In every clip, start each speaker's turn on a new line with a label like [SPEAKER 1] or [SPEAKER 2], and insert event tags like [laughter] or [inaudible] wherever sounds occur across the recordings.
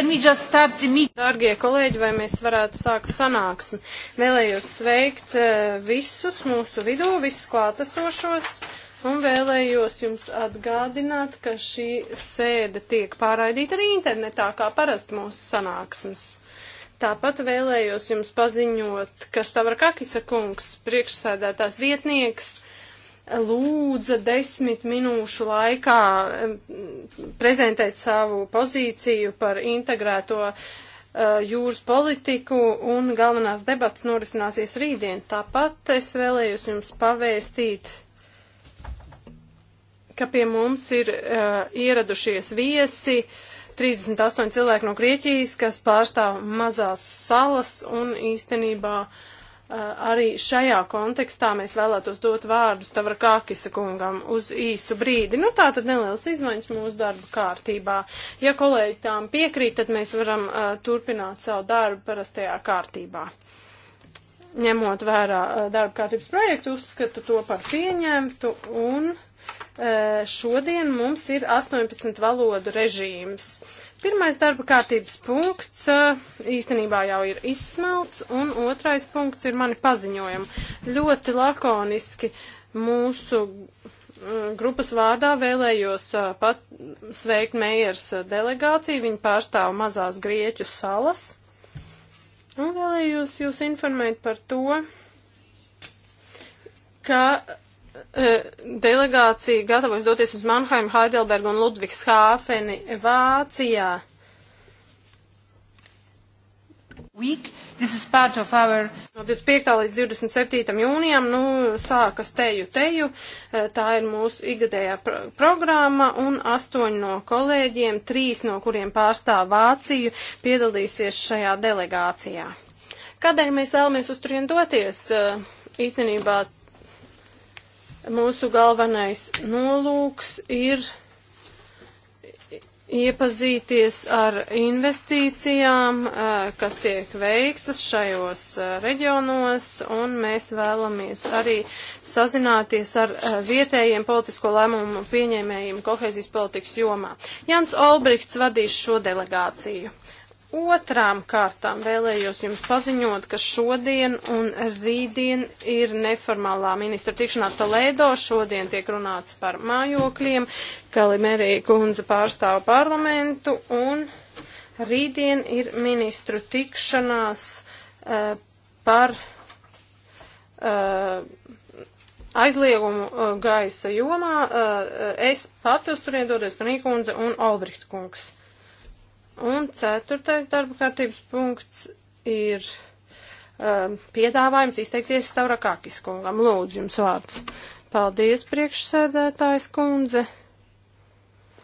[SPEAKER 1] Dargie kolēģi, vai mēs varētu sākt sanāksmi? Vēlējos sveikt eh, visus mūsu vidū, visus klātesošos, un vēlējos jums atgādināt, ka šī sēde tiek pārraidīta arī internetā, kā parasti mūsu sanāksmes. Tāpat vēlējos jums paziņot, ka Stavrakakisa kungs, priekšsēdētājs vietnieks, lūdza desmit minūšu laikā prezentēt savu pozīciju par integrēto uh, jūras politiku un galvenās debatas norisināsies rītdien. Tāpat es vēlējos jums pavēstīt, ka pie mums ir uh, ieradušies viesi 38 cilvēki no Grieķijas, kas pārstāv mazās salas un īstenībā uh, Eh, arī šajā kontekstā mēs vēlētos dot vārdu Stavrakākisa kungam uz īsu brīdi. Nu, tā tad nelielas izmaiņas mūsu darba kārtībā. Ja kolēģi tām piekrīt, tad mēs varam uh, turpināt savu darbu parastajā kārtībā. Ņemot vērā uh, darba kārtības projektu, uzskatu to par pieņemtu un uh, šodien mums ir 18 valodu režīms. Uh, Pirmais darba kārtības punkts eh, īstenībā jau ir izsmelts, un otrais punkts ir mani paziņojumi. Ļoti lakoniski mūsu eh, grupas vārdā vēlējos eh, pat sveikt Meijers delegāciju, viņa pārstāv mazās Grieķu salas. Un vēlējos jūs informēt par to, ka E, delegācija gatavojas doties uz Mannheimu, Heidelbergu un Ludvigshāfeni Vācijā. Week. This is part of our... No 25. līdz 27. jūnijam, nu, sākas teju teju, e, tā ir mūsu igadējā pro programma, un astoņi no kolēģiem, trīs no kuriem pārstāv Vāciju, piedalīsies šajā delegācijā. Kādēļ mēs vēlamies uz turien doties? E, īstenībā Mūsu galvenais nolūks ir iepazīties ar investīcijām, eh, kas tiek veiktas šajos eh, reģionos, un mēs vēlamies arī sazināties ar eh, vietējiem politisko lēmumu pieņēmējiem kohēzijas politikas jomā. Jans Olbrichts vadīs šo delegāciju. Otrām kārtām vēlējos jums paziņot, ka šodien un rītdien ir neformālā ministra tikšanās Toledo. Šodien tiek runāts par mājokļiem, ka Limerija kundze pārstāv parlamentu un rītdien ir ministru tikšanās uh, par. Uh, aizliegumu uh, gaisa jomā uh, es pati uz turien dodos Nīkundze un Albricht kungs. Un ceturtais darba kārtības punkts ir um, piedāvājums izteikties Stavrakakis kungam. Lūdzu, jums vārds. Paldies, priekšsēdētājs kundze.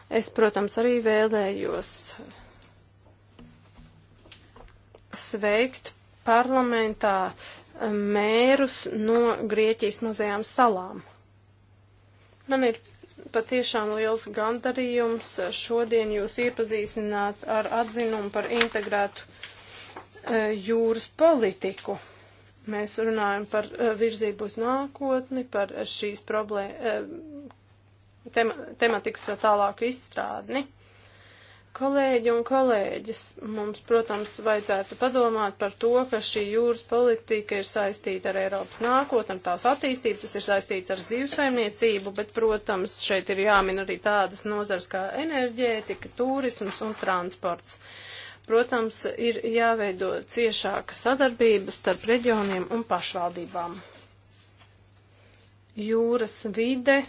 [SPEAKER 1] Es, protams, arī vēlējos sveikt parlamentā um, mērus no Grieķijas mazajām salām. Man ir Patiešām liels gandarījums šodien jūs iepazīstināt ar atzinumu par integrētu e, jūras politiku. Mēs runājam par e, virzību uz nākotni, par šīs problēmas, e, tema, tematikas tālāku izstrādni. Kolēģi un kolēģis, mums, protams, vajadzētu padomāt par to, ka šī jūras politika ir saistīta ar Eiropas nākotnēm, tās attīstību, tas ir saistīts ar zīvesaimniecību, bet, protams, šeit ir jāmin arī tādas nozars kā enerģētika, turisms un transports. Protams, ir jāveido ciešāka sadarbība starp reģioniem un pašvaldībām. Jūras vide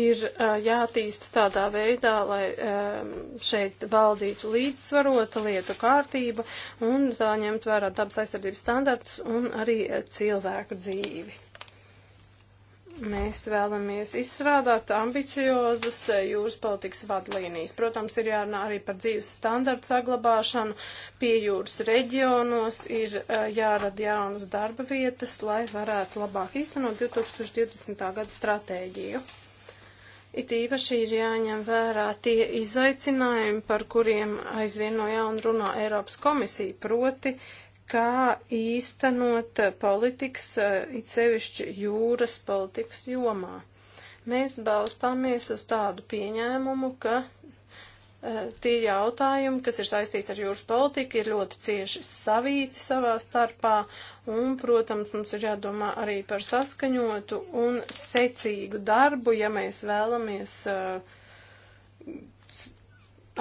[SPEAKER 1] ir uh, jātīsta tādā veidā, lai um, šeit valdītu līdzsvarota lietu kārtība un tā ņemt vērā dabas aizsardzības standartus un arī uh, cilvēku dzīvi. Mēs vēlamies izstrādāt ambiciozas jūras politikas vadlīnijas. Protams, ir jārunā arī par dzīves standartu saglabāšanu pie jūras reģionos, ir jārada jaunas darba vietas, lai varētu labāk īstenot 2020. gada stratēģiju. It īpaši ir jāņem vērā tie izaicinājumi, par kuriem aizvien no jauna runā Eiropas komisija, proti, kā īstenot politikas, eh, it sevišķi jūras politikas jomā. Mēs balstāmies uz tādu pieņēmumu, ka tie jautājumi, kas ir saistīti ar jūras politiku, ir ļoti cieši savīti savā starpā, un, protams, mums ir jādomā arī par saskaņotu un secīgu darbu, ja mēs vēlamies uh,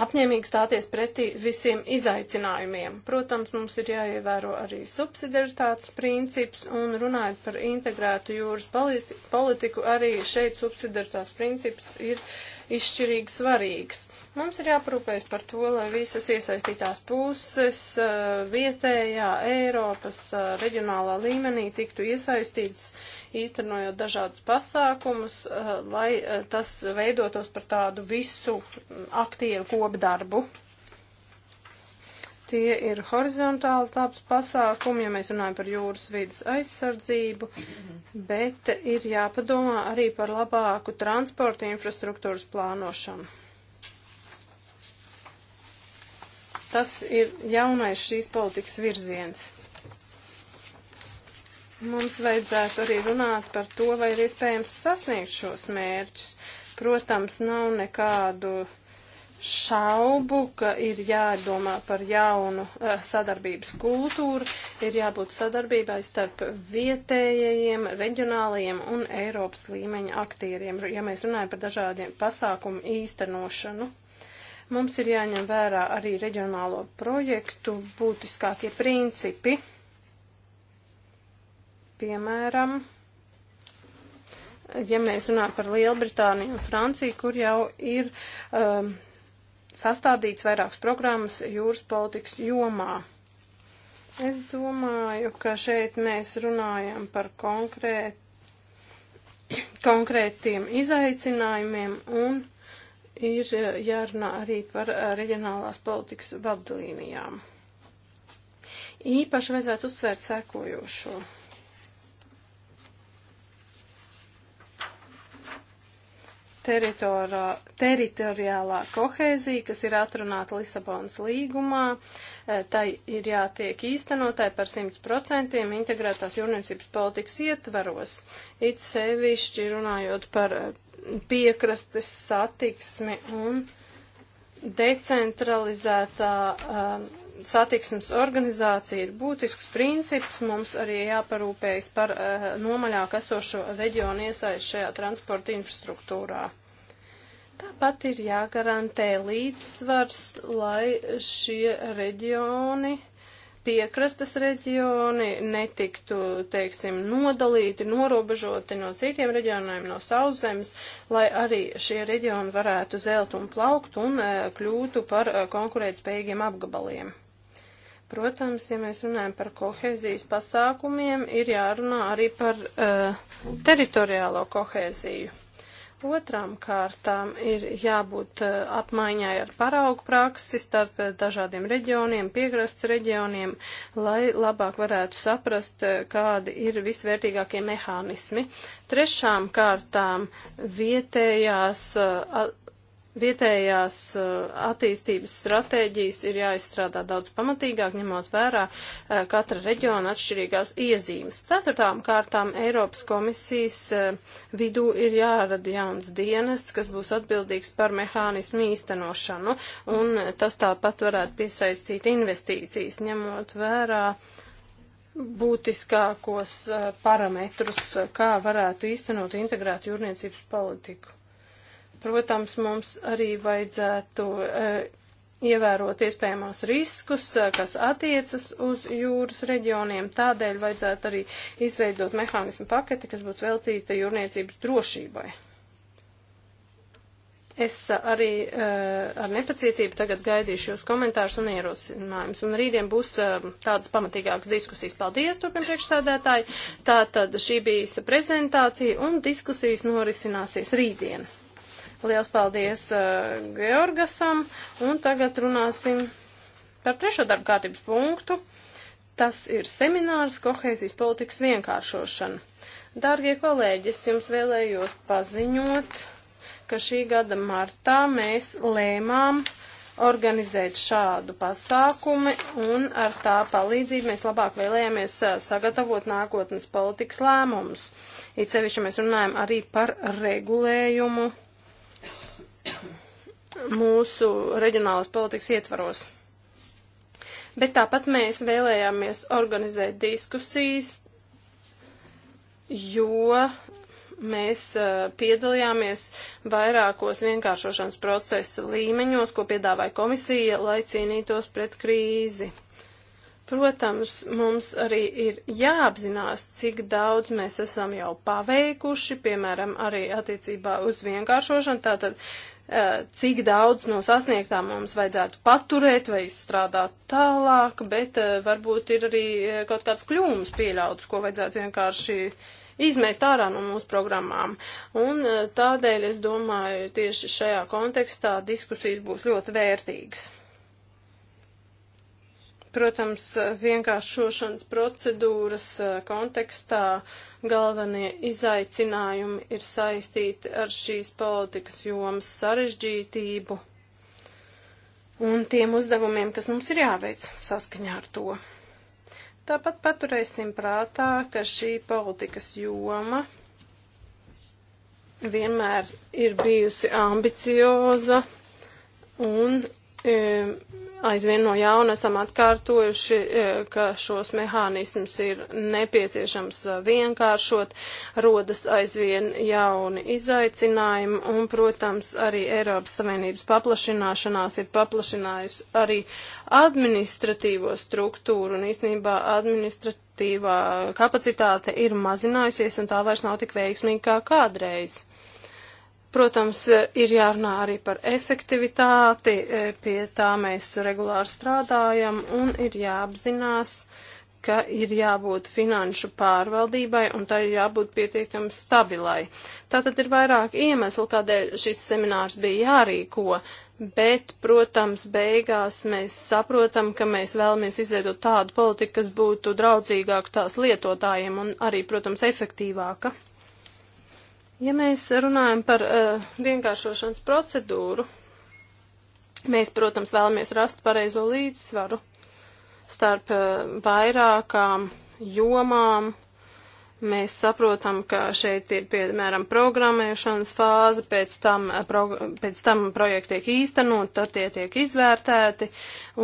[SPEAKER 1] apņēmīgi stāties pretī visiem izaicinājumiem. Protams, mums ir jāievēro arī subsidiaritātes princips, un runājot par integrētu jūras politi politiku, arī šeit subsidiaritātes princips ir uh, izšķirīgi svarīgs. Mums ir jāprūpējas par to, lai visas iesaistītās puses vietējā, Eiropas, reģionālā līmenī tiktu iesaistītas, īstenojot dažādus pasākumus, lai tas veidotos par tādu visu aktieru kopdarbu. darbu. Tie ir horizontāls labs pasākumi, ja mēs runājam par jūras vidas aizsardzību, bet ir jāpadomā arī par labāku transporta infrastruktūras plānošanu. Tas ir jaunais šīs politikas virziens. Mums vajadzētu arī runāt par to, vai ir iespējams sasniegt šos mērķus. Protams, nav nekādu šaubu, ka ir jādomā par jaunu eh, sadarbības kultūru, ir jābūt sadarbībai starp vietējajiem, reģionālajiem un Eiropas līmeņa aktieriem, ja mēs runājam par dažādiem pasākumu īstenošanu. Mums ir jāņem vērā arī reģionālo projektu būtiskākie principi. Piemēram, ja mēs runājam par Lielbritāniju un Franciju, kur jau ir um, sastādīts vairākas programmas jūras politikas jomā. Es domāju, ka šeit mēs runājam par konkrēt, konkrētiem izaicinājumiem un ir jārunā arī par reģionālās politikas vadlīnijām. Īpaši vajadzētu uzsvērt sekojošo. teritoriālā kohēzija, kas ir atrunāta Lisabonas līgumā, eh, tai ir jātiek īstenotai par 100% integrētās jūrniecības politikas ietvaros, it sevišķi runājot par eh, piekrastes satiksmi un decentralizētā. Um, satiksmes organizācija ir būtisks princips, mums arī jāparūpējas par uh, nomaļāk esošo reģionu iesaist šajā transporta infrastruktūrā. Tāpat ir jāgarantē līdzsvars, lai šie reģioni, piekrastes reģioni, netiktu, teiksim, nodalīti, norobežoti no citiem reģioniem, no sauszemes, lai arī šie reģioni varētu zelt un plaukt un uh, kļūtu par uh, konkurētspējīgiem apgabaliem. Protams, ja mēs runājam par kohēzijas pasākumiem, ir jārunā arī par uh, teritoriālo kohēziju. Otrām kārtām ir jābūt uh, apmaiņai ar paraugu praksi starp dažādiem reģioniem, piegrasts reģioniem, lai labāk varētu saprast, eh, kādi ir visvērtīgākie mehānismi. Trešām kārtām vietējās uh, Vietējās uh, attīstības stratēģijas ir jāizstrādā daudz pamatīgāk, ņemot vērā uh, katra reģiona atšķirīgās iezīmes. Ceturtām kārtām Eiropas komisijas uh, vidū ir jārada jauns dienests, kas būs atbildīgs par mehānismu īstenošanu, un tas tāpat varētu piesaistīt investīcijas, ņemot vērā būtiskākos parametrus, kā varētu īstenot integrētu jūrniecības politiku protams, mums arī vajadzētu eh, ievērot iespējamos riskus, eh, kas attiecas uz jūras reģioniem. Tādēļ vajadzētu arī izveidot mehānismu paketi, kas būtu veltīta jūrniecības drošībai. Es eh, arī uh, ar nepacietību tagad gaidīšu jūs komentārus un ierosinājumus. Un rītdien būs uh, tādas pamatīgākas diskusijas. Paldies, turpin priekšsēdētāji. Tā tad šī bija īsta prezentācija un diskusijas norisināsies rītdien. Liels paldies uh, Georgasam. Un tagad runāsim par trešo darba kārtības punktu. Tas ir seminārs kohēzijas politikas vienkāršošana. Dārgie kolēģi, es jums vēlējos paziņot, ka šī gada martā mēs lēmām organizēt šādu pasākumu, un ar tā palīdzību mēs labāk vēlējāmies uh, sagatavot nākotnes politikas lēmumus. It sevišķi mēs runājam arī par regulējumu mūsu reģionālas politikas ietvaros. Bet tāpat mēs vēlējāmies organizēt diskusijas, jo mēs uh, piedalījāmies vairākos vienkāršošanas procesa līmeņos, ko piedāvāja komisija, lai cīnītos pret krīzi. Protams, mums arī ir jāapzinās, cik daudz mēs esam jau paveikuši, piemēram, arī attiecībā uz vienkāršošanu. Tātad, eh, cik daudz no sasniegtā mums vajadzētu paturēt vai izstrādāt tālāk, bet eh, varbūt ir arī eh, kaut kāds kļūmes pieļauts, ko vajadzētu vienkārši izmēst ārā no mūsu programmām. Un tādēļ es domāju, tieši šajā kontekstā diskusijas būs ļoti vērtīgas. Protams, vienkāršošanas procedūras eh, kontekstā galvenie izaicinājumi ir saistīti ar šīs politikas jomas sarežģītību un tiem uzdevumiem, kas mums ir jāveic saskaņā ar to. Tāpat paturēsim prātā, ka šī politikas joma vienmēr ir bijusi ambicioza un aizvien no jauna esam atkārtojuši, e, ka šos mehānismus ir nepieciešams e, vienkāršot, rodas aizvien jauni izaicinājumi, un, protams, arī Eiropas Savienības paplašināšanās ir paplašinājusi arī administratīvo struktūru, un īstenībā administratīvā kapacitāte ir mazinājusies, un tā vairs nav tik veiksmīga kā kādreiz. Protams, e, ir jārunā arī par efektivitāti, e, pie tā mēs regulāri strādājam un ir jāapzinās, ka ir jābūt finanšu pārvaldībai un tā ir jābūt pietiekami stabilai. Tātad ir vairāk iemeslu, kādēļ šis seminārs bija jārīko, bet, protams, beigās mēs saprotam, ka mēs vēlamies izveidot tādu politiku, kas būtu draudzīgāka tās lietotājiem un arī, protams, efektīvāka. Ja mēs runājam par uh, vienkāršošanas procedūru, mēs, protams, vēlamies rast pareizo līdzsvaru starp uh, vairākām jomām. Mēs saprotam, ka šeit ir, piemēram, programmēšanas fāze, pēc tam, eh, prog pēc tam projekti tiek īstenot, tad tie tiek izvērtēti,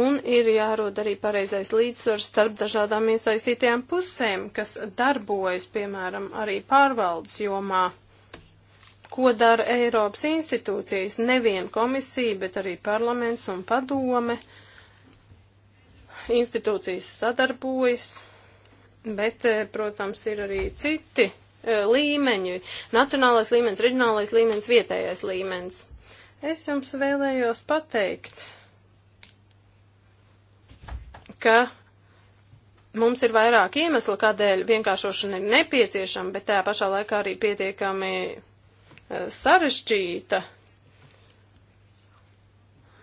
[SPEAKER 1] un ir jārod arī pareizais līdzsvars starp dažādām iesaistītajām pusēm, kas darbojas, piemēram, arī pārvaldes jomā ko dara Eiropas institūcijas, nevien komisija, bet arī parlaments un padome. Institūcijas sadarbojas, bet, eh, protams, ir arī citi eh, līmeņi - nacionālais līmenis, reģionālais līmenis, vietējais līmenis. Es jums vēlējos pateikt, ka mums ir vairāk iemeslu, kādēļ vienkāršošana ir nepieciešama, bet tā pašā laikā arī pietiekami sarežģīta.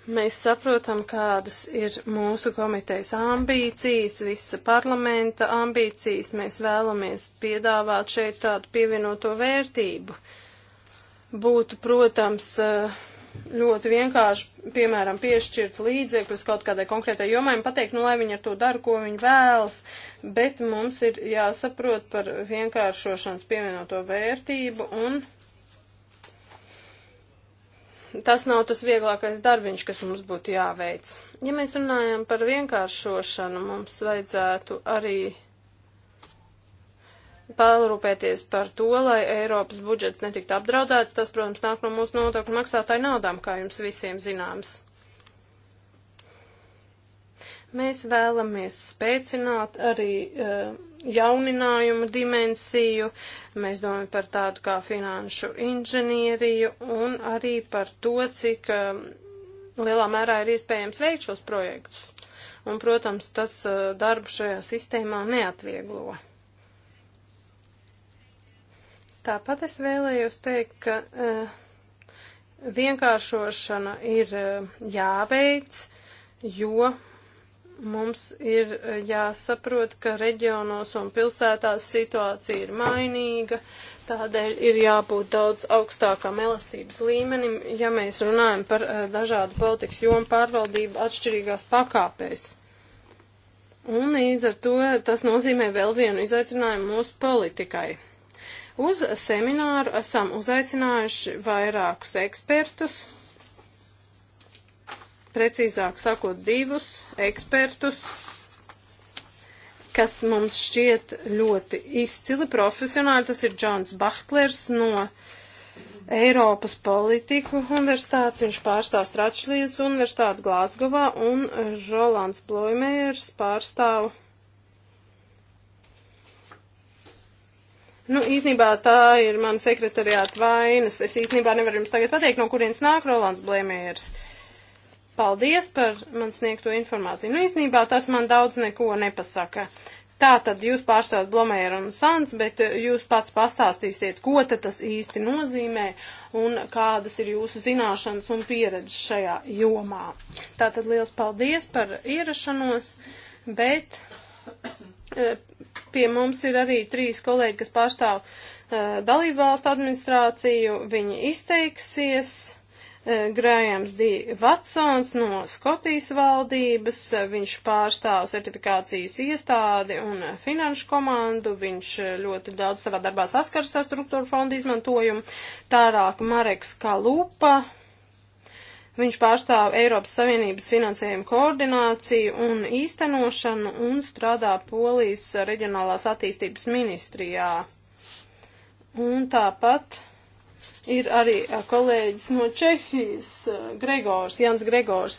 [SPEAKER 1] Mēs saprotam, kādas ir mūsu komitejas ambīcijas, visa parlamenta ambīcijas. Mēs vēlamies piedāvāt šeit tādu pievienoto vērtību. Būtu, protams, ļoti vienkārši, piemēram, piešķirt līdzekļus kaut kādai konkrētai jomai un pateikt, nu, lai viņi ar to dara, ko viņi vēlas, bet mums ir jāsaprot par vienkāršošanas pievienoto vērtību un tas nav tas vieglākais darbiņš, kas mums būtu jāveic. Ja mēs runājam par vienkāršošanu, mums vajadzētu arī pārrūpēties par to, lai Eiropas budžets netiktu apdraudēts. Tas, protams, nāk no mūsu nodokļu maksātāju naudām, kā jums visiem zināms. Mēs vēlamies spēcināt arī uh, jauninājumu dimensiju, mēs domājam par tādu kā finanšu inženieriju un arī par to, cik uh, lielā mērā ir iespējams veikt šos projektus. Un, protams, tas uh, darbu šajā sistēmā neatvieglo. Tāpat es vēlējos teikt, ka uh, vienkāršošana ir uh, jāveic, jo Mums ir eh, jāsaprot, ka reģionos un pilsētās situācija ir mainīga, tādēļ ir jābūt daudz augstākam elastības līmenim, ja mēs runājam par eh, dažādu politikas jomu pārvaldību atšķirīgās pakāpēs. Un līdz ar to tas nozīmē vēl vienu izaicinājumu mūsu politikai. Uz semināru esam uzaicinājuši vairākus ekspertus, precīzāk sakot, divus ekspertus, kas mums šķiet ļoti izcili profesionāli. Tas ir Džons Bahtlers no Eiropas politiku universitātes, viņš pārstāv Stračlīdz universitāti Glāzgovā, un Rolands Bloimējers pārstāv. Nu, īsnībā tā ir mana sekretariāta vainas. Es īsnībā nevaru jums tagad pateikt, no kurienes nāk Rolands Blēmējers. Uh, Paldies par man sniegto informāciju. Nu, īstenībā tas man daudz neko nepasaka. Tā tad jūs pārstāvat Blomēru un Sans, bet eh, jūs pats pastāstīsiet, ko tad tas īsti nozīmē un kādas ir jūsu zināšanas un pieredzes šajā jomā. Tā tad liels paldies par ierašanos, bet eh, pie mums ir arī trīs kolēģi, kas pārstāv eh, dalībvalstu administrāciju. Viņi izteiksies Eh, Grējams D. Vatsons no Skotijas valdības, eh, viņš pārstāv certifikācijas iestādi un eh, finanšu komandu, viņš ļoti daudz savā darbā saskars ar struktūru fondu izmantojumu. Tārāk Mareks Kalupa, Viņš pārstāv Eiropas Savienības finansējumu koordināciju un īstenošanu un strādā Polijas reģionālās attīstības ministrijā. Un tāpat ir arī kolēģis no Čehijas, Gregors, Jans Gregors,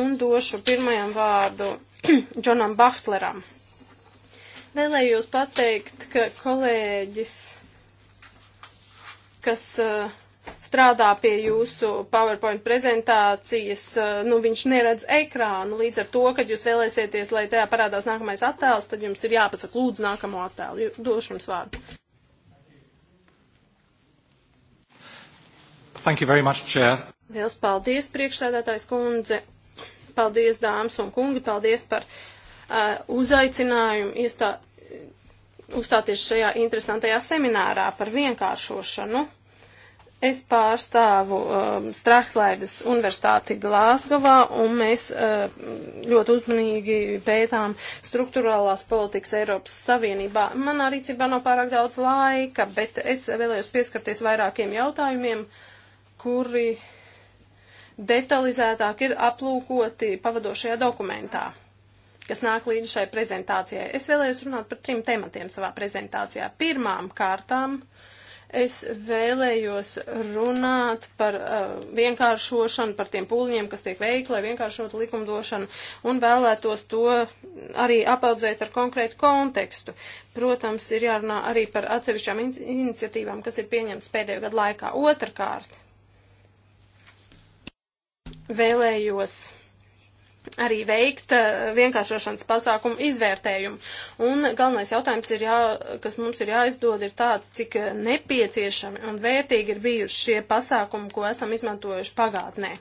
[SPEAKER 1] un došu pirmajam vārdu [clears throat] Džonam Bahtleram. Vēlējos pateikt, ka kolēģis, kas uh, strādā pie jūsu PowerPoint prezentācijas, nu, viņš neredz ekrānu. Līdz ar to, kad jūs vēlēsieties, lai tajā parādās nākamais attēls, tad jums ir jāpasaka, lūdzu, nākamo attēlu. Došu jums vārdu.
[SPEAKER 2] Thank you very much, Chair.
[SPEAKER 1] Liels paldies, priekšsēdētājs kundze. Paldies, dāmas un kungi. Paldies par uh, uzaicinājumu iestā, uzstāties šajā interesantajā seminārā par vienkāršošanu. Es pārstāvu um, Strahtlaidas universitāti Glāsgovā, un mēs uh, ļoti uzmanīgi pētām struktūrālās politikas Eiropas Savienībā. Manā rīcībā nav pārāk daudz laika, bet es vēlējos pieskarties vairākiem jautājumiem. Uh, kuri detalizētāk ir aplūkoti pavadošajā dokumentā, kas nāk līdz šai prezentācijai. Es vēlējos runāt par trim tematiem savā prezentācijā. Pirmām kārtām es vēlējos runāt par uh, vienkāršošanu, par tiem pūliņiem, kas tiek veikti, lai vienkāršotu likumdošanu, un vēlētos to arī apaudzēt ar konkrētu kontekstu. Protams, ir jārunā arī par atsevišķām in iniciatīvām, kas ir pieņemtas pēdējo gadu laikā. Otrakārt, vēlējos arī veikt eh, vienkāršošanas pasākumu izvērtējumu. Un galvenais jautājums, ir jā, kas mums ir jāizdod, ir tāds, cik nepieciešami un vērtīgi ir bijuši šie pasākumi, ko esam izmantojuši pagātnē.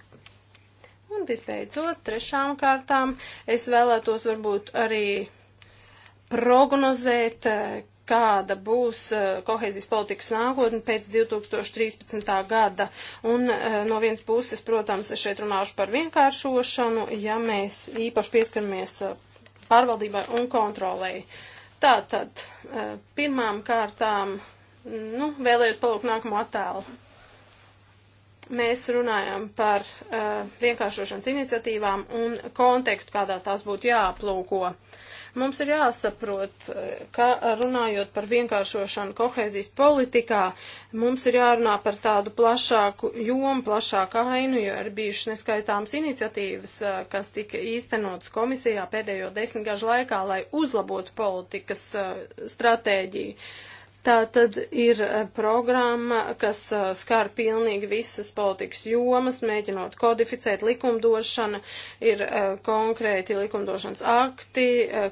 [SPEAKER 1] Un visbeidzot, trešām kārtām es vēlētos varbūt arī prognozēt, eh, kāda būs eh, kohēzijas politikas nākotne pēc 2013. gada. Un eh, no vienas puses, protams, es šeit runāšu par vienkāršošanu, ja mēs īpaši pieskaramies eh, pārvaldībai un kontrolēji. Tātad, pirmām kārtām, nu, vēlējos palūkt nākamo attēlu mēs runājam par uh, vienkāršošanas iniciatīvām un kontekstu, kādā tās būtu jāaplūko. Mums ir jāsaprot, ka runājot par vienkāršošanu kohēzijas politikā, mums ir jārunā par tādu plašāku jomu, plašāku ainu, jo ir bijušas neskaitāmas iniciatīvas, kas tika īstenotas komisijā pēdējo desmitgažu laikā, lai uzlabotu politikas stratēģiju. Tā tad ir eh, programma, kas eh, skar pilnīgi visas politikas jomas, mēģinot kodificēt likumdošanu, ir eh, konkrēti likumdošanas akti,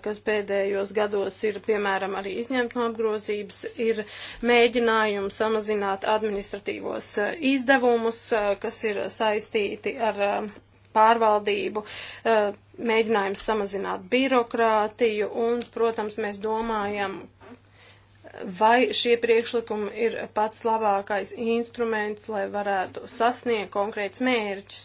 [SPEAKER 1] kas pēdējos gados ir, piemēram, arī izņemt no apgrozības, ir mēģinājumi samazināt administratīvos izdevumus, kas ir saistīti ar pārvaldību, mēģinājums samazināt birokrātiju un, protams, mēs domājam, vai šie priekšlikumi ir pats labākais instruments, lai varētu sasniegt konkrēts mērķus.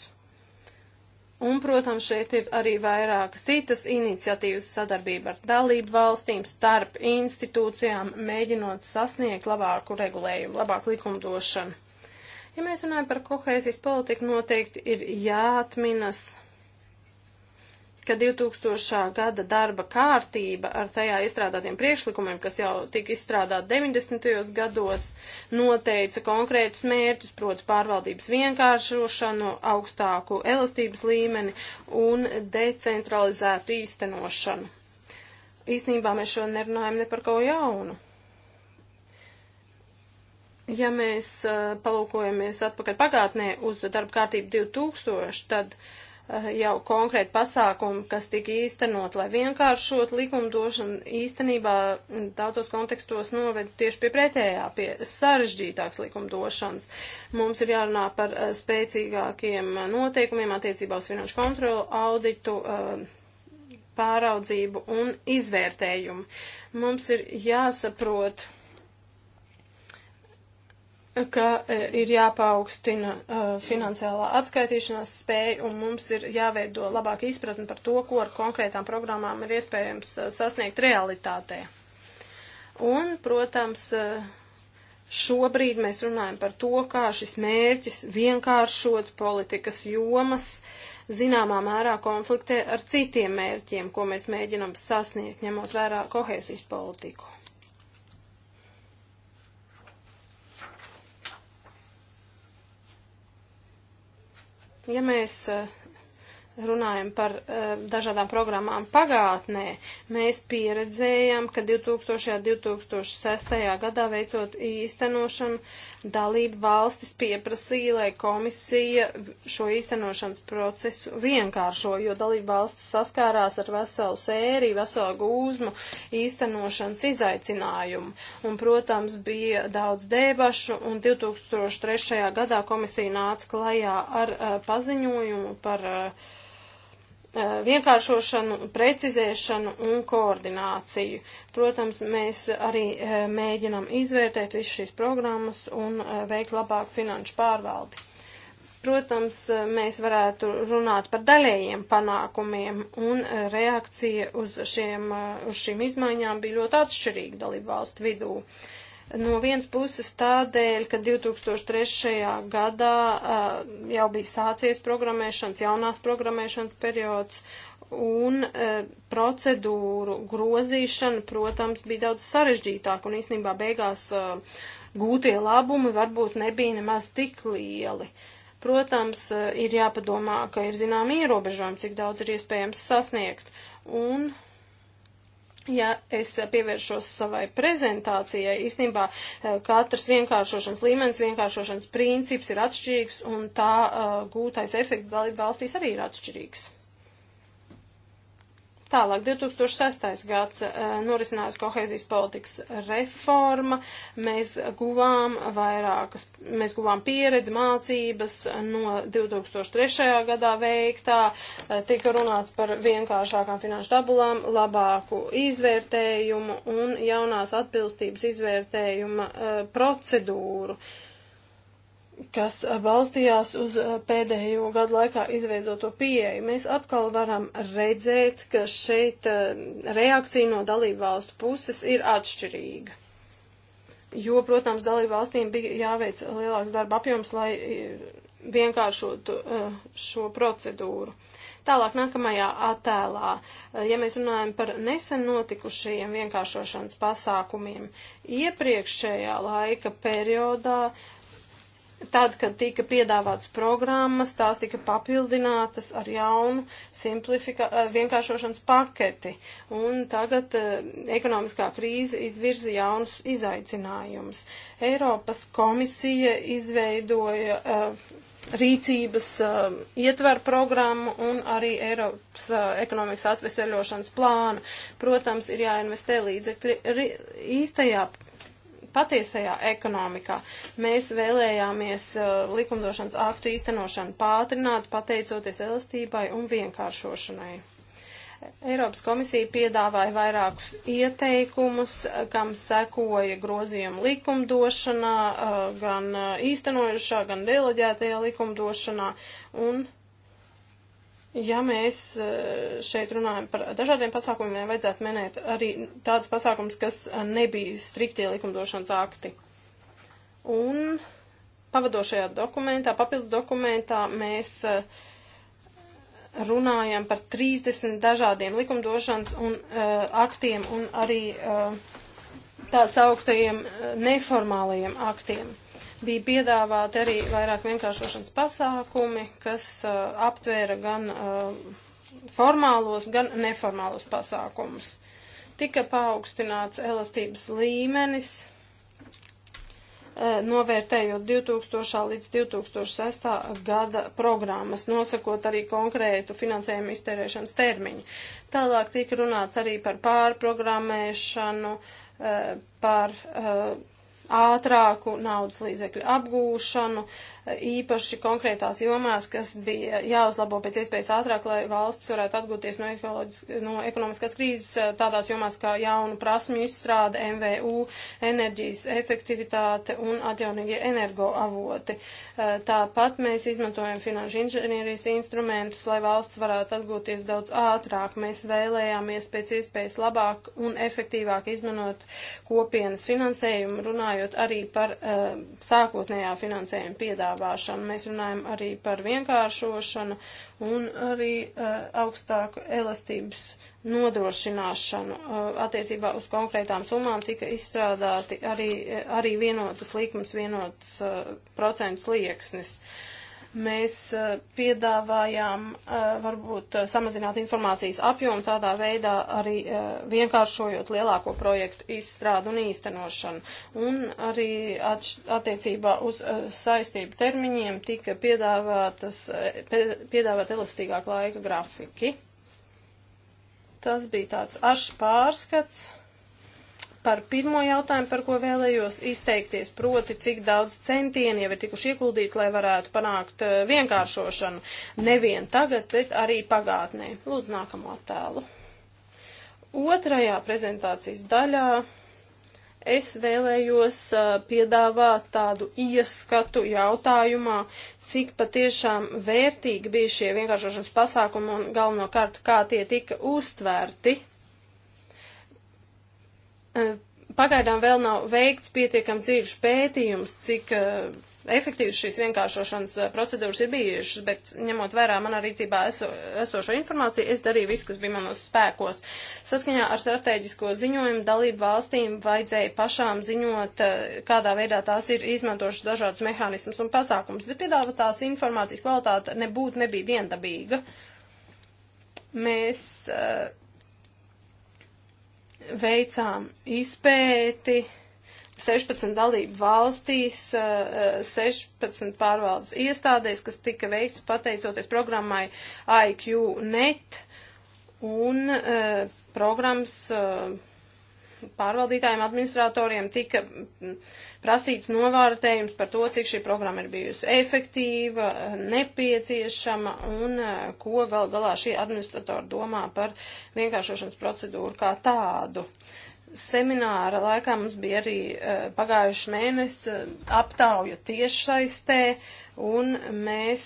[SPEAKER 1] Un, protams, šeit ir arī vairākas citas iniciatīvas sadarbība ar dalību valstīm, starp institūcijām, mēģinot sasniegt labāku regulējumu, labāku likumdošanu. Ja mēs runājam par kohēzijas politiku, noteikti ir jāatminas ka 2000. gada darba kārtība ar tajā izstrādātiem priekšlikumiem, kas jau tika izstrādāt 90. gados, noteica konkrētus mērķus, proti pārvaldības vienkāršošanu, augstāku elastības līmeni un decentralizētu īstenošanu. Īsnībā mēs šodien nerunājam ne par ko jaunu. Ja mēs uh, palūkojamies atpakaļ pagātnē uz darba kārtību 2000, tad uh, Eh, jau konkrēti pasākumi, kas tika īstenot, lai vienkāršot likumdošanu, īstenībā mm, daudzos kontekstos noved tieši pie pretējā, pie sarežģītāks likumdošanas. Mums ir jārunā par eh, spēcīgākiem eh, noteikumiem attiecībā uz finanšu kontrolu, auditu, pāraudzību un izvērtējumu. Mums ir jāsaprot, ka e, ir jāpaukstina uh, finansiālā atskaitīšanās spēja un mums ir jāveido labāka izpratne par to, ko ar konkrētām programmām ir iespējams uh, sasniegt realitātē. Un, protams, uh, šobrīd mēs runājam par to, kā šis mērķis vienkāršot politikas jomas zināmā mērā konfliktē ar citiem mērķiem, ko mēs mēģinam sasniegt, ņemot vērā kohēzijas politiku. Ja mēs uh, runājam par uh, dažādām programmām pagātnē, mēs pieredzējām, ka 2000. un 2006. gadā veicot īstenošanu, dalību valstis pieprasīja, lai komisija šo īstenošanas procesu vienkāršo, jo dalību valstis saskārās ar veselu sēriju, veselu gūzmu īstenošanas izaicinājumu. Un, protams, bija daudz debašu, un 2003. gadā komisija nāca klajā ar uh, paziņojumu par uh, Uh, vienkāršošanu, precizēšanu un koordināciju. Protams, mēs arī uh, mēģinam izvērtēt visu šīs programmas un uh, veikt labāku finanšu pārvaldi. Protams, mēs varētu runāt par daļējiem panākumiem, un reakcija uz, šiem, uz šīm izmaiņām bija ļoti atšķirīga dalību valstu vidū. Uh, No vienas puses tādēļ, ka 2003. gadā uh, jau bija sācies programmēšanas, jaunās programmēšanas periods, un uh, procedūru grozīšana, protams, bija daudz sarežģītāk, un īstenībā beigās uh, gūtie labumi varbūt nebija nemaz tik lieli. Protams, uh, ir jāpadomā, ka ir zinām ierobežojumi, cik daudz ir iespējams sasniegt, un ja es pievēršos savai prezentācijai, īstenībā eh, katrs vienkāršošanas līmenis, vienkāršošanas princips ir atšķirīgs un tā uh, gūtais efekts dalība valstīs arī ir atšķirīgs. Tālāk, 2006. gads eh, norisinājās kohēzijas politikas reforma, mēs guvām vairākas, mēs guvām pieredzi, mācības no 2003. gadā veiktā, eh, tika runāts par vienkāršākām finanšu tabulām, labāku izvērtējumu un jaunās atbilstības izvērtējuma eh, procedūru. Uh, kas eh, balstījās uz eh, pēdējo gadu laikā izveidoto pieeju. Mēs atkal varam redzēt, ka šeit eh, reakcija no dalību valstu puses ir atšķirīga. Jo, protams, dalību valstīm bija jāveic lielāks darba apjoms, lai vienkāršotu šo procedūru. Tālāk nākamajā attēlā, ja mēs runājam par nesen notikušajiem vienkāršošanas pasākumiem, iepriekšējā laika periodā uh, Tad, kad tika piedāvātas programmas, tās tika papildinātas ar jaunu eh, vienkāršošanas paketi. Un tagad uh, ekonomiskā krīze izvirza jaunus izaicinājumus. Eiropas komisija izveidoja uh, rīcības uh, ietver programmu un arī Eiropas uh, ekonomikas atveseļošanas plānu. Protams, ir jāinvestē līdzekļi īstajā patiesajā ekonomikā. Mēs vēlējāmies uh, likumdošanas aktu īstenošanu pātrināt, pateicoties elastībai un vienkāršošanai. Eiropas komisija piedāvāja vairākus ieteikumus, kam sekoja grozījuma likumdošanā, uh, gan uh, īstenojušā, gan deleģētajā likumdošanā, un Ja mēs e, šeit runājam par dažādiem pasākumiem, vajadzētu minēt arī tādus pasākumus, kas e, nebija striktie likumdošanas akti. Un pavadošajā dokumentā, papildu dokumentā mēs e, runājam par 30 dažādiem likumdošanas un uh, aktiem un arī uh, tā sauktajiem neformālajiem aktiem. Bija piedāvāti arī vairāk vienkāršošanas pasākumi, kas uh, aptvēra gan uh, formālos, gan neformālos pasākumus. Tika paaugstināts elastības līmenis, uh, novērtējot 2000 līdz 2006 gada programmas, nosakot arī konkrētu finansējumu iztērēšanas termiņu. Tālāk tika runāts arī par pārprogrammēšanu, uh, par uh, ātrāku naudas līdzekļu apgūšanu, uh, īpaši konkrētās jomās, kas bija jāuzlabo pēc iespējas ātrāk, lai valsts varētu atgūties no, no ekonomiskās krīzes, eh, tādās jomās kā jaunu prasmju izstrāde, MVU, enerģijas efektivitāte un atjaunīgie energoavoti. Eh, tāpat mēs izmantojam finanšu inženierijas instrumentus, lai valsts varētu atgūties daudz ātrāk. Mēs vēlējāmies pēc iespējas labāk un efektīvāk izmanot kopienas finansējumu, runājot arī par uh, sākotnējā finansējuma piedāvājumu piedāvāšanu. Mēs runājam arī par vienkāršošanu un arī uh, augstāku elastības nodrošināšanu. Uh, attiecībā uz konkrētām summām tika izstrādāti arī, eh, arī vienotas likums, vienotas uh, procentus lieksnis. Uh, Mēs eh, piedāvājām eh, varbūt eh, samazināt informācijas apjomu, tādā veidā arī vienkāršojot lielāko projektu izstrādu un īstenošanu. Un arī attiecībā uz saistību termiņiem tika piedāvātas, piedāvāt elastīgāk laika grafiki. Tas bija tāds ašs pārskats par pirmo jautājumu, par ko vēlējos izteikties, proti, cik daudz centieni jau ir tikuši ieguldīti, lai varētu panākt eh, vienkāršošanu nevien tagad, bet arī pagātnē. Lūdzu, nākamo attēlu. Otrajā prezentācijas daļā es vēlējos eh, piedāvāt tādu ieskatu jautājumā, cik patiešām vērtīgi bija šie vienkāršošanas pasākumi un galvenokārt, kā tie tika uztvērti Eh, pagaidām vēl nav veikts pietiekam dzīves pētījums, cik eh, efektīvas šīs vienkāršošanas eh, procedūras ir bijušas, bet ņemot vērā manā rīcībā eso, esošo informāciju, es darīju visu, kas bija manos spēkos. Saskaņā ar strateģisko ziņojumu dalību valstīm vajadzēja pašām ziņot, kādā veidā tās ir izmantojušas dažādus mehānismus un pasākumus, bet piedāvātās informācijas kvalitāte nebūtu nebija viendabīga. Mēs uh, veicām izpēti 16 dalību valstīs, 16 eh, pārvaldes iestādēs, kas tika veikts pateicoties programmai IQ.net un eh, programmas eh, pārvaldītājiem, administratoriem tika prasīts novārtējums par to, cik šī programma ir bijusi efektīva, nepieciešama un eh, ko gal galā šie administratori domā par vienkāršošanas procedūru kā tādu. Semināra laikā mums bija arī eh, pagājuši mēnesis eh, aptauja tiešsaistē un mēs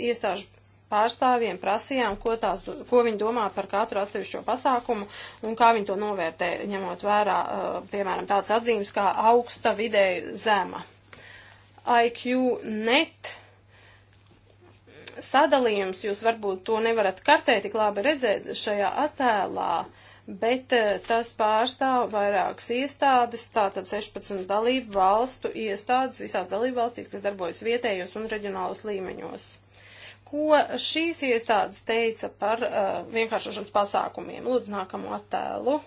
[SPEAKER 1] iestāžu pārstāvjiem prasījām, ko, tās, ko viņi domā par katru atsevišķo pasākumu un kā viņi to novērtē, ņemot vērā, uh, piemēram, tādas atzīmes kā augsta, vidēja, zema. IQ net sadalījums, jūs varbūt to nevarat kartē tik labi redzēt šajā attēlā, bet uh, tas pārstāv vairākas iestādes, tātad 16 dalību valstu iestādes visās dalību valstīs, kas darbojas vietējos un reģionālos līmeņos ko šīs iestādes teica par uh, vienkāršošanas pasākumiem. Lūdzu, nākamo attēlu.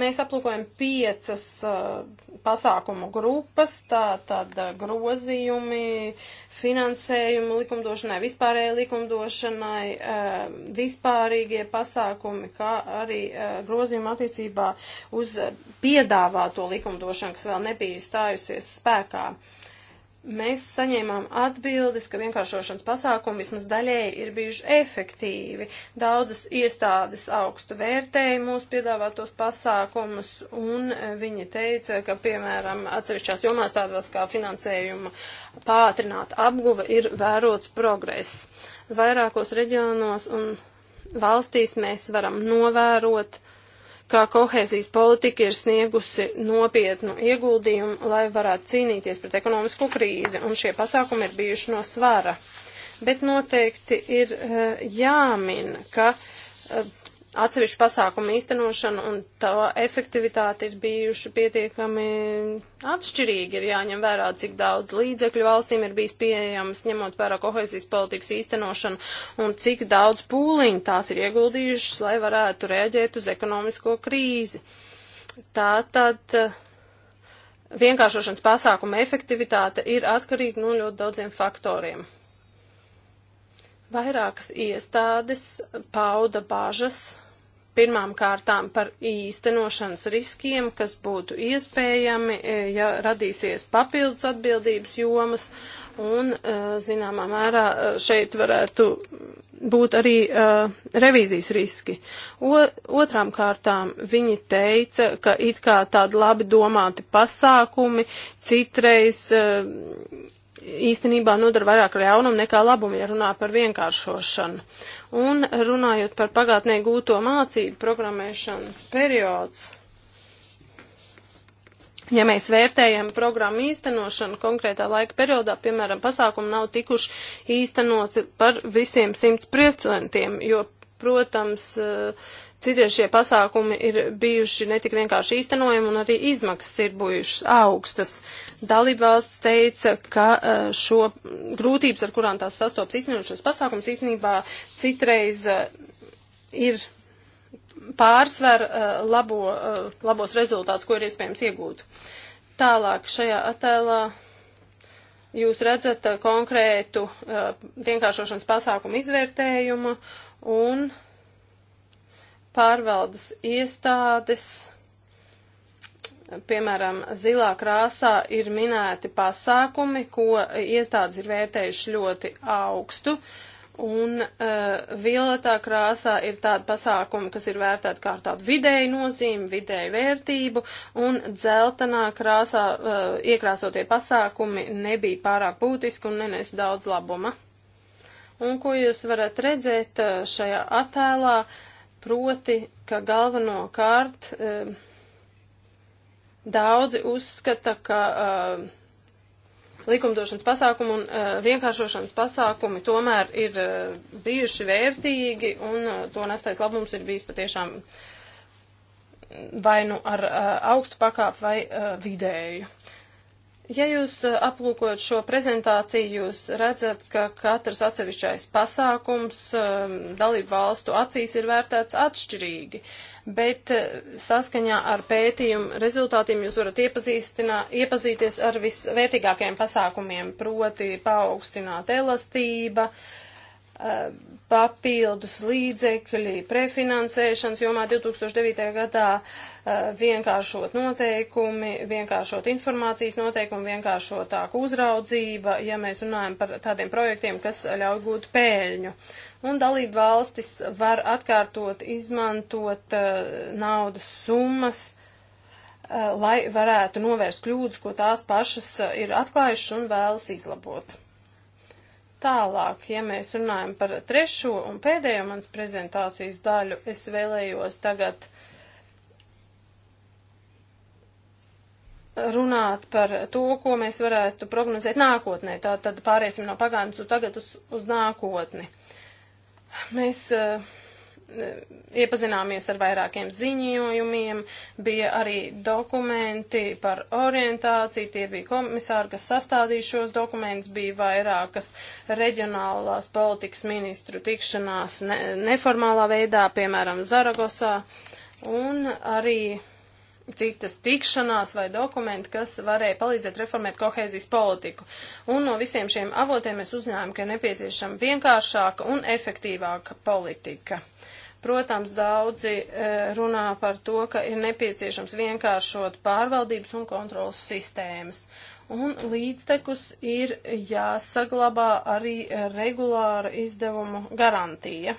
[SPEAKER 1] Mēs aplūkojam piecas uh, pasākumu grupas, tā tad uh, grozījumi, finansējumu likumdošanai, vispārējai likumdošanai, uh, vispārīgie pasākumi, kā arī uh, grozījumi attiecībā uz uh, piedāvāto likumdošanu, kas vēl nebija stājusies spēkā. Uh, mēs saņēmām atbildes, ka vienkāršošanas pasākumi vismaz daļēji ir bijuši efektīvi. Daudzas iestādes augstu vērtēja mūsu piedāvātos pasākumus, un viņi teica, ka, piemēram, atsevišķās jomās tādās kā finansējuma pātrināta apguva ir vērots progress. Vairākos reģionos un valstīs mēs varam novērot, kā kohēzijas politika ir sniegusi nopietnu ieguldījumu, lai varētu cīnīties pret ekonomisko krīzi, un šie pasākumi ir bijuši no svara. Bet noteikti ir eh, jāmin, ka eh, atsevišķu pasākumu īstenošana un tā efektivitāte ir bijuši pietiekami atšķirīgi. Ir jāņem vērā, cik daudz līdzekļu valstīm ir bijis pieejams, ņemot vērā kohēzijas politikas īstenošanu un cik daudz pūliņu tās ir ieguldījušas, lai varētu reaģēt uz ekonomisko krīzi. Tā tad eh, vienkāršošanas pasākuma efektivitāte ir atkarīga no ļoti daudziem faktoriem vairākas iestādes pauda bažas pirmām kārtām par īstenošanas riskiem, kas būtu iespējami, e, ja radīsies papildus atbildības jomas, un, e, zināmā mērā, e, šeit varētu būt arī revīzijas riski. O, otrām kārtām viņi teica, ka it kā tādi labi domāti pasākumi citreiz īstenībā nodara vairāk ļaunumu nekā labumu, ja runā par vienkāršošanu. Un runājot par pagātnē gūto mācību programmēšanas periods, ja mēs vērtējam programmu īstenošanu konkrētā laika periodā, piemēram, pasākumi nav tikuši īstenoti par visiem 100%, jo, protams, uh, Citiem šie pasākumi ir bijuši netik vienkārši īstenojami un arī izmaksas ir bijušas augstas. Dalībvalsts teica, ka e, šo grūtības, ar kurām tās sastopas īstenot šos pasākumus, īstenībā citreiz e, ir pārsver e, labo, labos rezultātus, ko ir iespējams iegūt. Tālāk šajā attēlā jūs redzat konkrētu vienkāršošanas pasākumu izvērtējumu un pārvaldes iestādes piemēram, zilā krāsā ir minēti pasākumi, ko iestādes ir vērtējuši ļoti augstu, un uh, violetā krāsā ir tādi pasākumi, kas ir vērtēti kā tādu vidēju nozīmi, vidēju vērtību, un dzeltenā krāsā uh, iekrāsotie pasākumi nebija pārāk būtiski un nenes daudz labuma. Un ko jūs varat redzēt eh, šajā attēlā, uh, Proti, ka galvenokārt daudzi uzskata, ka likumdošanas pasākumi un uh, vienkāršošanas pasākumi tomēr ir uh, bijuši vērtīgi un uh, to nestais labums ir bijis patiešām vai nu ar uh, augstu pakāpu vai uh, vidēju. Ja jūs e, aplūkojat šo prezentāciju, jūs redzat, ka katrs atsevišķais pasākums e, dalību valstu acīs ir vērtēts atšķirīgi, bet e, saskaņā ar pētījumu rezultātiem jūs varat iepazīties ar visvērtīgākajiem pasākumiem, proti paaugstināt elastība, papildus līdzekļi prefinansēšanas jomā 2009. gadā eh, vienkāršot noteikumi, vienkāršot informācijas noteikumi, vienkāršotāk uzraudzība, ja mēs runājam par tādiem projektiem, kas ļauj gūt pēļņu. Un dalību valstis var atkārtot izmantot eh, naudas summas, eh, lai varētu novērst kļūdas, ko tās pašas ir atklājušas un vēlas izlabot. Tālāk, ja mēs runājam par trešo un pēdējo manas prezentācijas daļu, es vēlējos tagad runāt par to, ko mēs varētu prognozēt nākotnē. Tā tad pāriesim no pagātnes un tagad uz, uz nākotni. Mēs uh, iepazināmies ar vairākiem ziņojumiem, bija arī dokumenti par orientāciju, tie bija komisāri, kas sastādīja šos dokumentus, bija vairākas reģionālās politikas ministru tikšanās ne, neformālā veidā, piemēram, Zaragosā, un arī citas tikšanās vai dokumenti, kas varēja palīdzēt reformēt kohēzijas politiku. Un no visiem šiem avotiem mēs uzņēmām, ka ir nepieciešama vienkāršāka un efektīvāka politika. Protams, daudzi e, runā par to, ka ir nepieciešams vienkāršot pārvaldības un kontrolas sistēmas. Un līdztekus ir jāsaglabā arī regulāra izdevuma garantija.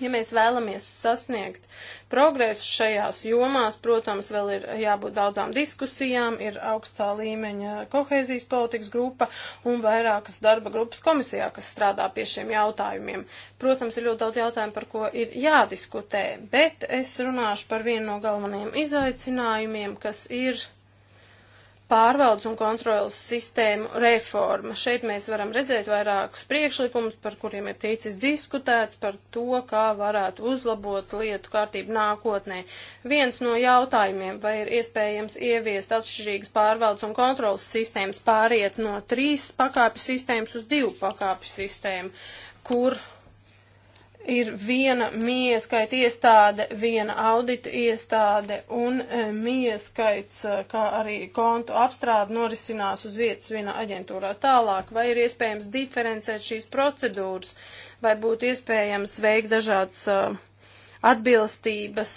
[SPEAKER 1] Ja mēs vēlamies sasniegt progresu šajās jomās, protams, vēl ir jābūt daudzām diskusijām, ir augstā līmeņa kohēzijas politikas grupa un vairākas darba grupas komisijā, kas strādā pie šiem jautājumiem. Protams, ir ļoti daudz jautājumu, par ko ir jādiskutē, bet es runāšu par vienu no galvenajiem izaicinājumiem, kas ir pārvaldes un kontrolas sistēmu reforma. Šeit mēs varam redzēt vairākus priekšlikumus, par kuriem ir ticis diskutēts, par to, kā varētu uzlabot lietu kārtību nākotnē. Viens no jautājumiem, vai ir iespējams ieviest atšķirīgas pārvaldes un kontrolas sistēmas, pāriet no trīs pakāpju sistēmas uz divu pakāpju sistēmu, kur ir viena mieskaita iestāde, viena audita iestāde un e, mieskaits, e, kā arī kontu apstrāde norisinās uz vietas vienā aģentūrā tālāk, vai ir iespējams diferencēt šīs procedūras, vai būtu iespējams veikt dažādas e, atbilstības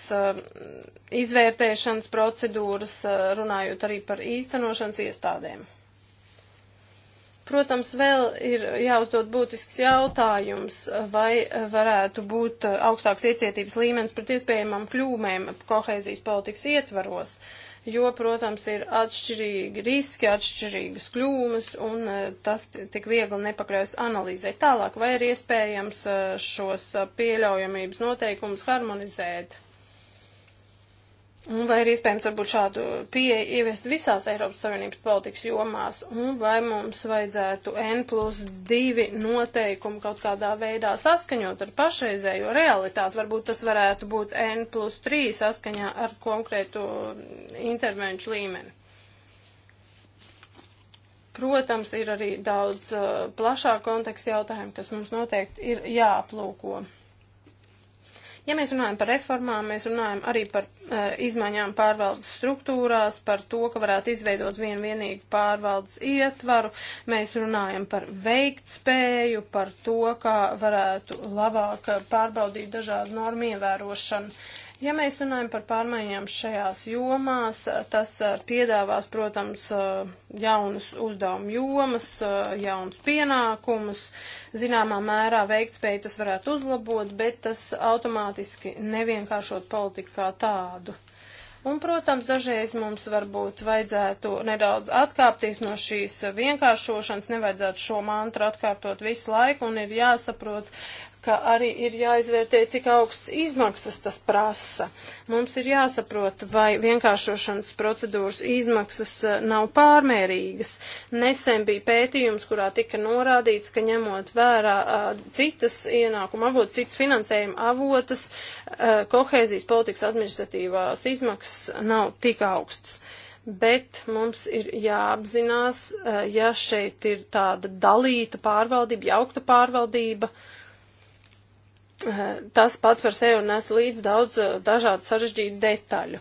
[SPEAKER 1] izvērtēšanas procedūras, runājot arī par īstenošanas iestādēm. Protams, vēl ir jāuzdod būtisks jautājums, vai varētu būt augstāks iecietības līmenis pret iespējamām kļūmēm kohēzijas politikas ietvaros, jo, protams, ir atšķirīgi riski, atšķirīgas kļūmes, un e, tas tik viegli nepakļaujas analīzē. Tālāk, vai ir iespējams e, šos e, pieļaujamības noteikumus harmonizēt? Vai ir iespējams varbūt šādu pieeju ieviest visās Eiropas Savienības politikas jomās, un vai mums vajadzētu N plus 2 noteikumu kaut kādā veidā saskaņot ar pašreizējo realitāti? Varbūt tas varētu būt N plus 3 saskaņā ar konkrētu intervenču līmeni. Protams, ir arī daudz uh, plašāk konteksta jautājumu, kas mums noteikti ir jāaplūko. Ja mēs runājam par reformām, mēs runājam arī par uh, izmaiņām pārvaldes struktūrās, par to, ka varētu izveidot vienu vienīgu pārvaldes ietvaru, mēs runājam par veiktspēju, par to, kā varētu labāk pārbaudīt dažādu normu ievērošanu. Uh, Ja mēs runājam par pārmaiņām šajās jomās, tas eh, piedāvās, protams, eh, jaunas uzdevuma jomas, eh, jaunas pienākumus, zināmā mērā veiktspēju tas varētu uzlabot, bet tas automātiski nevienkāršot politiku kā tādu. Un, protams, dažreiz mums varbūt vajadzētu nedaudz atkāpties no šīs vienkāršošanas, nevajadzētu šo mantru atkārtot visu laiku un ir jāsaprot, ka arī ir jāizvērtē, cik augsts izmaksas tas prasa. Mums ir jāsaprot, vai vienkāršošanas procedūras izmaksas eh, nav pārmērīgas. Nesen bija pētījums, kurā tika norādīts, ka ņemot vērā eh, citas ienākuma avotas, citas finansējuma avotas, eh, kohēzijas politikas administratīvās izmaksas nav tik augstas bet mums ir jāapzinās, ja šeit ir tāda dalīta pārvaldība, jaukta pārvaldība, uh, tas pats par sevi nes līdz daudz eh, dažādu sarežģītu detaļu.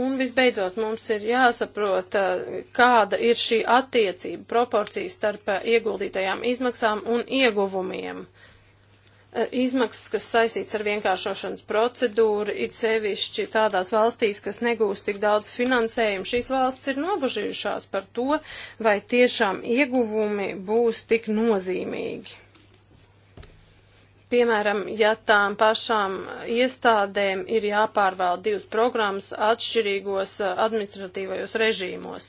[SPEAKER 1] Un visbeidzot, mums ir jāsaprot, eh, kāda ir šī attiecība proporcija starp eh, ieguldītajām izmaksām un ieguvumiem. Izmaksas, kas saistīts ar vienkāršošanas procedūru, it sevišķi tādās valstīs, kas negūst tik daudz finansējumu, šīs valsts ir nobažījušās par to, vai tiešām ieguvumi būs tik nozīmīgi. Piemēram, ja tām pašām iestādēm ir jāpārvalda divas programmas atšķirīgos eh, administratīvajos režīmos.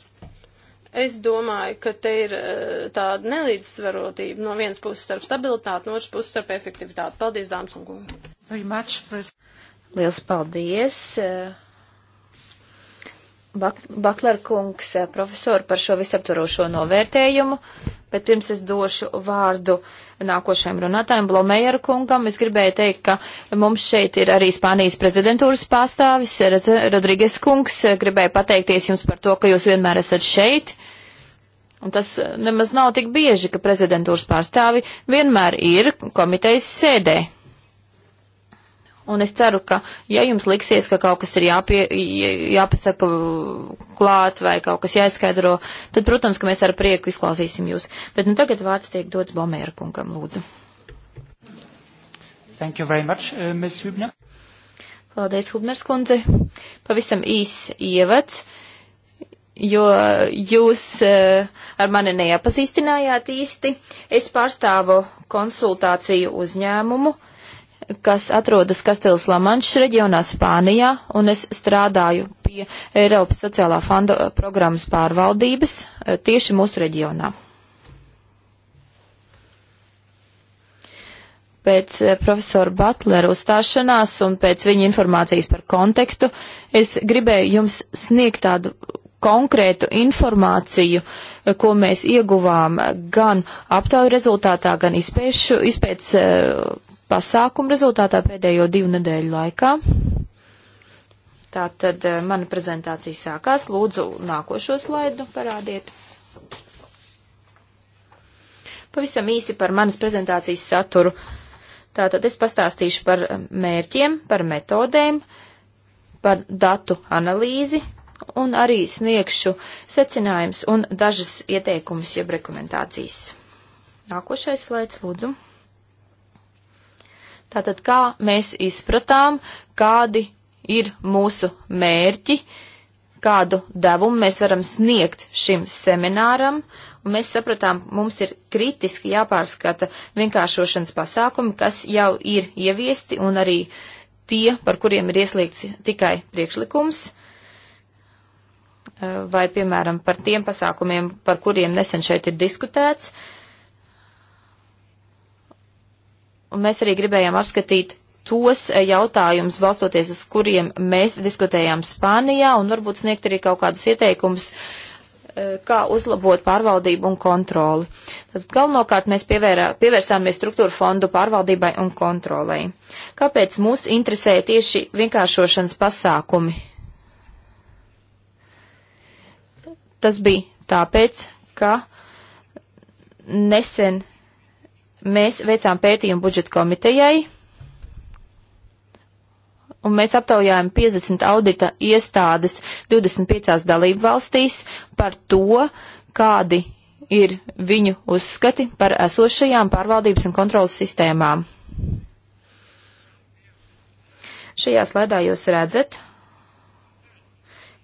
[SPEAKER 1] Es domāju, ka te ir eh, tāda nelīdzsvarotība no vienas puses starp stabilitāti, no otras puses starp efektivitāti. Paldies, dāmas un kungi!
[SPEAKER 3] Liels paldies! Eh, Bak Baklerkungs, profesori, par šo visaptvarošo novērtējumu, bet pirms es došu vārdu uh, nākošajam runātājam, Blomējeru kungam. Es gribēju teikt, ka mums šeit ir arī Spānijas prezidentūras pārstāvis, Rodrīgas kungs. Gribēju pateikties jums par to, ka jūs vienmēr esat šeit. Un tas nemaz nav tik bieži, ka prezidentūras pārstāvi vienmēr ir komitejas sēdē. Un es ceru, ka, ja jums liksies, ka kaut kas ir jāpie, jāpasaka klāt vai kaut kas jāizskaidro, tad, protams, ka mēs ar prieku izklausīsim jūs. Bet nu tagad vārds tiek dots Bomēra kungam, lūdzu. Thank you very much, uh, Ms. Hübner. Paldies, Hubners kundze. Pavisam īs ievads, jo jūs uh, ar mani neapazīstinājāt īsti. Es pārstāvu konsultāciju uzņēmumu. Uh, kas atrodas Kastelas Lamanšas reģionā Spānijā, un es strādāju pie Eiropas sociālā fonda programmas pārvaldības eh, tieši mūsu reģionā. Pēc eh, profesora Butlera uzstāšanās un pēc viņa informācijas par kontekstu es gribēju jums sniegt tādu konkrētu informāciju, eh, ko mēs ieguvām gan aptauju rezultātā, gan izpēšu, izpēc pasākumu rezultātā pēdējo divu nedēļu laikā. Tātad eh, mana prezentācija sākās. Lūdzu, nākošo slaidu parādiet. Pavisam īsi par manas prezentācijas saturu. Tātad es pastāstīšu par eh, mērķiem, par metodēm, par datu analīzi un arī sniegšu secinājums un dažas ieteikumus jeb rekomendācijas. Nākošais slaids, lūdzu. Tātad, kā mēs izpratām, kādi ir mūsu mērķi, kādu devumu mēs varam sniegt šim semināram, un mēs sapratām, mums ir kritiski jāpārskata vienkāršošanas pasākumi, kas jau ir ieviesti, un arī tie, par kuriem ir ieslīgts tikai priekšlikums, eh, vai, piemēram, par tiem pasākumiem, par kuriem nesen šeit ir diskutēts, uh, Un mēs arī gribējām apskatīt tos eh, jautājumus, balstoties uz kuriem mēs diskutējām Spānijā, un varbūt sniegt arī kaut kādus ieteikumus, eh, kā uzlabot pārvaldību un kontroli. Tad galvenokārt mēs pievērā, pievērsāmies struktūra fondu pārvaldībai un kontrolei. Kāpēc mūs interesē tieši vienkāršošanas pasākumi? Tas bija tāpēc, ka nesen Mēs veicām pētījumu budžeta komitejai, un mēs aptaujājām 50 audita iestādes 25 dalību valstīs par to, kādi ir viņu uzskati par esošajām pārvaldības un kontrolas sistēmām. Šajā slēdā jūs redzat,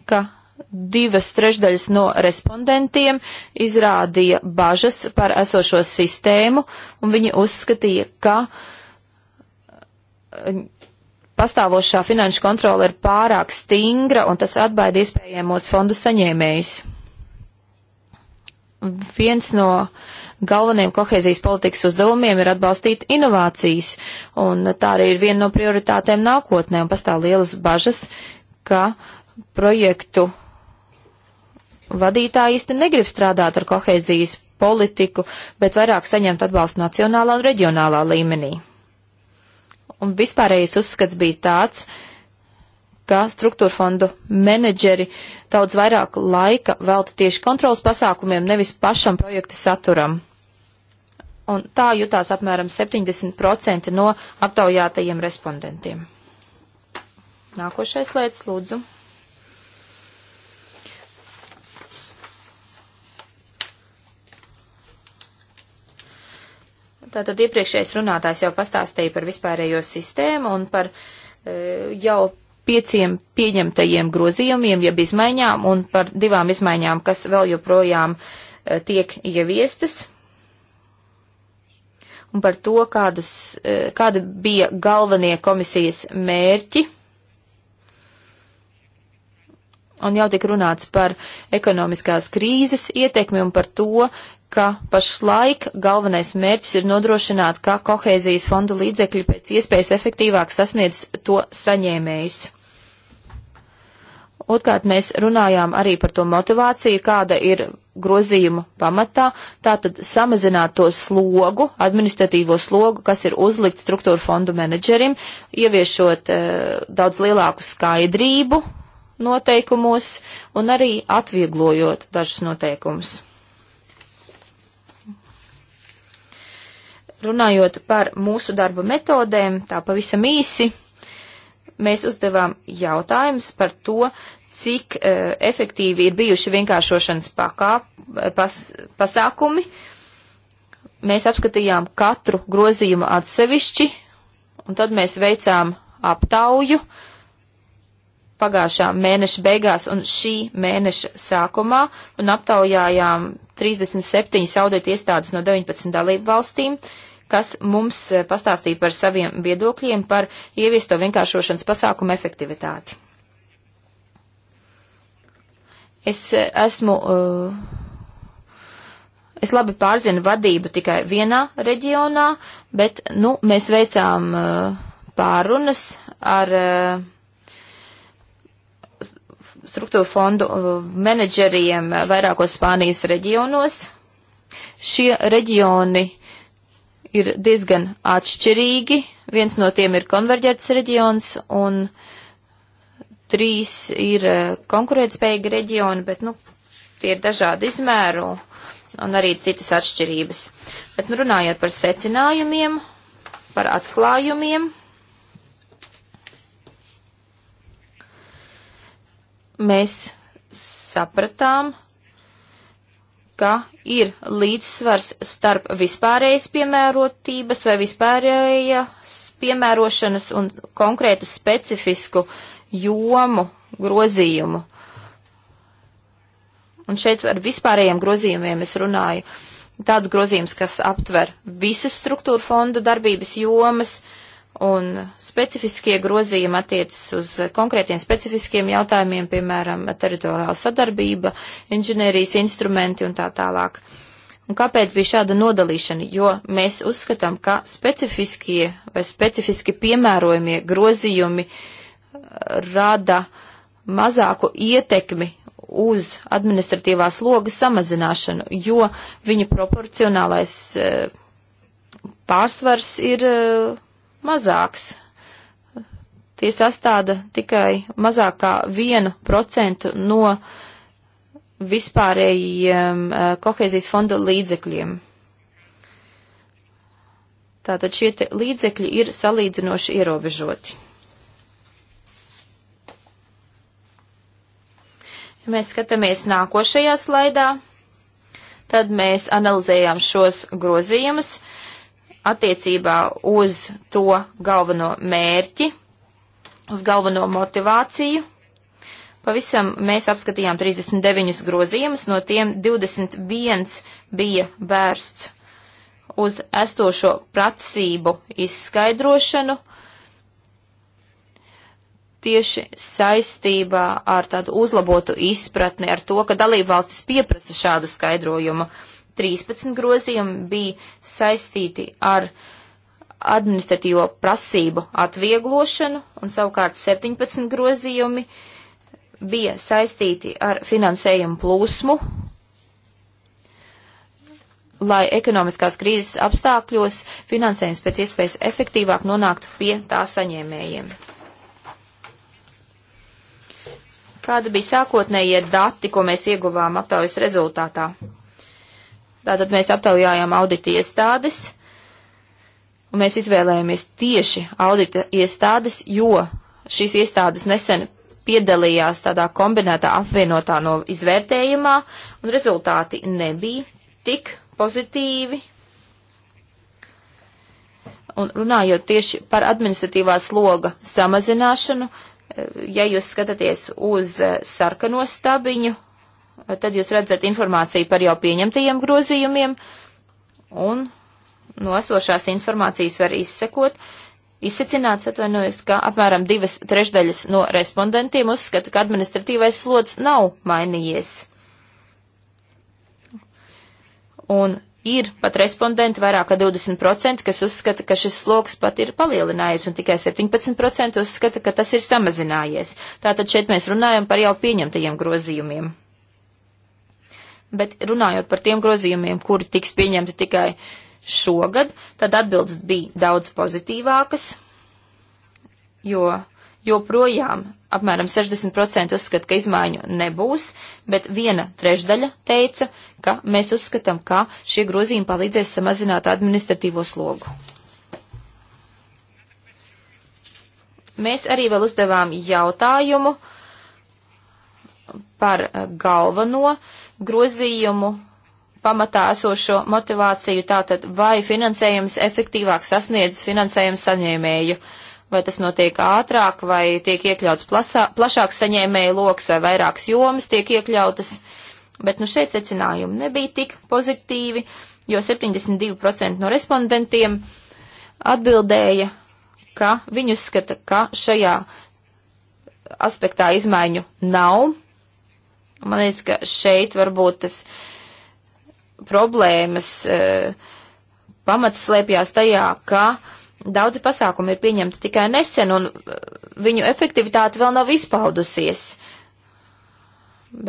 [SPEAKER 3] ka divas trešdaļas no respondentiem izrādīja bažas par esošo sistēmu, un viņi uzskatīja, ka eh, pastāvošā finanšu kontrola ir pārāk stingra, un tas atbaida iespējamos fondu saņēmējus. Viens no galveniem kohēzijas politikas uzdevumiem ir atbalstīt inovācijas, un tā arī ir viena no prioritātēm nākotnē, un pastāv lielas bažas, ka projektu uh, vadītāji īsti negrib strādāt ar kohēzijas politiku, bet vairāk saņemt atbalstu nacionālā un reģionālā līmenī. Un vispārējais uzskats bija tāds, ka struktūra fondu menedžeri daudz vairāk laika velta tieši kontrolas pasākumiem, nevis pašam projekta saturam. Un tā jutās apmēram 70% no aptaujātajiem respondentiem. Nākošais slaids, lūdzu. Tātad iepriekšējais runātājs jau pastāstīja par vispārējo sistēmu un par e, jau pieciem pieņemtajiem grozījumiem, jeb izmaiņām un par divām izmaiņām, kas vēl joprojām e, tiek ieviestas. Un par to, kādas, e, kāda bija galvenie komisijas mērķi. Un jau tik runāts par ekonomiskās krīzes ietekmi un par to, ka pašlaik galvenais mērķis ir nodrošināt, ka kohēzijas fondu līdzekļi pēc iespējas efektīvāk sasniedz to saņēmējus. Otkārt, mēs runājām arī par to motivāciju, kāda ir grozījumu pamatā, tātad samazināt to slogu, administratīvo slogu, kas ir uzlikt struktūra fondu menedžerim, ieviešot e, daudz lielāku skaidrību noteikumos un arī atvieglojot dažus noteikumus. Runājot par mūsu darba metodēm, tā pavisam īsi, mēs uzdevām jautājumus par to, cik uh, efektīvi ir bijuši vienkāršošanas pakāp, e, pas, pasākumi. Mēs apskatījām katru grozījumu atsevišķi, un tad mēs veicām aptauju pagājušā mēneša beigās un šī mēneša sākumā, un aptaujājām 37 audita iestādes no 19 dalību valstīm. Uh, kas mums eh, pastāstīja par saviem viedokļiem par ieviesto vienkāršošanas pasākumu efektivitāti. Es eh, esmu. Uh, Es labi pārzinu vadību tikai vienā reģionā, bet, nu, mēs veicām uh, pārunas ar uh, struktūra fondu menedžeriem vairākos Spānijas reģionos. Šie reģioni ir diezgan atšķirīgi. Viens no tiem ir konverģēts reģions un trīs ir eh, konkurētspējīgi reģioni, bet, nu, tie ir dažādi izmēru un arī citas atšķirības. Bet, nu, runājot par secinājumiem, par atklājumiem, mēs sapratām, ka ir līdzsvars starp vispārējas piemērotības vai vispārējas piemērošanas un konkrētu specifisku jomu grozījumu. Un šeit ar vispārējiem grozījumiem es runāju tāds grozījums, kas aptver visus struktūra fondu darbības jomas, uh, un specifiskie grozījumi attiecas uz konkrētiem specifiskiem jautājumiem, piemēram, teritoriāla sadarbība, inženierijas instrumenti un tā tālāk. Un kāpēc bija šāda nodalīšana? Jo mēs uzskatām, ka specifiskie vai specifiski piemērojumie grozījumi uh, rada mazāku ietekmi uz administratīvās logas samazināšanu, jo viņu proporcionālais uh, pārsvars ir uh, mazāks. Tie sastāda tikai mazāk kā 1% no vispārējiem eh, kohēzijas fonda līdzekļiem. Tātad šie līdzekļi ir salīdzinoši ierobežoti. Ja mēs skatāmies nākošajā slaidā, tad mēs analizējām šos grozījumus, attiecībā uz to galveno mērķi, uz galveno motivāciju. Pavisam mēs apskatījām 39 grozījumus, no tiem 21 bija vērsts uz estošo prasību izskaidrošanu tieši saistībā ar tādu uzlabotu izpratni ar to, ka dalībvalstis pieprasa šādu skaidrojumu. Uh, 13 grozījumi bija saistīti ar administratīvo prasību atvieglošanu, un savukārt 17 grozījumi bija saistīti ar finansējumu plūsmu, lai ekonomiskās krīzes apstākļos finansējums pēc iespējas efektīvāk nonāktu pie tā saņēmējiem. Kāda bija sākotnējie dati, ko mēs ieguvām aptaujas rezultātā? Tātad mēs aptaujājām audita iestādes, un mēs izvēlējāmies tieši audita iestādes, jo šīs iestādes nesen piedalījās tādā kombinētā apvienotā no izvērtējumā, un rezultāti nebija tik pozitīvi. Un runājot tieši par administratīvā sloga samazināšanu, eh, ja jūs skatāties uz eh, sarkano stabiņu, tad jūs redzat informāciju par jau pieņemtajiem grozījumiem, un no esošās informācijas var izsekot, izsecināts, atvainojos, ka apmēram divas trešdaļas no respondentiem uzskata, ka administratīvais slods nav mainījies. Un ir pat respondenti vairāk kā 20%, kas uzskata, ka šis sloks pat ir palielinājies, un tikai 17% uzskata, ka tas ir samazinājies. Tātad šeit mēs runājam par jau pieņemtajiem grozījumiem bet runājot par tiem grozījumiem, kuri tiks pieņemti tikai šogad, tad atbildes bija daudz pozitīvākas, jo joprojām apmēram 60% uzskata, ka izmaiņu nebūs, bet viena trešdaļa teica, ka mēs uzskatām, ka šie grozījumi palīdzēs samazināt administratīvo slogu. Mēs arī vēl uzdevām jautājumu par galveno uh, grozījumu pamatā esošo motivāciju, tātad vai finansējums efektīvāk sasniedz finansējumu saņēmēju, vai tas notiek ātrāk, vai tiek iekļauts plasā, plašāks saņēmēju lokus, vai vairākas jomas tiek iekļautas, bet nu šeit secinājumi nebija tik pozitīvi, jo 72% no respondentiem atbildēja, ka viņi uzskata, ka šajā aspektā izmaiņu nav, Man liekas, ka šeit varbūt tas problēmas eh, pamats slēpjas tajā, ka daudzi pasākumi ir pieņemti tikai nesen un eh, viņu efektivitāte vēl nav izpaudusies.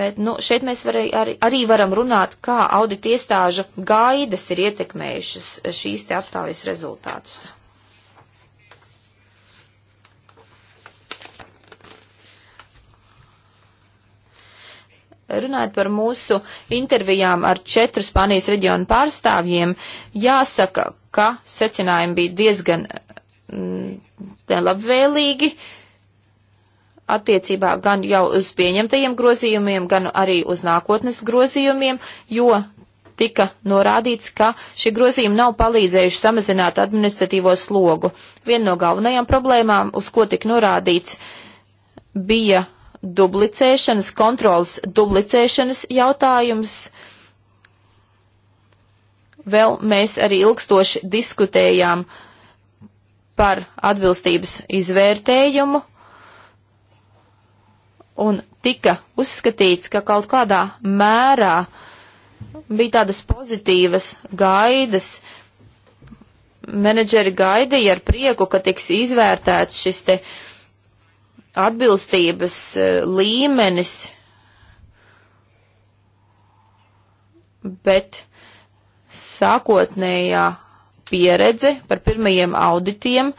[SPEAKER 3] Bet nu, šeit mēs var, arī, arī varam runāt, kā audit iestāžu gaidas ir ietekmējušas šīs te aptaujas rezultātus. Runājot par mūsu intervijām ar četru Spānijas reģionu pārstāvjiem, jāsaka, ka secinājumi bija diezgan mm, nelabvēlīgi attiecībā gan jau uz pieņemtajiem grozījumiem, gan arī uz nākotnes grozījumiem, jo tika norādīts, ka šie grozījumi nav palīdzējuši samazināt administratīvo slogu. Viena no galvenajām problēmām, uz ko tika norādīts, bija dublicēšanas, kontrolas dublicēšanas jautājums. Vēl mēs arī ilgstoši diskutējām par atbilstības izvērtējumu un tika uzskatīts, ka kaut kādā mērā bija tādas pozitīvas gaidas. Menedžeri gaidīja ar prieku, ka tiks izvērtēts šis te uh, atbilstības eh, līmenis, bet sākotnējā pieredze par pirmajiem auditiem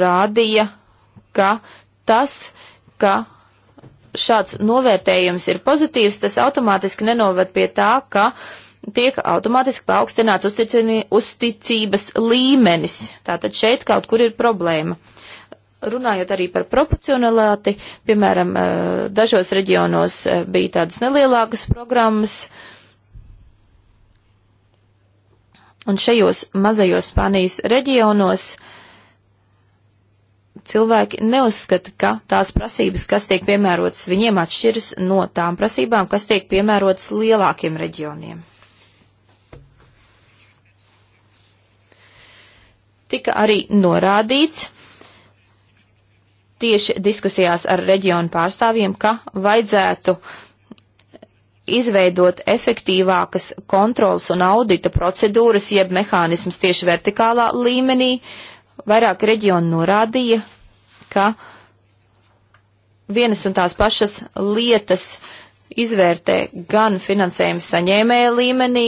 [SPEAKER 3] rādīja, ka tas, ka šāds novērtējums ir pozitīvs, tas automātiski nenovad pie tā, ka tiek automātiski paaugstināts uzticības līmenis. Tātad šeit kaut kur ir problēma runājot arī par proporcionalitāti, piemēram, eh, dažos reģionos eh, bija tādas nelielākas programmas, un šajos mazajos Spānijas reģionos cilvēki neuzskata, ka tās prasības, kas tiek piemērotas viņiem, atšķiras no tām prasībām, kas tiek piemērotas lielākiem reģioniem. Tika arī norādīts, tieši diskusijās ar reģionu pārstāvjiem, ka vajadzētu izveidot efektīvākas kontrolas un audita procedūras, jeb mehānismus tieši vertikālā līmenī. Vairāk reģionu norādīja, ka vienas un tās pašas lietas izvērtē gan finansējuma saņēmēja līmenī,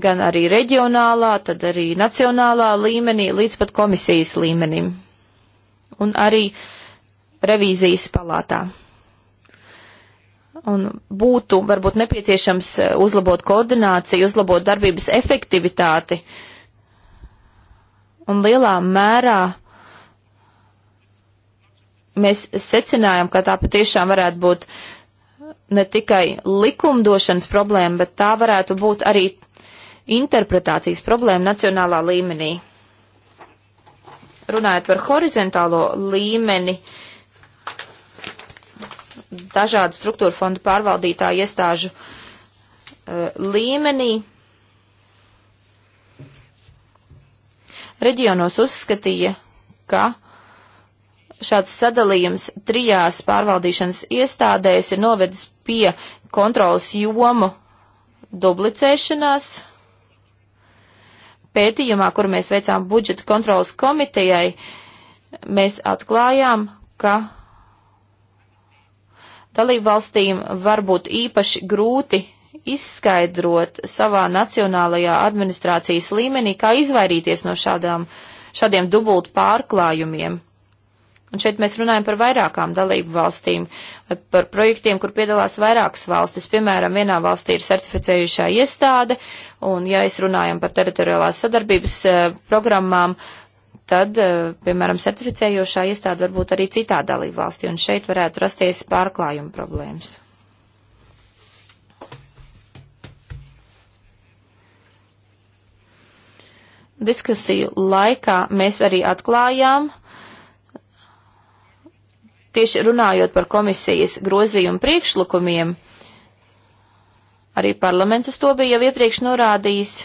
[SPEAKER 3] gan arī reģionālā, tad arī nacionālā līmenī, līdz pat komisijas līmenim. Un arī uh, revīzijas palātā. Un būtu varbūt nepieciešams eh, uzlabot koordināciju, uzlabot darbības efektivitāti. Un lielā mērā mēs secinājām, ka tā patiešām varētu būt ne tikai likumdošanas problēma, bet tā varētu būt arī interpretācijas problēma nacionālā līmenī. Runājot par horizontālo līmeni, uh, dažādu struktūru fondu pārvaldītāju iestāžu uh, līmenī. Reģionos uzskatīja, ka šāds sadalījums trijās pārvaldīšanas iestādēs ir novedis pie kontrolas jomu dublicēšanās. Pētījumā, kur mēs veicām budžeta kontrolas komitejai, mēs atklājām, ka Dalībvalstīm var būt īpaši grūti izskaidrot savā nacionālajā administrācijas līmenī, kā izvairīties no šādām, šādiem dubultu pārklājumiem. Un šeit mēs runājam par vairākām dalību valstīm, par projektiem, kur piedalās vairākas valstis. Piemēram, vienā valstī ir certificējušā iestāde, un ja es runājam par teritoriālās sadarbības eh, programmām, eh, tad, eh, piemēram, certificējošā iestāde var būt arī citā dalība valstī, un šeit varētu rasties pārklājuma problēmas. Diskusiju laikā mēs arī atklājām, tieši runājot par komisijas grozījumu priekšlikumiem, arī parlaments uz to bija jau iepriekš norādījis.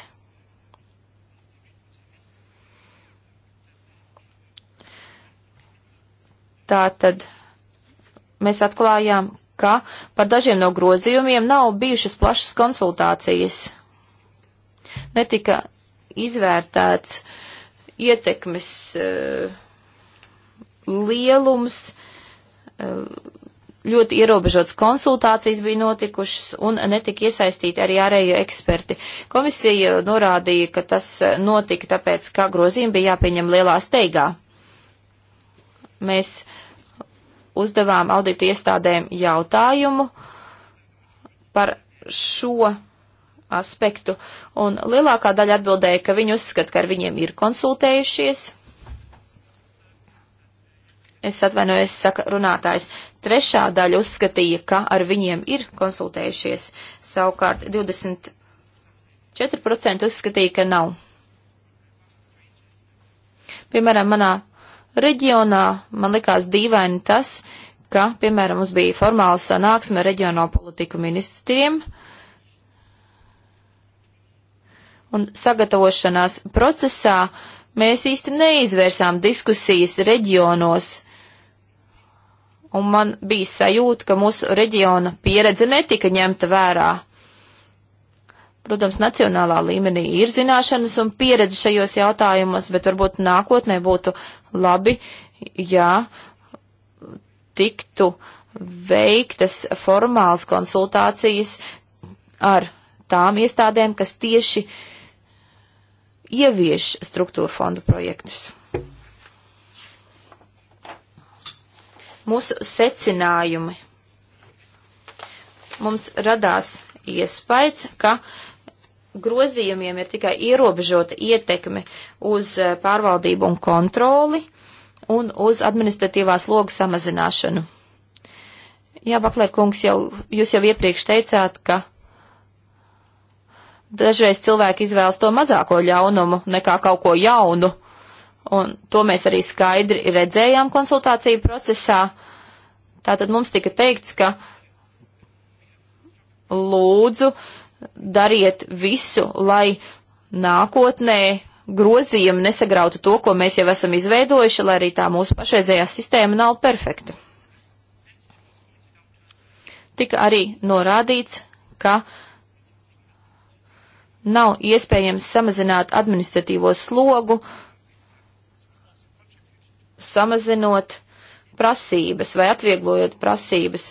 [SPEAKER 3] Tā tad mēs atklājām, ka par dažiem no grozījumiem nav bijušas plašas konsultācijas. Netika izvērtēts ietekmes uh, lielums, uh, ļoti ierobežotas konsultācijas bija notikušas un netika iesaistīti arī ārējo eksperti. Komisija norādīja, ka tas eh, notika tāpēc, ka grozījumi bija jāpieņem lielā steigā. Mēs uzdevām audita iestādēm jautājumu par šo aspektu, un lielākā daļa atbildēja, ka viņi uzskata, ka ar viņiem ir konsultējušies. Es atvainojos, saka runātājs. Trešā daļa uzskatīja, ka ar viņiem ir konsultējušies. Savukārt 24% uzskatīja, ka nav. Piemēram, manā reģionā. Man likās dīvaini tas, ka, piemēram, mums bija formāla sanāksme reģionālo politiku ministriem, un sagatavošanās procesā mēs īsti neizvērsām diskusijas reģionos, un man bija sajūta, ka mūsu reģiona pieredze netika ņemta vērā. Protams, nacionālā līmenī ir zināšanas un pieredze šajos jautājumos, bet varbūt nākotnē būtu labi, ja tiktu veiktas formāls konsultācijas ar tām iestādēm, kas tieši ievieš struktūra fondu projektus. Mūsu secinājumi. Mums radās iespējas, ka grozījumiem ir tikai ierobežota ietekme uz eh, pārvaldību un kontroli un uz administratīvās logu samazināšanu. Jā, Baklēr kungs, jau, jūs jau iepriekš teicāt, ka dažreiz cilvēki izvēlas to mazāko ļaunumu nekā kaut ko jaunu, un to mēs arī skaidri redzējām konsultāciju procesā. Tātad mums tika teikts, ka lūdzu dariet visu, lai nākotnē grozījumi nesagrautu to, ko mēs jau esam izveidojuši, lai arī tā mūsu pašreizējā sistēma nav perfekta. Tika arī norādīts, ka nav iespējams samazināt administratīvo slogu, samazinot prasības vai atvieglojot prasības.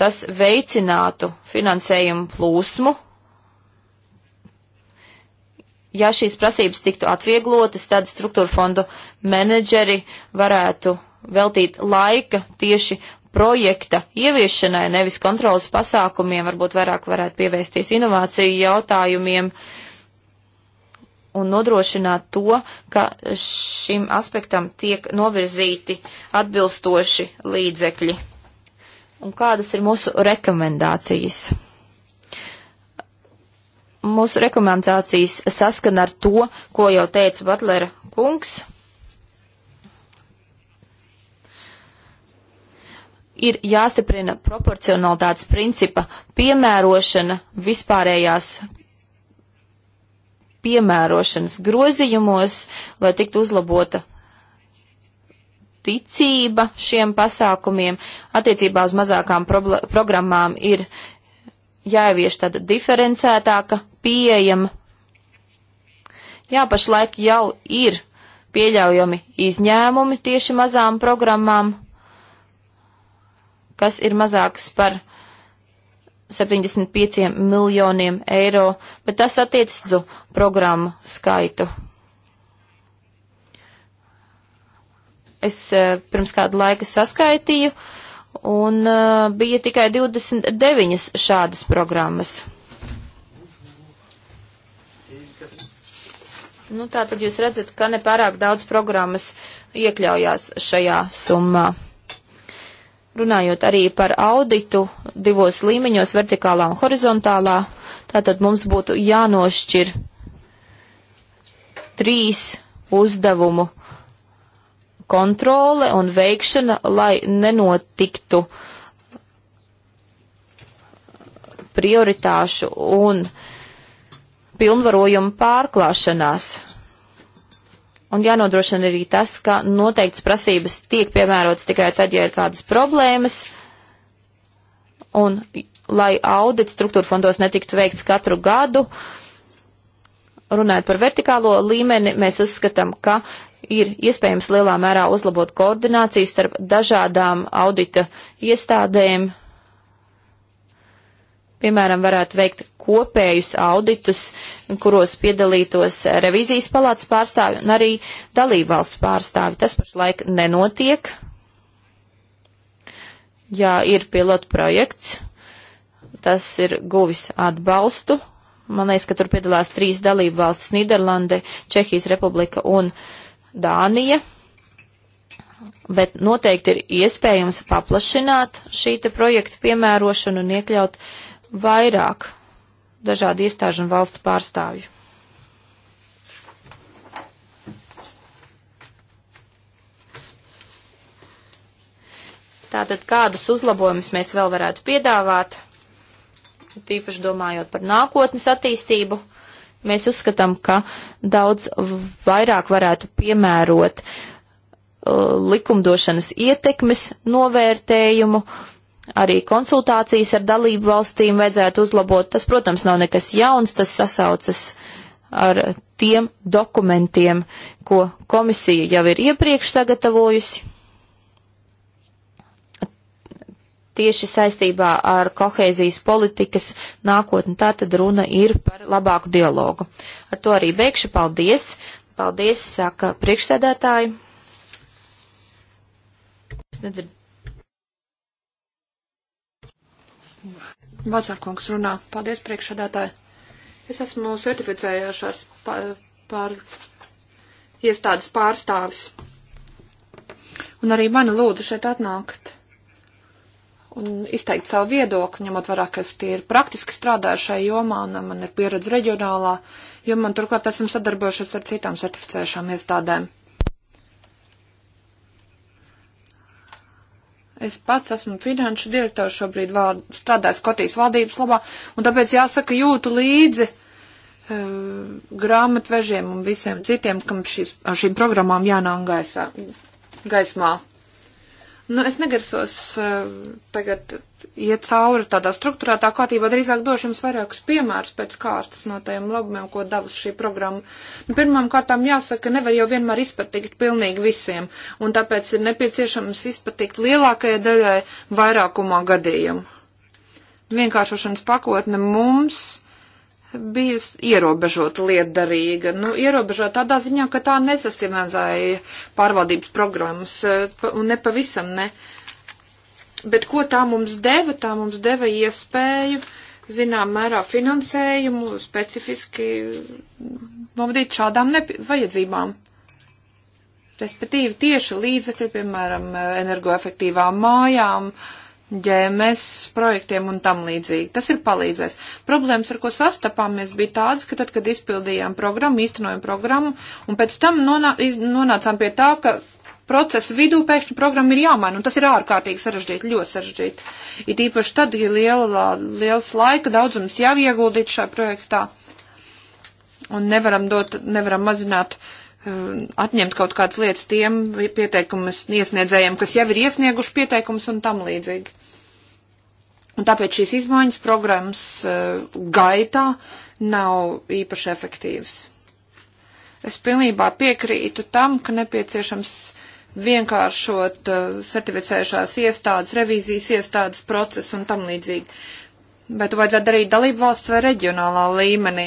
[SPEAKER 3] Tas veicinātu finansējumu plūsmu ja šīs prasības tiktu atvieglotas, tad struktūra fondu menedžeri varētu veltīt laika tieši projekta ieviešanai, nevis kontrolas pasākumiem, varbūt vairāk varētu pievērsties inovāciju jautājumiem un nodrošināt to, ka šim aspektam tiek novirzīti atbilstoši līdzekļi. Un kādas ir mūsu rekomendācijas? mūsu rekomendācijas saskana ar to, ko jau teica Butlera kungs. Ir jāstiprina proporcionalitātes principa piemērošana vispārējās piemērošanas grozījumos, lai tiktu uzlabota ticība šiem pasākumiem. Attiecībā uz mazākām programmām ir jāievieš tāda diferencētāka pieejama. Jā, pašlaik jau ir pieļaujami izņēmumi tieši mazām programmām, kas ir mazāks par 75 miljoniem eiro, bet tas attiecas uz programmu skaitu. Es eh, pirms kādu laiku saskaitīju, un eh, bija tikai 29 šādas programmas. Nu, tā tad jūs redzat, ka nepārāk daudz programmas iekļaujās šajā summā. Runājot arī par auditu divos līmeņos, vertikālā un horizontālā, tātad mums būtu jānošķir trīs uzdevumu kontrole un veikšana, lai nenotiktu prioritāšu un uh, pilnvarojumu pārklāšanās. Un jānodrošina arī tas, ka noteikts prasības tiek piemērotas tikai tad, ja ir kādas problēmas, un lai audits struktūra fondos netiktu veikts katru gadu, runājot par vertikālo līmeni, mēs uzskatām, ka ir iespējams lielā mērā uzlabot koordināciju starp dažādām audita iestādēm, piemēram, varētu veikt kopējus auditus, kuros piedalītos revizijas palātas pārstāvi un arī dalībvalsts pārstāvi. Tas pašlaik nenotiek. Jā, ir pilotu projekts. Tas ir guvis atbalstu. Man liekas, ka tur piedalās trīs dalību valstis - Nīderlande, Čehijas republika un Dānija. Bet noteikti ir iespējams paplašināt šī projekta piemērošanu un iekļaut uh, vairāk dažādu iestāžu un valstu pārstāvju. Tātad kādus uzlabojumus mēs vēl varētu piedāvāt, tīpaši domājot par nākotnes attīstību, mēs uzskatām, ka daudz vairāk varētu piemērot uh, likumdošanas ietekmes novērtējumu, uh, arī konsultācijas ar dalību valstīm vajadzētu uzlabot. Tas, protams, nav nekas jauns, tas sasaucas ar tiem dokumentiem, ko komisija jau ir iepriekš sagatavojusi. Tieši saistībā ar kohēzijas politikas nākotni tā tad runa ir par labāku dialogu. Ar to arī beigšu. Paldies! Paldies, saka priekšsēdētāji. Es nedzirdu.
[SPEAKER 2] Vācārkungs runā. Paldies, priekšsādātāji. Es esmu certificējušās par, par iestādes pārstāvis. Un arī mani lūdzu šeit atnākt un izteikt savu viedokli, ņemot vērā, ka es tīri praktiski strādāju šai jomā un man ir pieredze reģionālā, jo man turklāt esam sadarbojušies ar citām certificējušām iestādēm. Es pats esmu finanšu direktors šobrīd vār, strādāju Skotijas valdības labā, un tāpēc jāsaka, jūtu līdzi uh, grāmatvežiem un visiem citiem, kam šīs, šīm programmām jānāk gaisā, gaismā. Nu, es negrasos uh, e, tagad iet cauri tādā struktūrētā kārtībā. Drīzāk došu jums vairākus piemērus pēc kārtas no tajiem labumiem, ko davus šī programma. Nu, pirmām kārtām jāsaka, nevar jau vienmēr izpatikt pilnīgi visiem, un tāpēc ir nepieciešams izpatikt lielākajai daļai vairākumā gadījumu. Vienkāršošanas pakotne mums bija ierobežota lietdarīga. Nu, ierobežota tādā ziņā, ka tā nesastimenzēja pārvaldības programmas un nepavisam ne. Pavisam, ne bet ko tā mums deva? Tā mums deva iespēju, zinām, mērā finansējumu specifiski novadīt šādām vajadzībām. Respektīvi tieši līdzekļi, piemēram, energoefektīvām mājām, ģēmes projektiem un tam līdzīgi. Tas ir palīdzēs. Problēmas, ar ko sastapāmies, bija tādas, ka tad, kad izpildījām programmu, īstenojām programmu, un pēc tam nonā, iz, nonācām pie tā, ka procesa vidū pēkšņi programma ir jāmaina, un tas ir ārkārtīgi sarežģīti, ļoti sarežģīti. It īpaši tad, ja liela, liels laika daudzums jau ieguldīt šajā projektā, un nevaram dot, nevaram mazināt, um, atņemt kaut kādas lietas tiem pieteikumus iesniedzējiem, kas jau ir iesnieguši pieteikumus un tam līdzīgi. Un tāpēc šīs izmaiņas programmas uh, gaitā nav īpaši efektīvas. Es pilnībā piekrītu tam, ka nepieciešams vienkāršot eh, certificējušās iestādes, revīzijas iestādes procesu un tam līdzīgi. Bet to vajadzētu darīt dalību valsts vai reģionālā līmenī.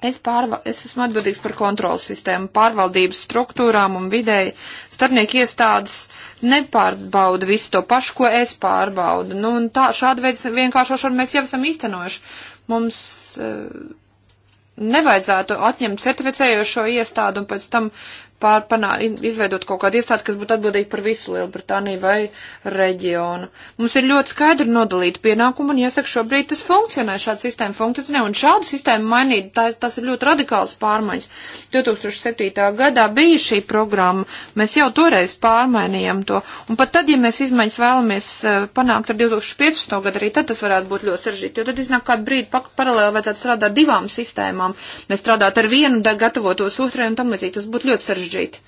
[SPEAKER 2] Es, pārva, es esmu atbildīgs par kontrolas sistēmu, pārvaldības struktūrām un vidēji. Starpnieku iestādes nepārbauda visu to pašu, ko es pārbaudu. Nu, un tā, šādu veidu vienkāršošanu mēs jau esam īstenojuši. Mums uh, nevajadzētu atņemt certificējošo iestādu un pēc tam pārpanā, izveidot kaut kādu iestādi, kas būtu atbildīgi par visu Lielbritāniju vai reģionu. Mums ir ļoti skaidri nodalīta pienākuma, un jāsaka, šobrīd tas funkcionē, šāda sistēma funkcionē, un šādu sistēmu mainīt, tas, tas ir ļoti radikāls pārmaiņas. 2007. gadā bija šī programma, mēs jau toreiz pārmainījām to, un pat tad, ja mēs izmaiņas vēlamies eh, panākt ar 2015. gadu, arī tad tas varētu būt ļoti saržģīti, jo tad iznāk kādu brīdi paralēli vajadzētu strādāt divām sistēmām. Mēs strādāt ar vienu, gatavotos otrai un tam līdzīgi, tas būtu ļoti saržģīti sarežģīti.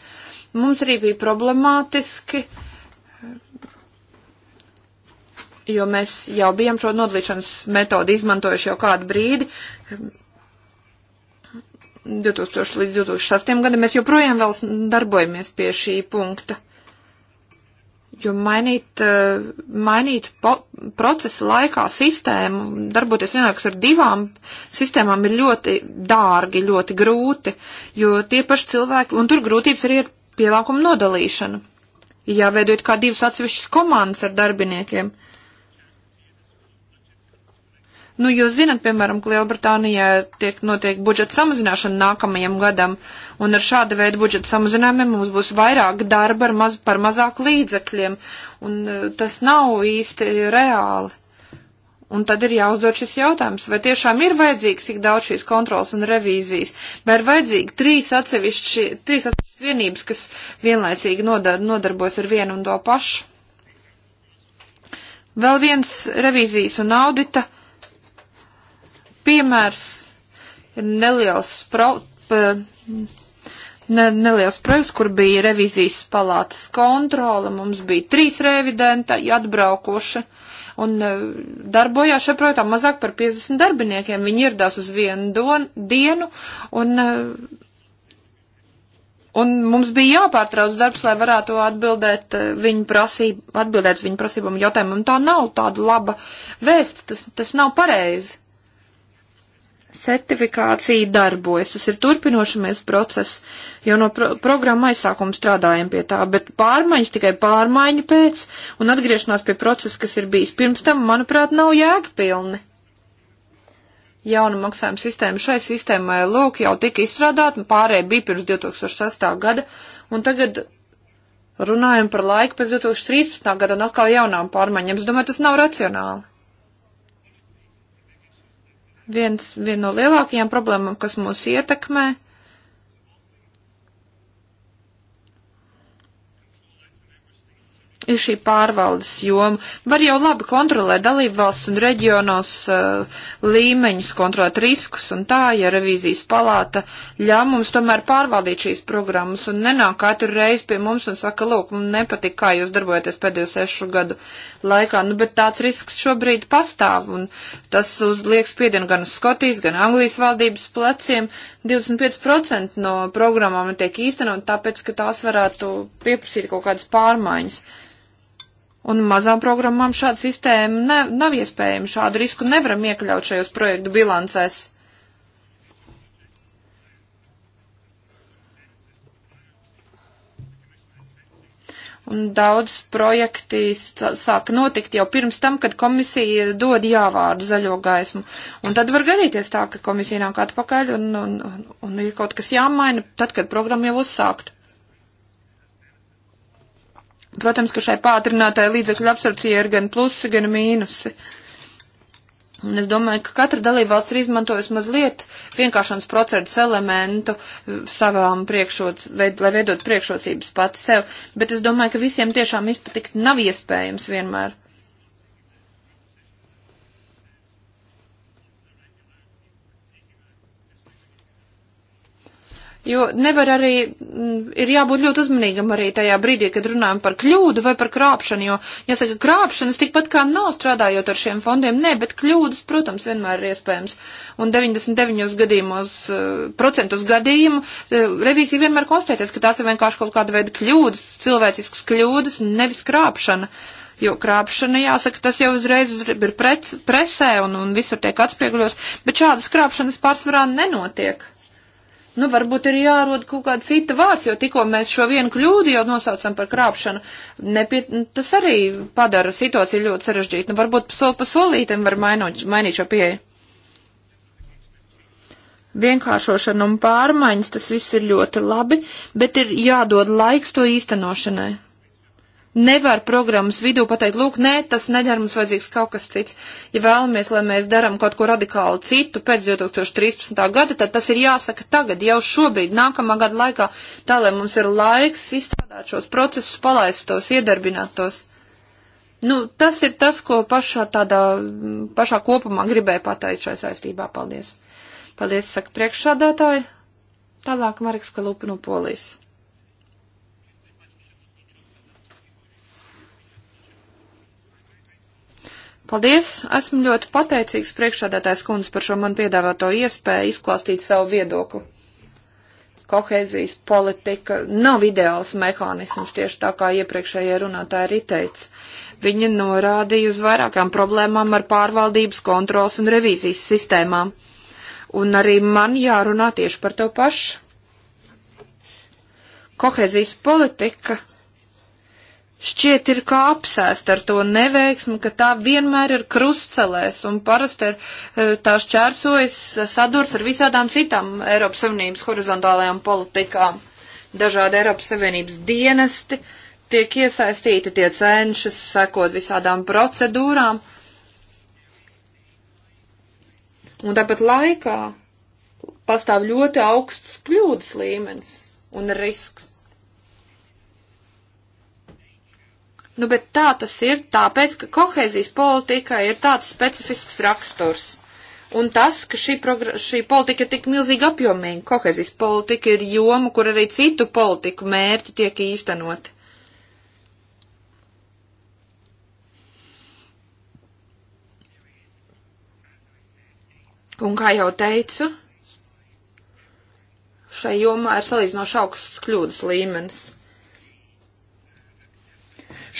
[SPEAKER 2] Mums arī bija problemātiski, jo mēs jau bijām šo nodalīšanas metodu izmantojuši jau kādu brīdi. 2000 līdz 2006 gadam mēs joprojām vēl darbojamies pie šī punkta jo mainīt, eh, mainīt po, procesa laikā sistēmu, darboties vienlaikus ar divām sistēmām ir ļoti dārgi, ļoti grūti, jo tie paši cilvēki, un tur grūtības arī ir pielāguma nodalīšana. Jāveidot kā divas atsevišķas komandas ar darbiniekiem. Uh, Nu, jūs zinat, piemēram, ka Lielbritānijā tiek notiek budžeta samazināšana nākamajam gadam, un ar šāda veida budžeta samazinājumiem mums būs vairāk darba ar maz, par mazāk līdzekļiem, un e, tas nav īsti reāli. Un tad ir jāuzdod šis jautājums, vai tiešām ir vajadzīgs tik daudz šīs kontrols un revīzijas, vai ir vajadzīgi trīs atsevišķi, trīs atsevišķi vienības, kas vienlaicīgi nodar, nodarbojas ar vienu un to pašu. Vēl viens revīzijas un audita uh, Piemērs ir neliels, pro, ne, neliels projekts, kur bija revizijas palātas kontrola. Mums bija trīs revidenta atbraukoši un e, darbojās šajā projektā mazāk par 50 darbiniekiem. Viņi ieradās uz vienu don, dienu un, e, un mums bija jāpārtrauc darbs, lai varētu atbildēt e, viņu prasību, atbildēt uz viņu prasībām jautājumam. Tā nav tāda laba vēsts, tas, tas nav pareizi certifikācija darbojas. Tas ir turpinošamies process, jo no pro programma aizsākuma strādājam pie tā, bet pārmaiņas tikai pārmaiņu pēc un atgriešanās pie procesa, kas ir bijis pirms tam, manuprāt, nav jēgpilni. Jauna maksājuma sistēma šai sistēmai lūk jau tika izstrādāta, pārējai bija pirms 2008. gada, un tagad runājam par laiku pēc 2013. gada un atkal jaunām pārmaiņām. Es domāju, tas nav racionāli viens, viena no lielākajām problēmām, kas mūs ietekmē, ir šī pārvaldes joma. Var jau labi kontrolēt dalību valsts un reģionos uh, līmeņus, kontrolēt riskus un tā, ja revīzijas palāta ļauj mums tomēr pārvaldīt šīs programmas un nenāk katru reizi pie mums un saka, lūk, man nepatīk, kā jūs darbojaties pēdējo sešu gadu laikā. Nu, bet tāds risks šobrīd pastāv un tas uzliek spiedienu gan uz Skotijas, gan Anglijas valdības pleciem. 25% no programmām tiek īstenot tāpēc, ka tās varētu pieprasīt kaut kādas pārmaiņas. Thank you Un mazām programmām šāda sistēma ne, nav iespējama. Šādu risku nevaram iekļaut šajos projektu bilancēs. Un daudz projekti sāka notikt jau pirms tam, kad komisija dod jāvārdu zaļo gaismu. Un tad var gadīties tā, ka komisija nāk atpakaļ un, un, un, un ir kaut kas jāmaina, tad, kad programma jau uzsāktu. Protams, ka šai pātrinātāja līdzekļu absorpcijai ir gan plusi, gan mīnusi. Un es domāju, ka katra dalībvalsts ir izmantojusi mazliet vienkāršanas procentus elementu savām priekšroc, veid, lai veidot priekšrocības pati sev, bet es domāju, ka visiem tiešām izpatikt nav iespējams vienmēr. Jo nevar arī, mm, ir jābūt ļoti uzmanīgam arī tajā brīdī, kad runājam par kļūdu vai par krāpšanu, jo, jāsaka, krāpšanas tikpat kā nav strādājot ar šiem fondiem, nē, bet kļūdas, protams, vienmēr ir iespējams. Un 99 gadījumos, eh, procentos gadījumu eh, revīzija vienmēr konstatēties, ka tās ir vienkārši kaut kāda veida kļūdas, cilvēciskas kļūdas, nevis krāpšana. Jo krāpšana, jāsaka, tas jau uzreiz ir prets, presē un, un visur tiek atspiegļos, bet šādas krāpšanas pārsvarā nenotiek. Nu, varbūt ir jārod kaut kāda cita vārds, jo tikko mēs šo vienu kļūdu jau nosaucam par krāpšanu, nepie, nu, tas arī padara situāciju ļoti sarežģītu. Nu, varbūt soli pa solītam var mainot, mainīt šo pieeju. Vienkāršošana un pārmaiņas, tas viss ir ļoti labi, bet ir jādod laiks to īstenošanai nevar programmas vidū pateikt, lūk, nē, tas nedara, mums vajadzīgs kaut kas cits. Ja vēlamies, lai mēs darām kaut ko radikāli citu pēc 2013. gada, tad tas ir jāsaka tagad, jau šobrīd, nākamā gada laikā, tā, lai mums ir laiks izstrādāt šos procesus, palaist tos, iedarbināt tos. Nu, tas ir tas, ko pašā tādā, pašā kopumā gribēju pateikt šai saistībā. Paldies. Paldies, saka priekšsādātāji. Tālāk Marks Kalupa no Polijas. Paldies! Esmu ļoti pateicīgs priekšādātājs kundze par šo man piedāvāto iespēju izklāstīt savu viedokli. Kohēzijas politika nav ideāls mehānisms, tieši tā kā iepriekšējie runātāji arī teica. Viņa norādīja uz vairākām problēmām ar pārvaldības, kontrols un revīzijas sistēmām. Un arī man jārunā tieši par to pašu. Kohēzijas politika šķiet ir kā apsēst ar to neveiksmi, ka tā vienmēr ir krustcelēs un parasti ir e, tā šķērsojas e, sadurs ar visādām citām Eiropas Savienības horizontālajām politikām. Dažādi Eiropas Savienības dienesti tiek iesaistīti, tie cenšas sekot visādām procedūrām. Un tāpat laikā pastāv ļoti augsts kļūdas līmenis un risks. Nu, bet tā tas ir tāpēc, ka kohēzijas politikā ir tāds specifisks raksturs. Un tas, ka šī, šī politika ir tik milzīgi apjomīga, kohēzijas politika ir joma, kur arī citu politiku mērķi tiek īstenoti. Un kā jau teicu, šai jomā ir salīdzinoši augsts kļūdas līmenis.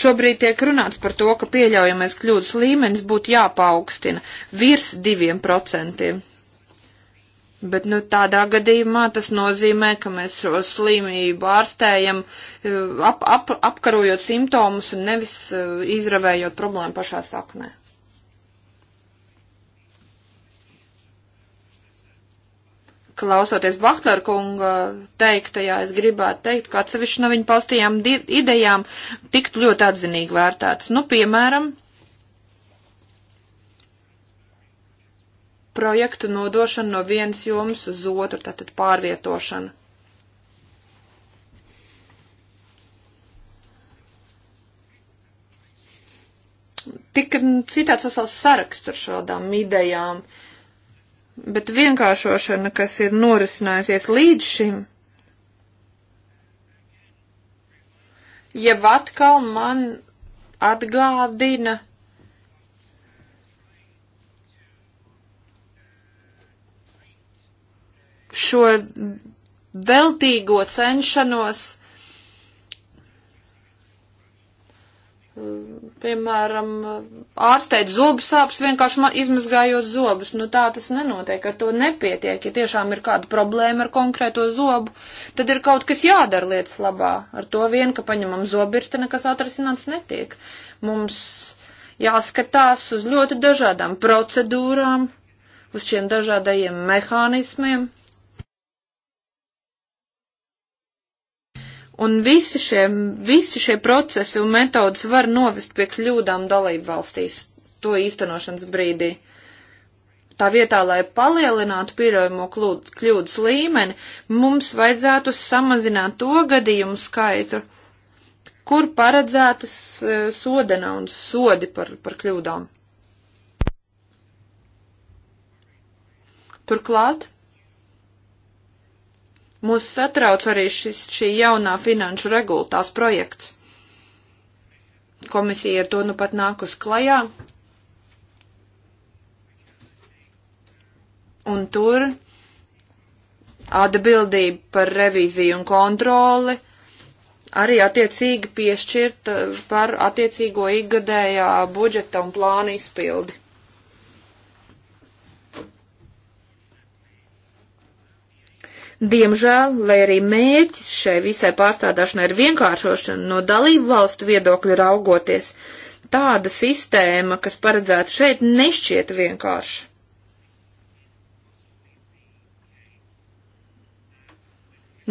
[SPEAKER 2] Šobrīd tiek runāts par to, ka pieļaujamais kļūdas līmenis būtu jāpaukstina virs diviem procentiem. Bet, nu, tādā gadījumā tas nozīmē, ka mēs šo slimību ārstējam, e, ap, ap, apkarojot simptomus un nevis e, izravējot problēmu pašā saknē. Klausoties Bahtler kunga teiktajā, es gribētu teikt, ka atsevišķi no viņa paustajām idejām tiktu ļoti atzinīgi vērtētas. Nu, piemēram, projektu nodošana no vienas jomas uz otru, tātad pārvietošana. Tik citāds vesels saraksts ar šādām idejām. Uh, bet vienkāršošana, kas ir norisinājusies līdz šim, jau atkal man atgādina šo veltīgo cenšanos piemēram, ārstēt zobu sāpes vienkārši izmazgājot zobus. Nu tā tas nenotiek, ar to nepietiek. Ja tiešām ir kāda problēma ar konkrēto zobu, tad ir kaut kas jādara lietas labā. Ar to vien, ka paņemam zobirsti, nekas atrasināts netiek. Mums jāskatās uz ļoti dažādām procedūrām, uz šiem dažādajiem mehānismiem. Un visi šie, visi šie procesi un metodas var novest pie kļūdām dalību valstīs to īstenošanas brīdī. Tā vietā, lai palielinātu pieļaujamo kļūdas līmeni, mums vajadzētu samazināt to gadījumu skaitu, kur paredzētas e, sodena un sodi par, par kļūdām. Turklāt Mūs satrauc arī šis, šī jaunā finanšu regula, tās projekts. Komisija ar to nu pat nāk uz klajā. Un tur atbildība par revīziju un kontroli arī attiecīgi piešķirt eh, par attiecīgo ikgadējā budžeta un plāna izpildi. Diemžēl, lai arī mērķis šai visai pārstrādāšanai ir vienkāršošana no dalību valstu viedokļa raugoties, tāda sistēma, kas paredzēta šeit, nešķiet vienkārša.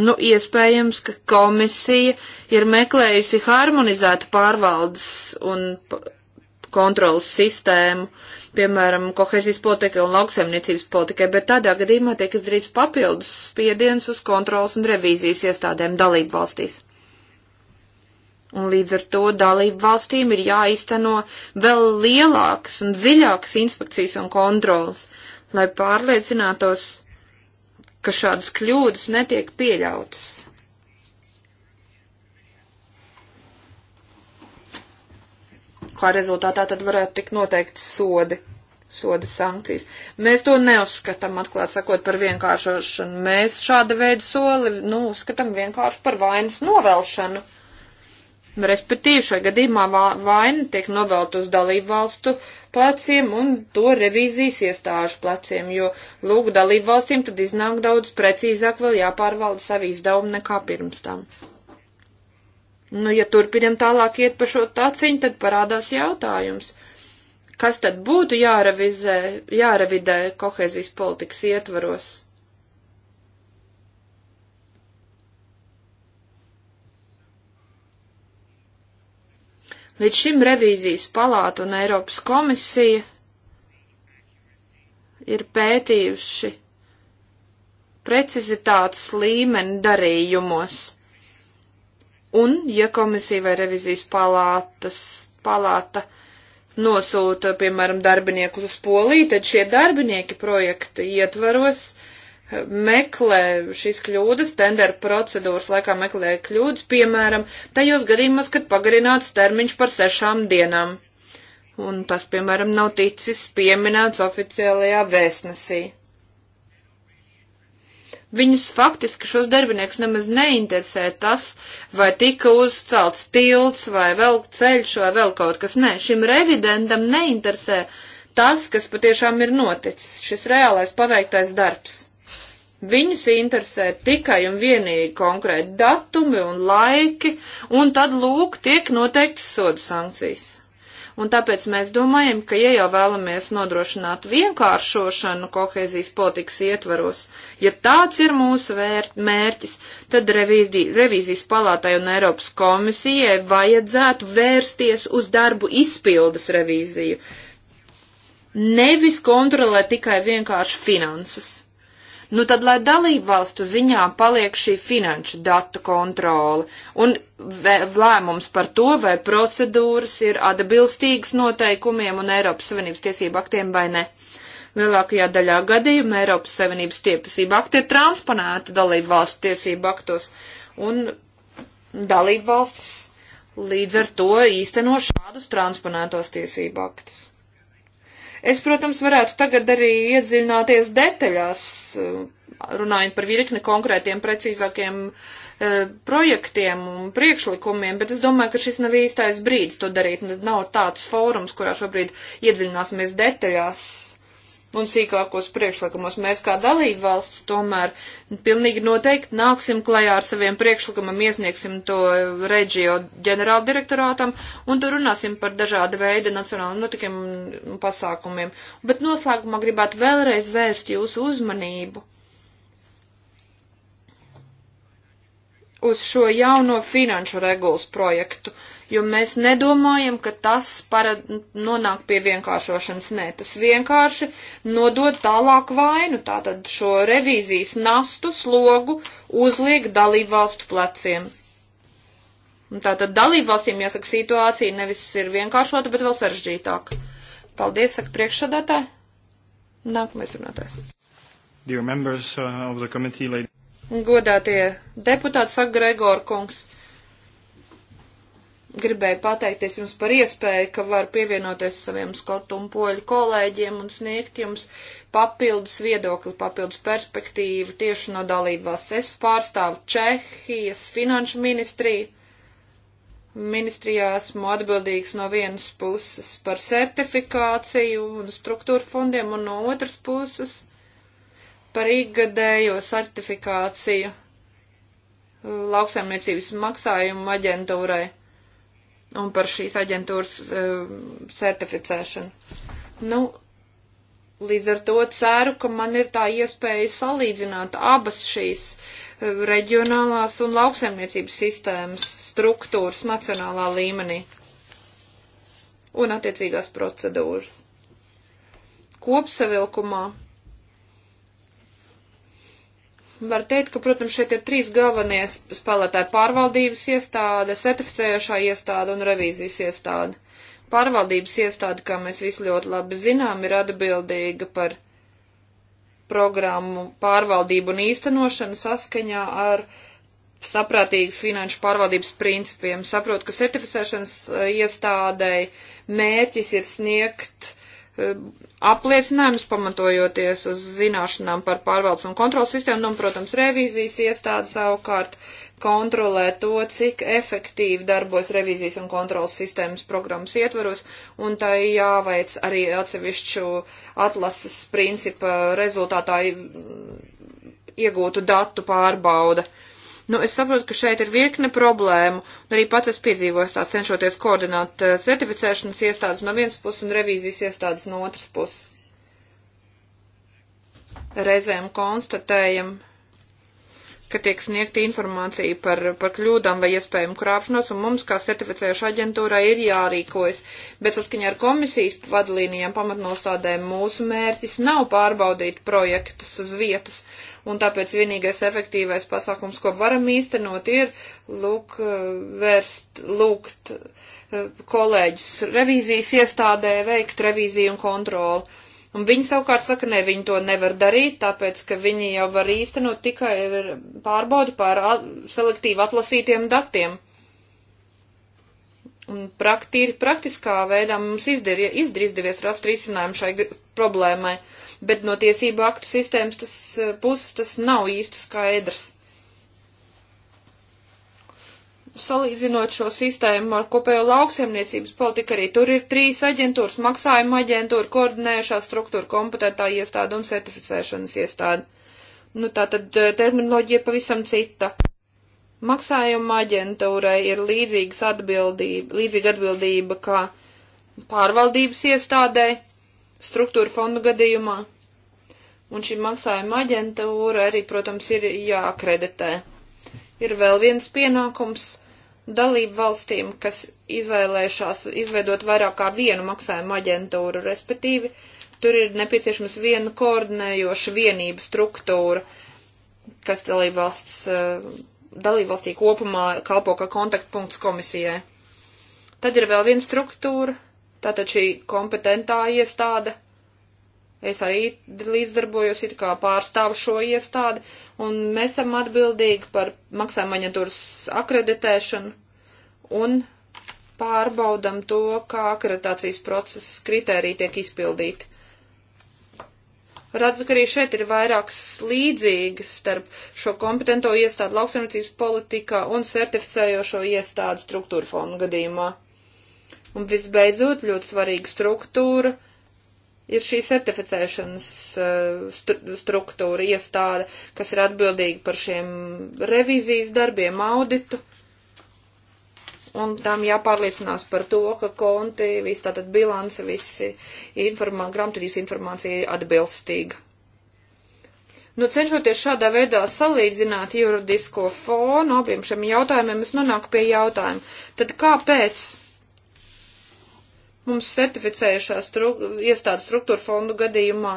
[SPEAKER 2] Nu, iespējams, ka komisija ir meklējusi harmonizētu pārvaldes un kontrolas sistēmu, uh, piemēram, kohezijas politikai un lauksaimniecības politikai, bet tādā gadījumā tiek izdarīts papildus spiediens uz kontrolas un revīzijas iestādēm dalību valstīs. Un līdz ar to dalību valstīm ir jāizteno vēl lielākas un dziļākas inspekcijas un kontrolas, lai pārliecinātos, ka šādas kļūdas netiek pieļautas. kā rezultātā tad varētu tikt noteikti sodi, sodi sankcijas. Mēs to neuzskatām, atklāt sakot, par vienkāršošanu. Mēs šāda veida soli, nu, uzskatām vienkārši par vainas novelšanu. Respektīvi, šajā gadījumā vaina tiek novelt uz dalību valstu pleciem un to revīzijas iestāžu pleciem, jo, lūk, dalību valstīm tad iznāk daudz precīzāk vēl jāpārvalda savu izdevumu nekā pirms tam. Nu, ja turpinam tālāk iet pa šo taciņu, tad parādās jautājums, kas tad būtu jārevizē, jārevidē kohēzijas politikas ietvaros? Līdz šim revīzijas palāta un Eiropas komisija ir pētījuši precizitātes līmeni darījumos Un, ja komisija vai revizijas palātas, palāta nosūta, piemēram, darbiniekus uz Poliju, tad šie darbinieki projekta ietvaros eh, meklē šīs kļūdas, tendera procedūras laikā meklē kļūdas, piemēram, tajos gadījumos, kad pagarināts termiņš par sešām dienām. Un tas, piemēram, nav ticis pieminēts oficiālajā vēstnesī. Viņus faktiski šos darbiniekus nemaz neinteresē tas, vai tika uzcelts tilts, vai vēl ceļš, vai vēl kaut kas. Nē, šim revidentam neinteresē tas, kas patiešām ir noticis, šis reālais paveiktais darbs. Viņus interesē tikai un vienīgi konkrēti datumi un laiki, un tad lūk tiek noteikti sodu sankcijas. Un tāpēc mēs domājam, ka, ja jau vēlamies nodrošināt vienkāršošanu kohēzijas politikas ietvaros, ja tāds ir mūsu vērt, mērķis, tad revīzdi, revīzijas palātai un Eiropas komisijai vajadzētu vērsties uz darbu izpildes revīziju nevis kontrolē tikai vienkārši finanses nu tad lai dalību valstu ziņā paliek šī finanšu datu kontrole un lēmums par to, vai procedūras ir atbilstīgas noteikumiem un Eiropas Savienības tiesību aktiem vai ne. Lielākajā daļā gadījumu Eiropas Savienības tiesību akti ir transponēti dalību valstu tiesību aktos, un dalību valsts līdz ar to īsteno šādus transponētos tiesību aktus. Es, protams, varētu tagad arī iedziļināties detaļās, eh, runājot par virkni konkrētiem, precīzākiem eh, projektiem un priekšlikumiem, bet es domāju, ka šis nav īstais brīdis to darīt. Nav tāds fórums, kurā šobrīd iedziļināsimies detaļās un sīkākos priekšlikumos. Mēs kā dalība valsts tomēr pilnīgi noteikti nāksim klajā ar saviem priekšlikumam, iesniegsim to reģio ģenerāldirektorātam un tur runāsim par dažāda veida nacionāliem notikumiem un pasākumiem. Bet noslēgumā gribētu vēlreiz vērst jūsu uzmanību uz šo jauno finanšu regulas projektu. Uh, jo mēs nedomājam, ka tas parad, nonāk pie vienkāršošanas. Nē, tas vienkārši nodod tālāk vainu, tātad šo revīzijas nastu slogu uzliek dalībvalstu pleciem. Tātad dalībvalstīm jāsaka situācija nevis ir vienkāršota, bet vēl sarežģītāka. Paldies, saka priekšsādātāji. Nākamais runātājs. Dear
[SPEAKER 3] members uh, of the committee, ladies.
[SPEAKER 2] Godātie deputāti, saka Gregor kungs gribēju pateikties jums par iespēju, ka var pievienoties saviem skotu un poļu kolēģiem un sniegt jums papildus viedokli, papildus perspektīvu tieši no dalībās. Es pārstāvu Čehijas finanšu ministriju. Ministrijā esmu atbildīgs no vienas puses par certifikāciju un struktūru fondiem un no otras puses par ikgadējo certifikāciju lauksaimniecības maksājumu aģentūrai un par šīs aģentūras uh, certificēšanu. Nu, līdz ar to ceru, ka man ir tā iespēja salīdzināt abas šīs uh, reģionālās un lauksaimniecības sistēmas struktūras nacionālā līmenī un attiecīgās procedūras. Kopsavilkumā var teikt, ka, protams, šeit ir trīs galvenie spēlētāji - pārvaldības iestāde, certificējošā iestāde un revīzijas iestāde. Pārvaldības iestāde, kā mēs visi ļoti labi zinām, ir atbildīga par programmu pārvaldību un īstenošanu saskaņā ar saprātīgas finanšu pārvaldības principiem. Saprotu, ka certificēšanas e, iestādei mērķis ir sniegt Eh, apliecinājumus, pamatojoties uz zināšanām par pārvaldes un kontrolas sistēmu, nu, un, protams, revīzijas iestāde savukārt kontrolē to, cik efektīvi darbojas revīzijas un kontrolas sistēmas programmas ietvaros, un tai jāveic arī atsevišķu atlases principa rezultātā iegūtu datu pārbauda. Uh, Nu, es saprotu, ka šeit ir virkne problēmu, un nu, arī pats es piedzīvoju tā cenšoties koordināt eh, certificēšanas iestādes no vienas puses un revīzijas iestādes no otras puses. Reizēm konstatējam, ka tiek sniegta informācija par, par kļūdām vai iespējumu krāpšanos, un mums, kā certificējuša aģentūrai, ir jārīkojas. Bet saskaņā ar komisijas vadlīnijām pamatnostādēm mūsu mērķis nav pārbaudīt projektus uz vietas. Uh, un tāpēc vienīgais efektīvais pasākums, ko varam īstenot, ir lūk, vērst, lūgt eh, kolēģus revīzijas iestādē veikt revīziju un kontroli. Un viņi savukārt saka, ne, viņi to nevar darīt, tāpēc, ka viņi jau var īstenot tikai eh, pārbaudi pār selektīvi atlasītiem datiem. Un praktīri, praktiskā veidā mums izdar, izdar izdevies rast risinājumu šai problēmai. Uh, bet no tiesību aktu sistēmas tas eh, puses tas nav īsti skaidrs. Salīdzinot šo sistēmu ar kopējo lauksaimniecības politiku, arī tur ir trīs aģentūras - maksājuma aģentūra, koordinējušā struktūra, kompetentā iestāde un certificēšanas iestāde. Nu, tā tad eh, terminoloģija pavisam cita. Maksājuma aģentūrai ir līdzīgas atbildība, līdzīga atbildība kā pārvaldības iestādē, struktūra fondu gadījumā. Un šī maksājuma aģentūra arī, protams, ir jāakreditē. Ir vēl viens pienākums dalību valstīm, kas izvēlēšās izveidot vairāk kā vienu maksājumu aģentūru, respektīvi, tur ir nepieciešams viena koordinējoša vienība struktūra, kas dalību valsts, eh, dalību valstī kopumā kalpo kā kontaktpunkts komisijai. Tad ir vēl viena struktūra, Tātad šī kompetentā iestāde, es arī līdzdarbojos it kā pārstāvu šo iestādi, un mēs esam atbildīgi par maksājumaņatūras akreditēšanu un pārbaudam to, kā akreditācijas procesa kritērija tiek izpildīti. Redzu, ka arī šeit ir vairākas līdzīgas starp šo kompetento iestādu lauksaimniecības politikā un certificējošo iestādu struktūra fondu gadījumā. Un visbeidzot, ļoti svarīga struktūra ir šī certificēšanas eh, stru struktūra iestāde, kas ir atbildīga par šiem revizijas darbiem, auditu. Un tam jāpārliecinās par to, ka konti, viss tātad bilance, visi informā, grāmatvedīs informācija atbilstīga. Nu, cenšoties šādā veidā salīdzināt juridisko fonu abiem šiem jautājumiem, es nonāku pie jautājuma. Tad kāpēc Mums certificējušā stru, iestādes struktūra fondu gadījumā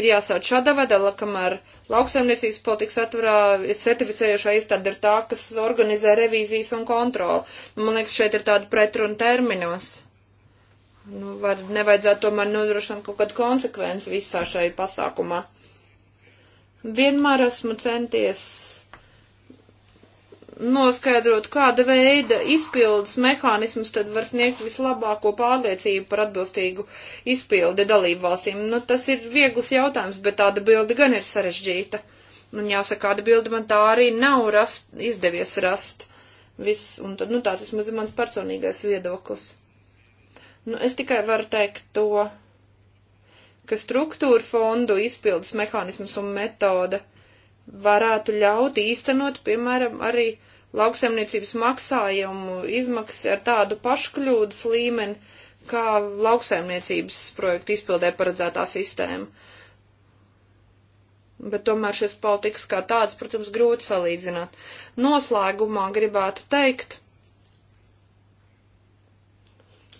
[SPEAKER 2] ir jāsauc šādā vedela, kamēr lauksaimniecības politikas atvarā certificējušā iestāde ir tā, kas organizē revīzijas un kontroli. Man liekas, šeit ir tāda pretruna terminos. Nu, var, nevajadzētu tomēr nodrošināt kaut kādu konsekvenci visā šai pasākumā. Vienmēr esmu centies noskaidrot, kāda veida izpildes mehānismus tad var sniegt vislabāko pārliecību par atbilstīgu izpildi dalību valstīm. Nu, tas ir viegls jautājums, bet tāda bilde gan ir sarežģīta. Un jāsaka, kāda bilde man tā arī nav rast, izdevies rast. Viss, un tad, nu, tāds vismaz ir mans personīgais viedoklis. Nu, es tikai varu teikt to, ka struktūra fondu izpildes mehānismus un metode varētu ļaut īstenot, piemēram, arī uh, lauksaimniecības maksājumu izmaksas ar tādu pašu kļūdas līmeni, kā lauksaimniecības projekta izpildē paredzētā sistēma. Bet tomēr šis politikas kā tāds, protams, grūti salīdzināt. Noslēgumā gribētu teikt,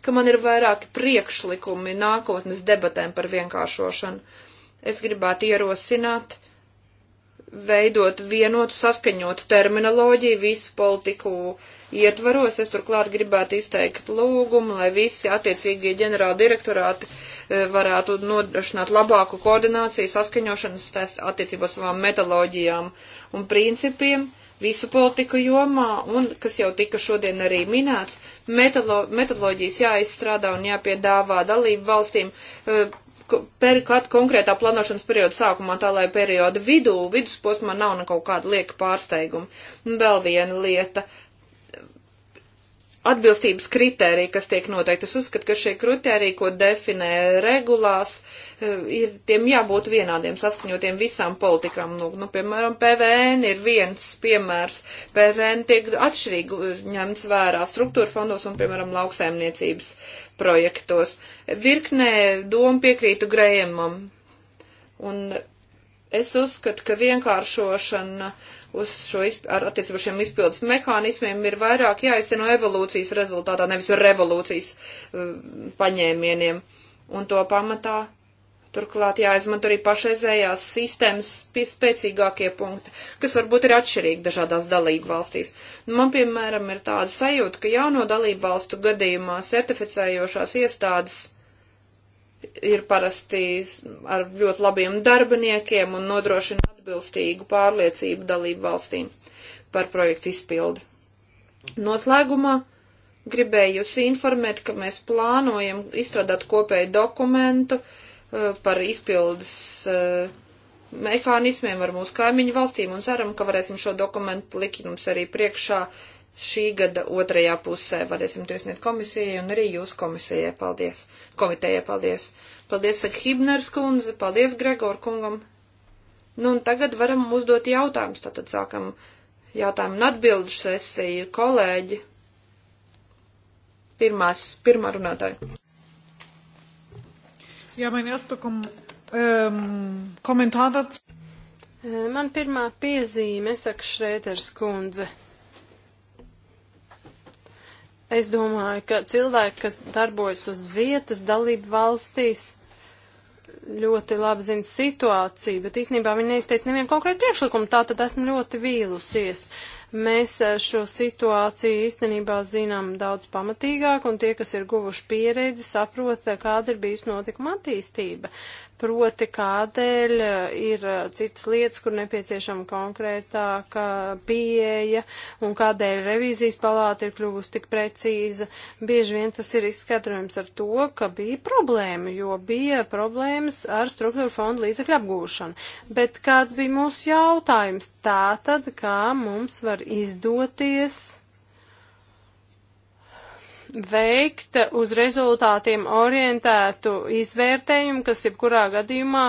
[SPEAKER 2] ka man ir vairāki priekšlikumi nākotnes debatēm par vienkāršošanu. Es gribētu ierosināt veidot vienotu saskaņotu terminoloģiju visu politiku ietvaros. Es turklāt gribētu izteikt lūgumu, lai visi attiecīgie ģenerāla direktorāti e, varētu nodrošināt labāku koordināciju, saskaņošanas attiecībā savām metoloģijām un principiem visu politiku jomā, un, kas jau tika šodien arī minēts, metodoloģijas jāizstrādā un jāpiedāvā dalību valstīm e, per, kad konkrētā plānošanas perioda sākumā, tā lai perioda vidū, vidusposmā nav ne kaut kāda lieka pārsteiguma. Un vēl viena lieta - atbilstības kritērija, kas tiek noteikti. Es uzskatu, ka šie kritēriji, ko definē regulās, e, ir tiem jābūt vienādiem, saskaņotiem visām politikām. Nu, nu, piemēram, PVN ir viens piemērs. PVN tiek atšķirīgi ņemts vērā struktūra fondos un, piemēram, lauksaimniecības projektos. Uh, Virknē domu piekrītu Grējumam. Un es uzskatu, ka vienkāršošana uz šo attiecībā šiem izpildus mehānismiem ir vairāk jāizceno evolūcijas rezultātā, nevis ar revolūcijas mm, paņēmieniem. Un to pamatā Turklāt jāizmanto arī pašreizējās sistēmas spēcīgākie punkti, kas varbūt ir atšķirīgi dažādās dalību valstīs. Man, piemēram, ir tāda sajūta, ka jauno dalību valstu gadījumā certificējošās iestādes ir parasti ar ļoti labiem darbiniekiem un nodrošina atbilstīgu pārliecību dalību valstīm par projektu izpildi. Noslēgumā gribēju jūs informēt, ka mēs plānojam izstrādāt kopēju dokumentu uh, par izpildes uh, mehānismiem ar mūsu kaimiņu valstīm un ceram, ka varēsim šo dokumentu likt jums arī priekšā uh, šī gada otrajā pusē varēsim to iesniegt komisijai un arī jūs komisijai. Paldies. Komitejai paldies. Paldies, saka Hibners kundze, paldies Gregor kungam. Nu un tagad varam uzdot jautājumus, tātad sākam jautājumu un atbildu sesiju. Kolēģi, pirmās, pirmā runātāja. Jā, man jāstakum um, um komentārs.
[SPEAKER 1] Man pirmā piezīme, saka Šrēters kundze Es domāju, ka cilvēki, kas darbojas uz vietas dalību valstīs, ļoti labi zina situāciju, bet īstenībā viņi neizteica nevienu konkrētu priekšlikumu, tā tad esmu ļoti vīlusies. Mēs eh, šo situāciju īstenībā zinām daudz pamatīgāk, un tie, kas ir guvuši pieredzi, saprot, eh, kāda ir bijis notikuma attīstība proti kādēļ e, ir e, citas lietas, kur nepieciešama konkrētāka pieeja un kādēļ revīzijas palāta ir kļuvusi tik precīza. Bieži vien tas ir izskatrojums ar to, ka bija problēma, jo bija problēmas ar struktūra fonda līdzekļu apgūšanu. Bet kāds bija mūsu jautājums? Tā tad, kā mums var izdoties veikt uz rezultātiem orientētu izvērtējumu, kas jebkurā gadījumā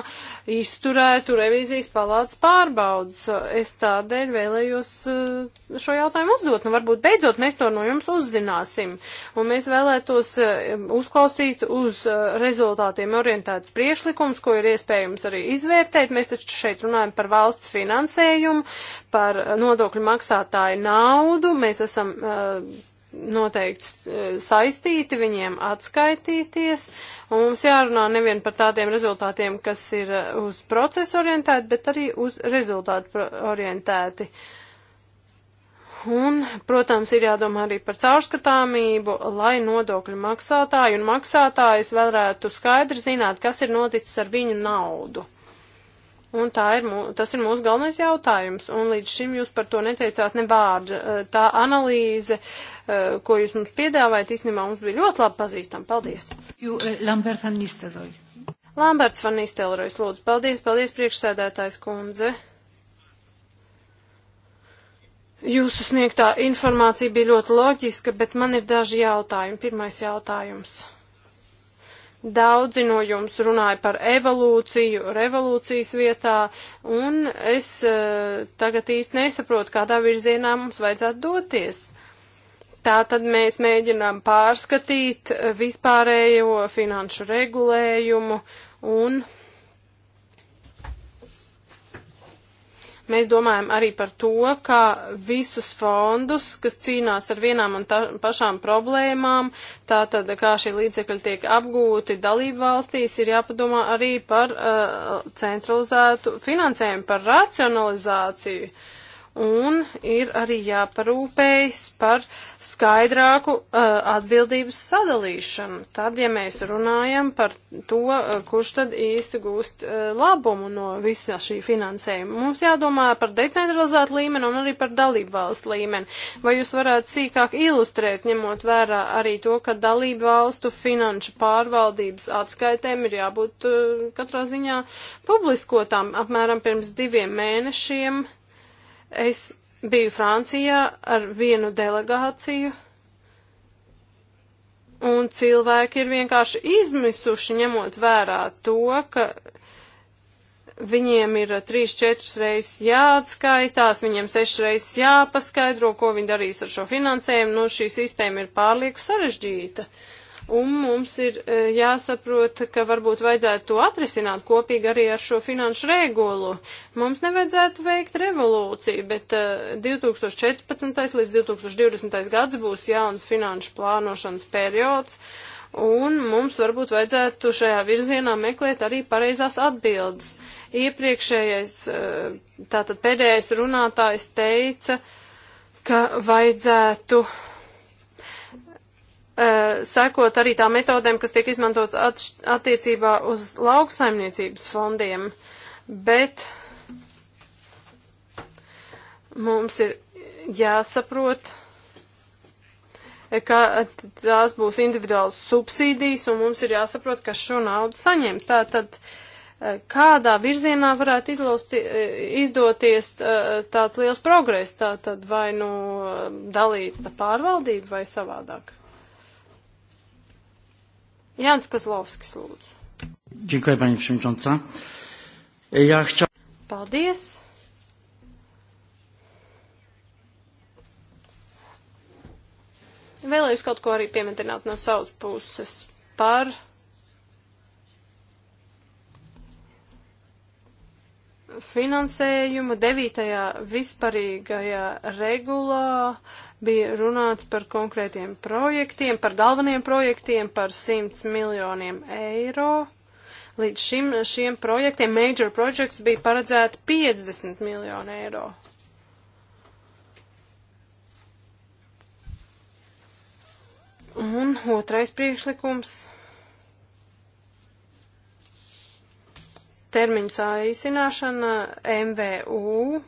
[SPEAKER 1] izturētu revīzijas palātas pārbaudas. Es tādēļ vēlējos eh, šo jautājumu uzdot. Nu, varbūt beidzot mēs to no jums uzzināsim. Un mēs vēlētos eh, uzklausīt uz eh, rezultātiem orientētus priešlikums, ko ir iespējams arī izvērtēt. Mēs taču šeit runājam par valsts finansējumu, par nodokļu maksātāju naudu. Mēs esam uh, noteikti eh, saistīti, viņiem atskaitīties, un mums jārunā nevien par tādiem rezultātiem, kas ir eh, uz procesu orientēti, bet arī uz rezultātu orientēti. Un, protams, ir jādomā arī par caurskatāmību, lai nodokļu maksātāji un maksātājs varētu skaidri zināt, kas ir noticis ar viņu naudu. Un tā ir, tas ir mūsu galvenais jautājums, un līdz šim jūs par to neteicāt ne vārdu. Eh, tā analīze, eh, ko jūs mums piedāvājat, īstenībā mums bija ļoti labi pazīstama. Paldies! You, uh, Lambert van Nistelroj. Lamberts van Nistelrojs, lūdzu, paldies, paldies, priekšsēdētājs kundze. Jūsu sniegtā informācija bija ļoti loģiska, bet man ir daži jautājumi. Pirmais jautājums. Daudzi no jums runāja par evolūciju, revolūcijas vietā, un es uh, tagad īsti nesaprotu, kādā virzienā mums vajadzētu doties. Tā tad mēs mēģinām pārskatīt vispārējo finanšu regulējumu un Mēs domājam arī par to, kā visus fondus, kas cīnās ar vienām un tā, pašām problēmām, tātad kā šie līdzekļi tiek apgūti dalību valstīs, ir jāpadomā arī par uh, centralizētu finansējumu, par racionalizāciju. Uh, un ir arī jāparūpējas par skaidrāku uh, atbildības sadalīšanu. Tad, ja mēs runājam par to, uh, kurš tad īsti gūst uh, labumu no visa šī finansējuma, mums jādomā par decentralizētu līmeni un arī par dalību valstu līmeni. Vai jūs varētu sīkāk ilustrēt, ņemot vērā arī to, ka dalību valstu finanšu pārvaldības atskaitēm ir jābūt uh, katrā ziņā publiskotām apmēram pirms diviem mēnešiem? Es biju Francijā ar vienu delegāciju, un cilvēki ir vienkārši izmisuši, ņemot vērā to, ka viņiem ir trīs, četras reizes jāatskaitās, viņiem sešas reizes jāpaskaidro, ko viņi darīs ar šo finansējumu. Nu, šī sistēma ir pārlieku sarežģīta. Uh, Un mums ir e, jāsaprot, ka varbūt vajadzētu to atrisināt kopīgi arī ar šo finanšu regulu. Mums nevajadzētu veikt revolūciju, bet 2014. E, līdz 2020. gads būs jauns finanšu plānošanas periods. Un mums varbūt vajadzētu šajā virzienā meklēt arī pareizās atbildes. Iepriekšējais, e, tātad pēdējais runātājs teica, ka vajadzētu Uh, sekot arī tām metodēm, kas tiek izmantotas attiecībā uz lauksaimniecības fondiem, bet mums ir jāsaprot, ka tās būs individuāls subsīdijas, un mums ir jāsaprot, kas šo naudu saņems. Tātad, uh, kādā virzienā varētu izlausti, uh, izdoties tāds liels progress, tātad vai nu dalīta pārvaldība vai savādāk? Jans Kozlovskis, lūdzu.
[SPEAKER 2] Dziękuję, pani przewodnicząca. Ja chcia...
[SPEAKER 1] Paldies. Vēlējos kaut ko arī pieminēt no savas puses par finansējumu devītajā vispārīgajā regulā bija runāts par konkrētiem projektiem, par galveniem projektiem, par 100 miljoniem eiro. Līdz šim, šiem projektiem, major projects, bija paredzēta 50 miljonu eiro. Un otrais priekšlikums. Termiņu saīsināšana MVU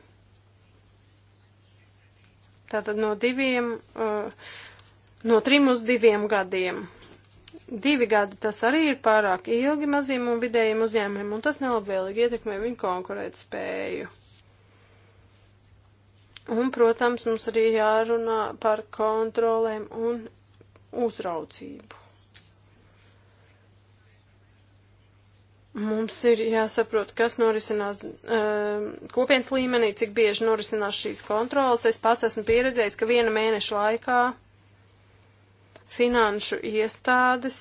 [SPEAKER 1] Tātad no diviem, uh, no trim uz diviem gadiem. Divi gadi tas arī ir pārāk ilgi maziem un vidējiem uzņēmumiem, un tas nelabvēlīgi ietekmē viņu konkurēt spēju. Un, protams, mums arī jārunā par kontrolēm un uzraucību. Mums ir jāsaprot, kas norisinās um, kopienas līmenī, cik bieži norisinās šīs kontrolas. Es pats esmu pieredzējis, ka viena mēneša laikā finanšu iestādes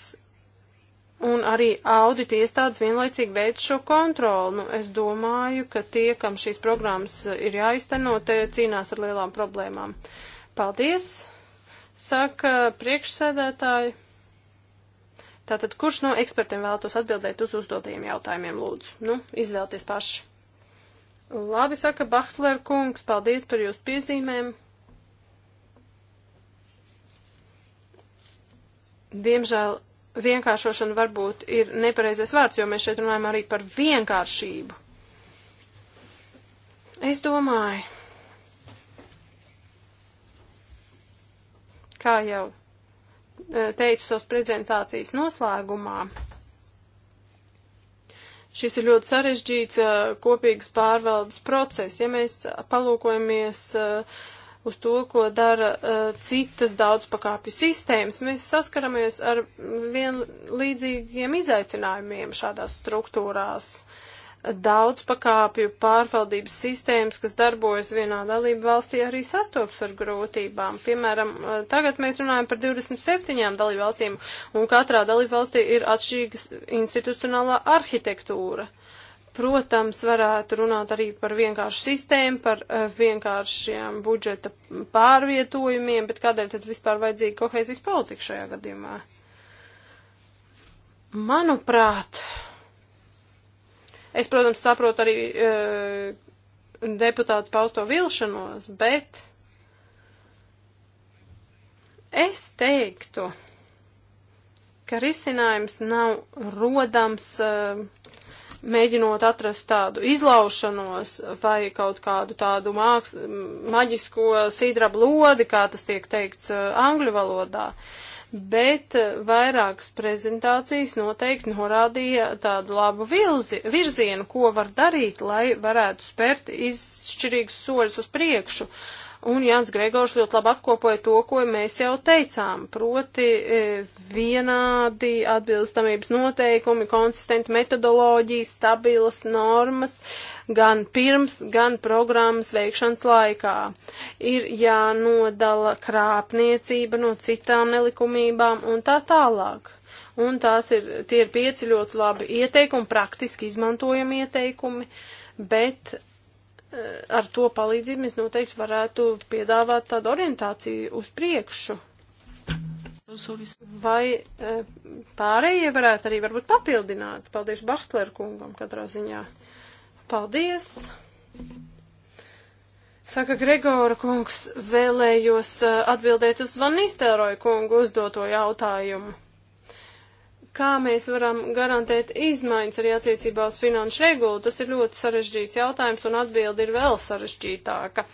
[SPEAKER 1] un arī audita iestādes vienlaicīgi veic šo kontroli. Nu, es domāju, ka tie, kam šīs programmas ir jāizteno, te cīnās ar lielām problēmām. Paldies, saka priekšsēdētāji. Tātad, kurš no ekspertiem vēlētos atbildēt uz uzdotajiem jautājumiem, lūdzu? Nu, izvēlties paši. Labi, saka Bahtler kungs, paldies par jūsu piezīmēm. Diemžēl vienkāršošana varbūt ir nepareizais vārds, jo mēs šeit runājam arī par vienkāršību. Es domāju, kā jau teicu savas prezentācijas noslēgumā, šis ir ļoti sarežģīts uh, kopīgas pārvaldes process. Ja mēs palūkojamies uh, uz to, ko dara uh, citas daudzpakāpju sistēmas, mēs saskaramies ar vien līdzīgiem izaicinājumiem šādās struktūrās. Uh, daudz pakāpju pārvaldības sistēmas, kas darbojas vienā dalību valstī, arī sastops ar grūtībām. Piemēram, eh, tagad mēs runājam par 27 dalību valstīm, un katrā dalību valstī ir atšķirīgas institucionālā arhitektūra. Protams, varētu runāt arī par vienkāršu sistēmu, par eh, vienkāršiem budžeta pārvietojumiem, bet kādēļ tad vispār vajadzīga kohēzijas politika šajā gadījumā? Manuprāt, Es, protams, saprotu arī e, deputāts pausto vilšanos, bet es teiktu, ka risinājums nav rodams, e, mēģinot atrast tādu izlaušanos vai kaut kādu tādu māks, maģisko sidrabu lodi, kā tas tiek teikts e, angļu valodā. E, bet eh, vairākas prezentācijas noteikti norādīja tādu labu vilzi, virzienu, ko var darīt, lai varētu spērt izšķirīgus soļus uz priekšu. Un Jānis Gregors ļoti labi apkopoja to, ko mēs jau teicām, proti eh, vienādi atbilstamības noteikumi, konsistenta metodoloģija, stabilas normas, uh, gan pirms, gan programmas veikšanas laikā. Ir jānodala krāpniecība no citām nelikumībām un tā tālāk. Un tās ir, tie ir pieci ļoti labi ieteikumi, praktiski izmantojami ieteikumi, bet eh, ar to palīdzību mēs noteikti varētu piedāvāt tādu orientāciju uz priekšu. Vai eh, pārējie varētu arī varbūt papildināt? Paldies Bahtler kungam katrā ziņā. Paldies! Saka Gregora kungs, vēlējos uh, atbildēt uz Van Nistelroja kungu uzdoto jautājumu. Kā mēs varam garantēt izmaiņas arī attiecībā uz finanšu regulu? Tas ir ļoti sarežģīts jautājums un atbildi ir vēl sarežģītāka.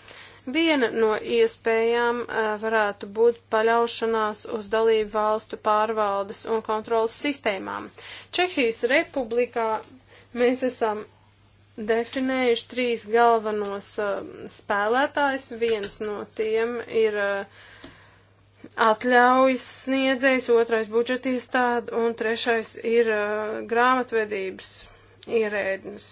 [SPEAKER 1] Viena no iespējām uh, varētu būt paļaušanās uz dalību valstu pārvaldes un kontrolas sistēmām. Čehijas republikā mēs esam definējuši trīs galvenos uh, um, spēlētājus. Viens no tiem ir uh, atļaujas sniedzējs, otrais budžeta iestāde un trešais ir uh, grāmatvedības ierēdnis.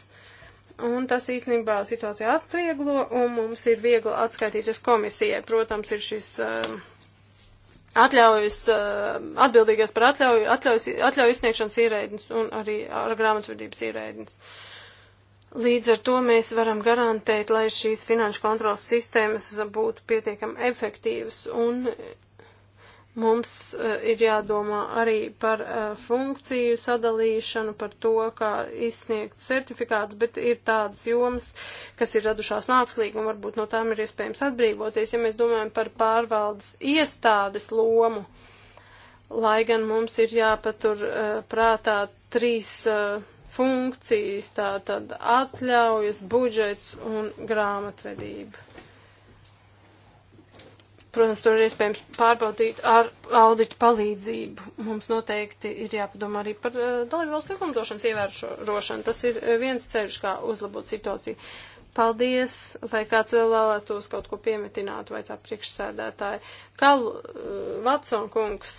[SPEAKER 1] Un tas īstenībā situāciju atvieglo un mums ir viegli atskaitīties komisijai. Protams, ir šis uh, atļaujas, uh, atbildīgais par atļauju, atļaujas, atļauju izsniegšanas ierēdnis un arī ar grāmatvedības ierēdnis. Uh, Līdz ar to mēs varam garantēt, lai šīs finanšu kontrolas sistēmas būtu pietiekami efektīvas un mums eh, ir jādomā arī par eh, funkciju sadalīšanu, par to, kā izsniegt certifikāts, bet ir tādas jomas, kas ir radušās mākslīgi un varbūt no tām ir iespējams atbrīvoties, ja mēs domājam par pārvaldes iestādes lomu. Lai gan mums ir jāpatur eh, prātā trīs funkcijas, tātad atļaujas, budžets un grāmatvedība. Protams, to ir iespējams pārbaudīt ar auditu palīdzību. Mums noteikti ir jāpadomā arī par uh, dalībvalsts likumdošanas ievērošanu. Tas ir eh, viens ceļš, kā uzlabot situāciju. Paldies, vai kāds vēl vēlētos kaut ko piemetināt, vai tā priekšsēdētāja. Kalu, uh, eh, Vatson kungs.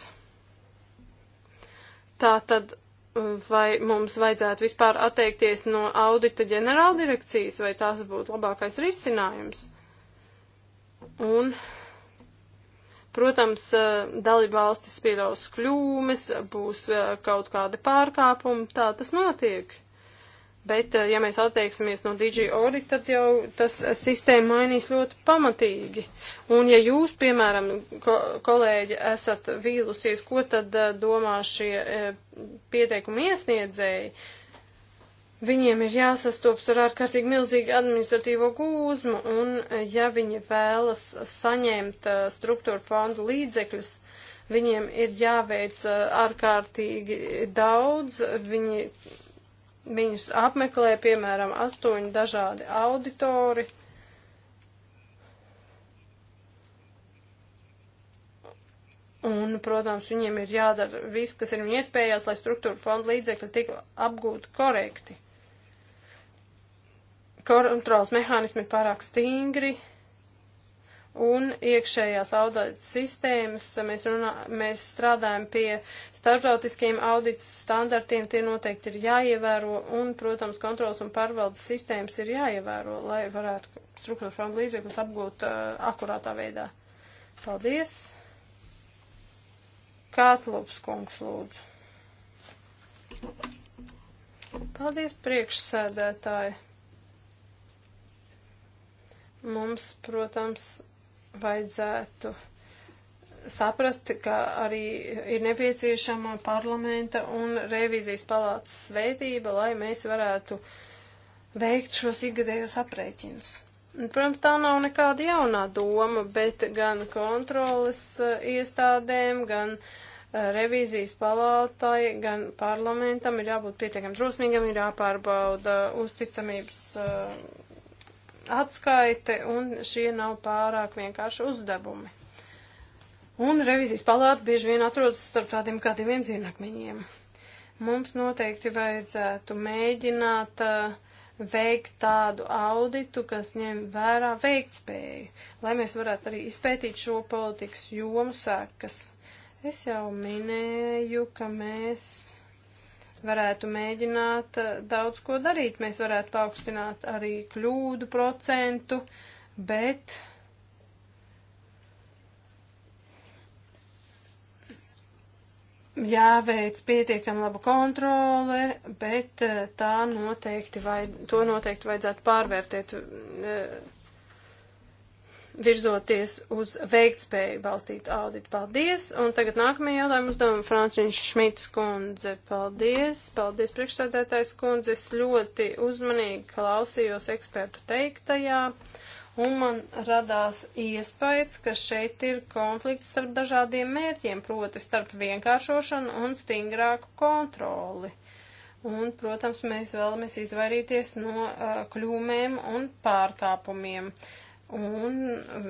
[SPEAKER 1] Tā tad vai mums vajadzētu vispār atteikties no audita ģenerāldirekcijas, vai tās būtu labākais risinājums. Un, protams, eh, dalība valstis pieļaus kļūmes, būs eh, kaut kādi pārkāpumi, tā tas notiek. Bet, eh, ja mēs attieksimies no DJ Audit, tad jau tas eh, sistēma mainīs ļoti pamatīgi. Un, ja jūs, piemēram, ko, kolēģi, esat vīlusies, ko tad eh, domā šie e, pieteikumi iesniedzēji, viņiem ir jāsastops ar ārkārtīgi milzīgu administratīvo gūzmu, un, ja viņi vēlas saņemt struktūra fondu līdzekļus, viņiem ir jāveic ārkārtīgi daudz, viņi Viņus apmeklē, piemēram, astoņi dažādi auditori. Un, protams, viņiem ir jādara viss, kas ir viņu iespējās, lai struktūra fonda līdzekļi tiktu apgūti korekti. Kontrols mehānismi ir pārāk stingri, uh, un iekšējās audita sistēmas. Mēs, runā, mēs strādājam pie starptautiskiem audita standartiem, tie noteikti ir jāievēro, un, protams, kontrols un pārvaldes sistēmas ir jāievēro, lai varētu struktūra fonda līdzekļus apgūt uh, akurātā veidā. Paldies! Kātlups kungs lūdzu. Paldies priekšsēdētāji. Mums, protams, vajadzētu saprast, ka arī ir nepieciešama parlamenta un revīzijas palātas svētība, lai mēs varētu veikt šos ikgadējos aprēķinus. Protams, tā nav nekāda jaunā doma, bet gan kontrolas eh, iestādēm, gan eh, revīzijas palātai, gan parlamentam ir jābūt pietiekami drosmīgam, ir jāpārbauda uzticamības uh, atskaite, un šie nav pārāk vienkārši uzdevumi. Un revizijas palāta bieži vien atrodas starp tādiem kā diviem dzīvnakmeņiem. Mums noteikti vajadzētu mēģināt uh, veikt tādu auditu, kas ņem vērā veiktspēju, lai mēs varētu arī izpētīt šo politikas jomu sēkas. Es jau minēju, ka mēs varētu mēģināt eh, daudz ko darīt. Mēs varētu paaugstināt arī kļūdu procentu, bet. Jāveic pietiekami laba kontrole, bet eh, tā noteikti, vai, to noteikti vajadzētu pārvērtēt eh, virzoties uz veiktspēju balstītu auditu. Paldies! Un tagad nākamajā jautājumā uzdevuma Frančiņš Šmits kundze. Paldies! Paldies, priekšsēdētājs kundze! Es ļoti uzmanīgi klausījos ekspertu teiktajā. Un man radās iespējas, ka šeit ir konflikts starp dažādiem mērķiem, proti starp vienkāršošanu un stingrāku kontroli. Un, protams, mēs vēlamies izvairīties no uh, kļūmēm un pārkāpumiem. Uh, Un,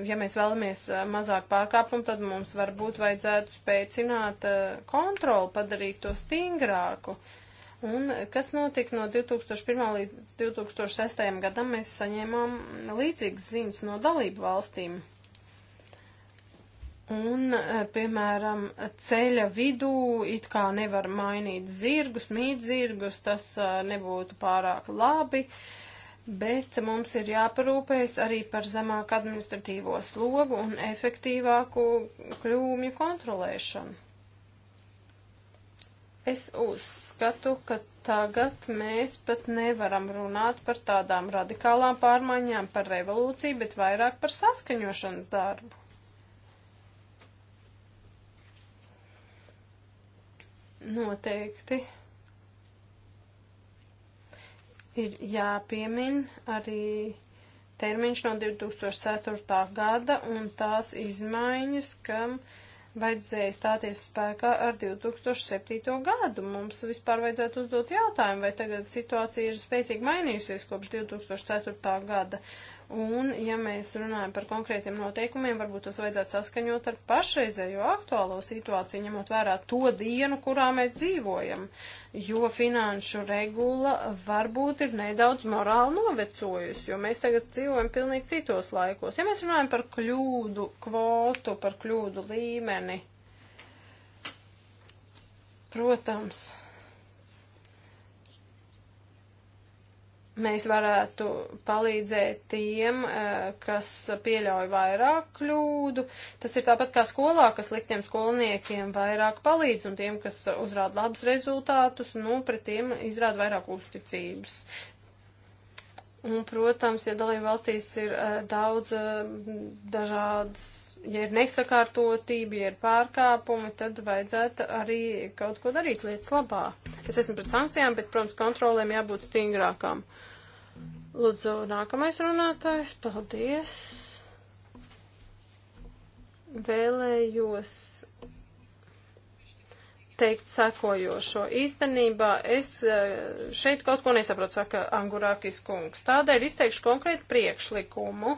[SPEAKER 1] ja mēs vēlamies eh, mazāk pārkāpumu, tad mums varbūt vajadzētu spēcināt eh, kontroli, padarīt to stingrāku. Un kas notika no 2001. līdz 2006. gadam, mēs saņēmām līdzīgas ziņas no dalību valstīm. Un, eh, piemēram, ceļa vidū it kā nevar mainīt zirgus, mīt zirgus, tas nebūtu pārāk labi. Uh, bet mums ir jāparūpējas arī par zemāku administratīvo slogu un efektīvāku kļūmju kontrolēšanu. Es uzskatu, ka tagad mēs pat nevaram runāt par tādām radikālām pārmaiņām, par revolūciju, bet vairāk par saskaņošanas darbu. Noteikti. Ir jāpiemin arī termiņš no 2004. gada un tās izmaiņas, kam vajadzēja stāties spēkā ar 2007. gadu. Mums vispār vajadzētu uzdot jautājumu, vai tagad situācija ir spēcīgi mainījusies kopš 2004. gada. Un, ja mēs runājam par konkrētiem noteikumiem, varbūt tos vajadzētu saskaņot ar pašreizējo aktuālo situāciju, ņemot vērā to dienu, kurā mēs dzīvojam, jo finanšu regula varbūt ir nedaudz morāli novecojusi, jo mēs tagad dzīvojam pilnīgi citos laikos. Ja mēs runājam par kļūdu kvotu, par kļūdu līmeni, protams mēs varētu palīdzēt tiem, eh, kas pieļauj vairāk kļūdu. Tas ir tāpat kā skolā, kas liktiem skolniekiem vairāk palīdz un tiem, kas uzrāda labus rezultātus, nu, pret tiem izrāda vairāk uzticības. Un, protams, ja dalība valstīs ir eh, daudz eh, dažādas, ja ir nesakārtotība, ja ir pārkāpumi, tad vajadzētu arī kaut ko darīt lietas labā. Es esmu pret sankcijām, bet, protams, kontrolēm jābūt stingrākām. Uh, Lūdzu, nākamais runātājs, paldies. Vēlējos teikt sekojošo. Īstenībā es eh, šeit kaut ko nesaprotu, saka Angurākis kungs. Tādēļ izteikšu konkrētu priekšlikumu.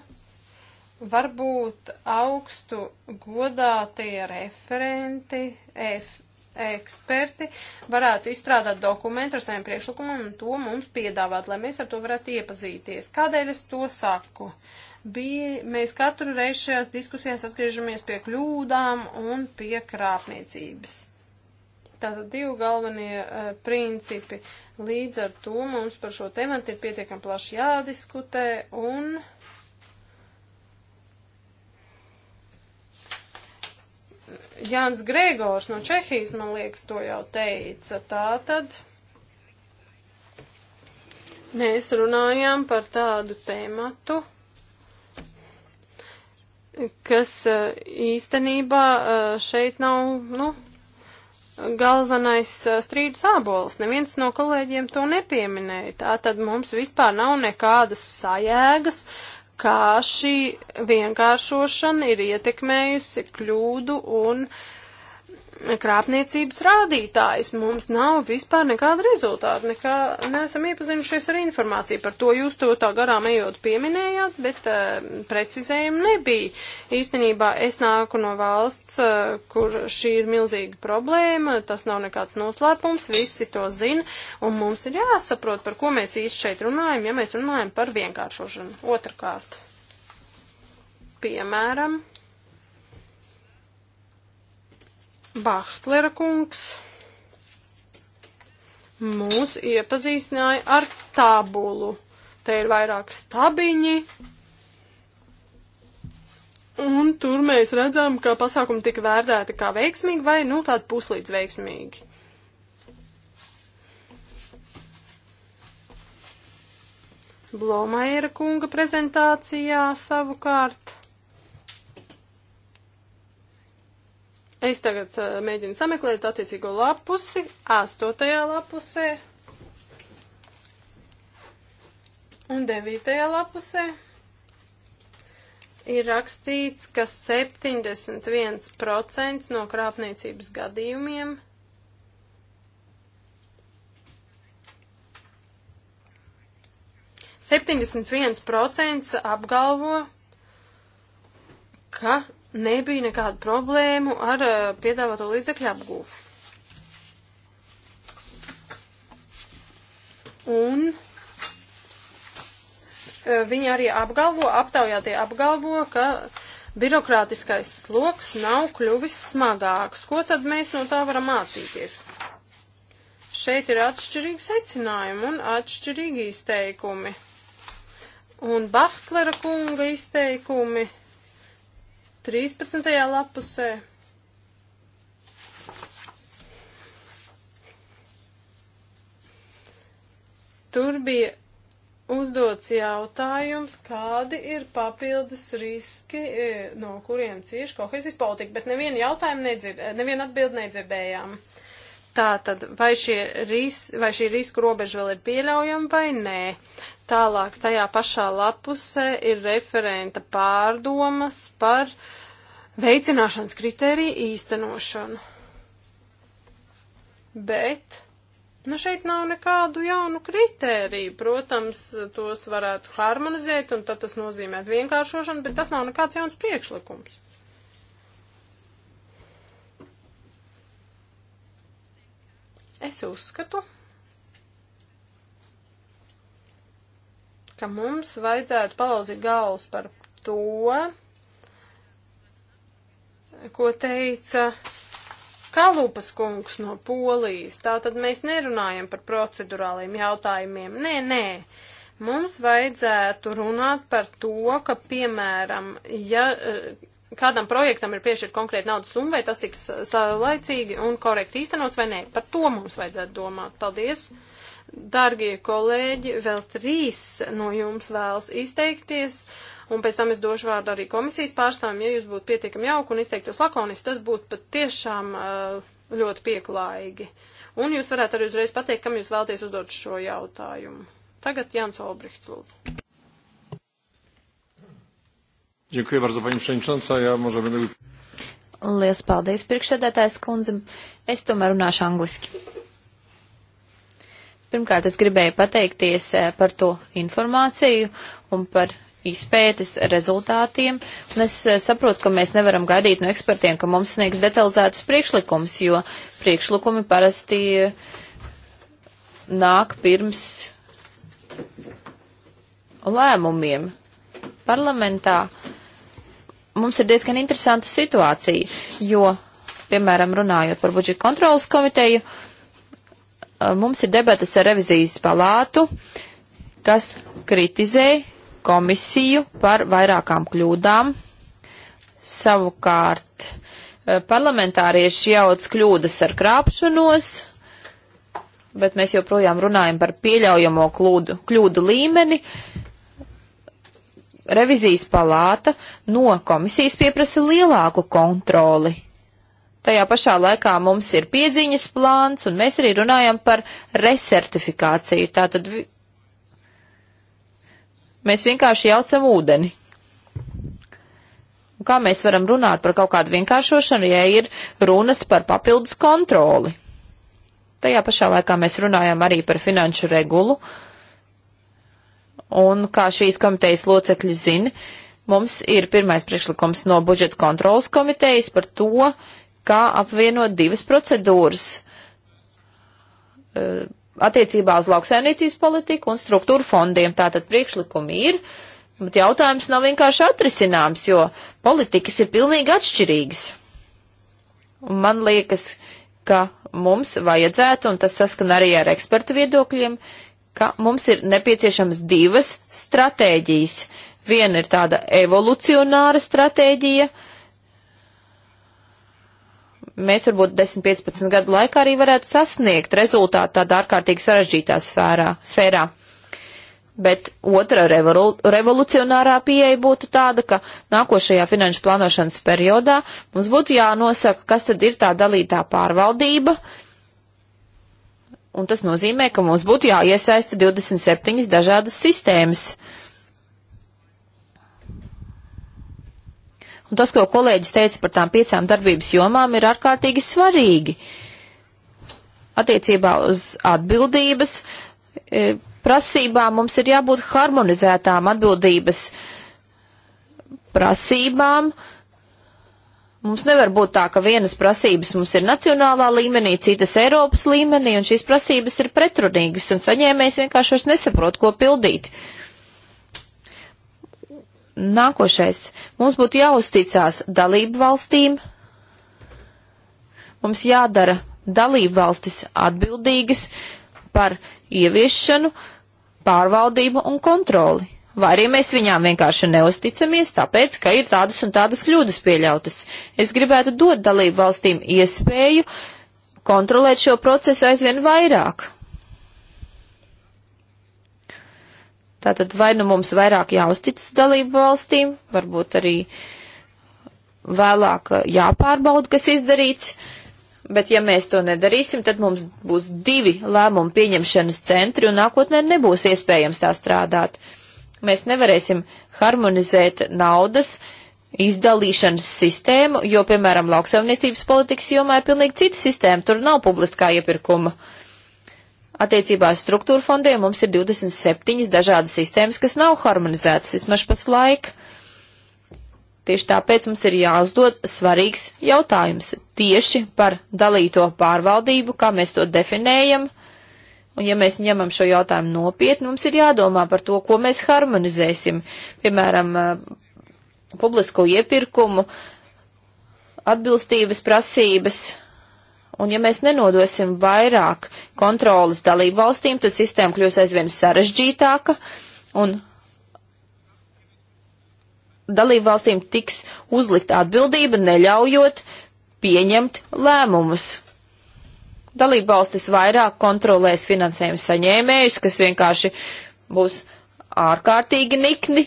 [SPEAKER 1] Varbūt augstu godātie referenti F eksperti varētu izstrādāt dokumentu ar saviem priekšlikumiem un to mums piedāvāt, lai mēs ar to varētu iepazīties. Kādēļ es to saku? Bija, mēs katru reizi šajās diskusijās atgriežamies pie kļūdām un pie krāpniecības. Tātad divi galvenie uh, principi. Līdz ar to mums par šo tematu ir pietiekami plaši jādiskutē un. Uh, Jānis Grēgors no Čehijas, man liekas, to jau teica. Tā tad mēs runājām par tādu tēmatu, kas eh, īstenībā eh, šeit nav, nu, galvenais eh, strīdu sābols. Neviens no kolēģiem to nepieminēja. Tā tad mums vispār nav nekādas sajēgas, uh, kā šī vienkāršošana ir ietekmējusi kļūdu un uh, krāpniecības rādītājs. Mums nav vispār nekāda rezultāta, nekā neesam iepazinušies ar informāciju. Par to jūs to tā garām ejot pieminējāt, bet uh, eh, precizējumu nebija. Īstenībā es nāku no valsts, uh, kur šī ir milzīga problēma, tas nav nekāds noslēpums, visi to zina, un mums ir jāsaprot, par ko mēs īsti šeit runājam, ja mēs runājam par vienkāršošanu. Otrakārt. Piemēram, Bahtlera kungs mūs iepazīstināja ar tabulu. Te ir vairāk stabiņi. Un tur mēs redzam, ka pasākumi tika vērtēti kā veiksmīgi vai, nu, tādi puslīdz veiksmīgi. Blomaira kunga prezentācijā savukārt Es tagad uh, mēģinu sameklēt attiecīgo lapusi, astotajā lapusē un devītajā lapusē. Ir rakstīts, ka 71% no krāpniecības gadījumiem Septiņdesmit viens procents apgalvo, ka nebija nekādu problēmu ar uh, piedāvāto līdzekļu apgūvu. Un uh, viņi arī apgalvo, aptaujātie apgalvo, ka birokrātiskais sloks nav kļuvis smagāks. Ko tad mēs no tā varam mācīties? Šeit ir atšķirīgi secinājumi un atšķirīgi izteikumi. Un Bahtlera kunga izteikumi 13. lapusē. Tur bija uzdots jautājums, kādi ir papildus riski, e, no kuriem cieši kohezijas politika, bet nevienu jautājumu nedzird, e, nevienu atbildi nedzirdējām. Tā tad, vai, ris, vai šī risku robeža vēl ir pieļaujama vai nē? Tālāk tajā pašā lapusē ir referenta pārdomas par veicināšanas kritēriju īstenošanu. Bet, nu šeit nav nekādu jaunu kritēriju. Protams, tos varētu harmonizēt, un tad tas nozīmē vienkāršošanu, bet tas nav nekāds jauns priekšlikums. Es uzskatu, ka mums vajadzētu palauzīt galvas par to, ko teica Kalupas kungs no Polijas. Tātad mēs nerunājam par procedurāliem jautājumiem. Nē, nē. Mums vajadzētu runāt par to, ka, piemēram, ja eh, kādam projektam ir piešķirta konkrēta naudas summa, vai tas tiks saulaicīgi un korekti īstenots vai nē. Par to mums vajadzētu domāt. Paldies! Mm. Dargie kolēģi, vēl trīs no jums vēlas izteikties, un pēc tam es došu vārdu arī komisijas pārstāvjiem, ja jūs būtu pietiekami jauki un izteiktos lakoniski, tas būtu pat tiešām uh, ļoti pieklājīgi. Un jūs varētu arī uzreiz pateikt, kam jūs vēlaties uzdot šo jautājumu. Tagad Jans Olbrichts lūdzu.
[SPEAKER 2] Dziękuję bardzo Pani Przewodnicząca. Ja może będę...
[SPEAKER 3] Liels paldies, priekšsēdētājs kundze. Es tomēr runāšu angliski. Pirmkārt, es gribēju pateikties eh, par to informāciju un par izpētes rezultātiem, un es eh, saprotu, ka mēs nevaram gaidīt no ekspertiem, ka mums sniegs detalizētus priekšlikumus, jo priekšlikumi parasti eh, nāk pirms lēmumiem parlamentā. Mums ir diezgan interesanta situācija, jo, piemēram, runājot par budžeta kontrolas komiteju, mums ir debatas ar revizijas palātu, kas kritizē komisiju par vairākām kļūdām. Savukārt parlamentārieši jauc kļūdas ar krāpšanos, bet mēs joprojām runājam par pieļaujamo kļūdu, kļūdu līmeni. Revizijas palāta no komisijas pieprasa lielāku kontroli Tajā pašā laikā mums ir piedziņas plāns, un mēs arī runājam par resertifikāciju. Tātad vi... mēs vienkārši jaucam ūdeni. Un kā mēs varam runāt par kaut kādu vienkāršošanu, ja ir runas par papildus kontroli? Tajā pašā laikā mēs runājam arī par finanšu regulu, un kā šīs komitejas locekļi zina, mums ir pirmais priekšlikums no budžeta kontrolas komitejas par to, uh, kā apvienot divas procedūras eh, attiecībā uz lauksaimniecības politiku un struktūru fondiem. Tātad priekšlikumi ir, bet jautājums nav vienkārši atrisināms, jo politikas ir pilnīgi atšķirīgas. Un man liekas, ka mums vajadzētu, un tas saskan arī ar ekspertu viedokļiem, ka mums ir nepieciešams divas stratēģijas. Viena ir tāda evolucionāra stratēģija, uh, mēs varbūt 10-15 gadu laikā arī varētu sasniegt rezultātu tādā ārkārtīgi sarežģītā sfērā. sfērā. Bet otra revolu, revolucionārā pieeja būtu tāda, ka nākošajā finanšu plānošanas periodā mums būtu jānosaka, kas tad ir tā dalītā pārvaldība. Un tas nozīmē, ka mums būtu jāiesaista 27 dažādas sistēmas. Uh, Un tas, ko kolēģis teica par tām piecām darbības jomām, ir ārkārtīgi svarīgi. Attiecībā uz atbildības e, prasībām mums ir jābūt harmonizētām atbildības prasībām. Mums nevar būt tā, ka vienas prasības mums ir nacionālā līmenī, citas Eiropas līmenī, un šīs prasības ir pretrunīgas, un saņēmējs vienkārši vairs nesaprot, ko pildīt. Uh, Nākošais. Mums būtu jāuzticās dalību valstīm. Mums jādara dalību valstis atbildīgas par ieviešanu, pārvaldību un kontroli. Vai arī mēs viņām vienkārši neusticamies, tāpēc, ka ir tādas un tādas kļūdas pieļautas. Es gribētu dot dalību valstīm iespēju kontrolēt šo procesu aizvien vairāk. Tātad vai nu mums vairāk jāuzticas dalību valstīm, varbūt arī vēlāk jāpārbauda, kas izdarīts, bet ja mēs to nedarīsim, tad mums būs divi lēmumu pieņemšanas centri un nākotnē nebūs iespējams tā strādāt. Mēs nevarēsim harmonizēt naudas izdalīšanas sistēmu, jo, piemēram, lauksaimniecības politikas jomā ir pilnīgi cita sistēma, tur nav publiskā iepirkuma. Uh, Attiecībā uz struktūra fondiem mums ir 27 dažādas sistēmas, kas nav harmonizētas vismaz pašlaik. Tieši tāpēc mums ir jāuzdod svarīgs jautājums tieši par dalīto pārvaldību, kā mēs to definējam. Un ja mēs ņemam šo jautājumu nopietni, mums ir jādomā par to, ko mēs harmonizēsim. Piemēram, eh, publisko iepirkumu, atbilstības prasības. Un ja mēs nenodosim vairāk kontrolas dalību valstīm, tad sistēma kļūs aizvien sarežģītāka un dalību valstīm tiks uzlikt atbildība, neļaujot pieņemt lēmumus. Dalību valstis vairāk kontrolēs finansējumu saņēmējus, kas vienkārši būs ārkārtīgi nikni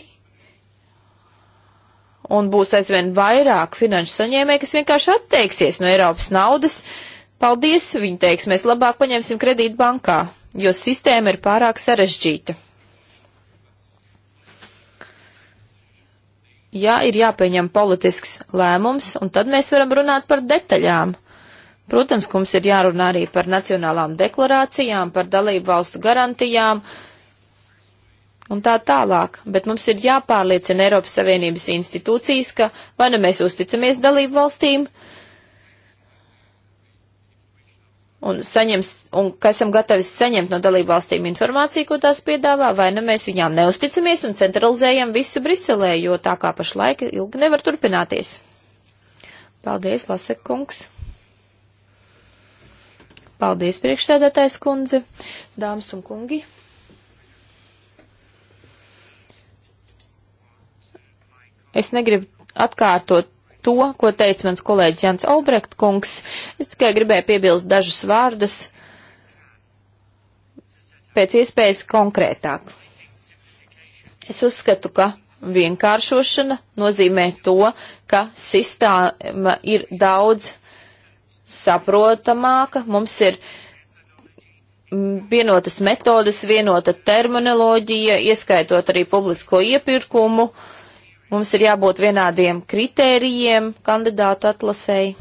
[SPEAKER 3] un būs aizvien vairāk finanšu saņēmēji, kas vienkārši atteiksies no Eiropas naudas, uh, Paldies, viņi teiks, mēs labāk paņemsim kredītu bankā, jo sistēma ir pārāk sarežģīta. Jā, ir jāpieņem politisks lēmums, un tad mēs varam runāt par detaļām. Protams, ka mums ir jārunā arī par nacionālām deklarācijām, par dalību valstu garantijām un tā tālāk, bet mums ir jāpārliecina Eiropas Savienības institūcijas, ka vai nu mēs uzticamies dalību valstīm, uh, un, saņems, un ka esam gatavi saņemt no dalībvalstīm informāciju, ko tās piedāvā, vai ne nu mēs viņām neusticamies un centralizējam visu Briselē, jo tā kā pašlaik ilgi nevar turpināties. Paldies, Lasek kungs. Paldies, priekšsēdētājs kundze, dāmas un kungi. Es negribu atkārtot to, ko teica mans kolēģis Jans Olbrekt kungs. Es tikai gribēju piebilst dažus vārdus pēc iespējas konkrētāk. Es uzskatu, ka vienkāršošana nozīmē to, ka sistēma ir daudz saprotamāka, mums ir vienotas metodas, vienota terminoloģija, ieskaitot arī publisko iepirkumu. Uh, Mums ir jābūt vienādiem kritērijiem kandidātu atlasēji.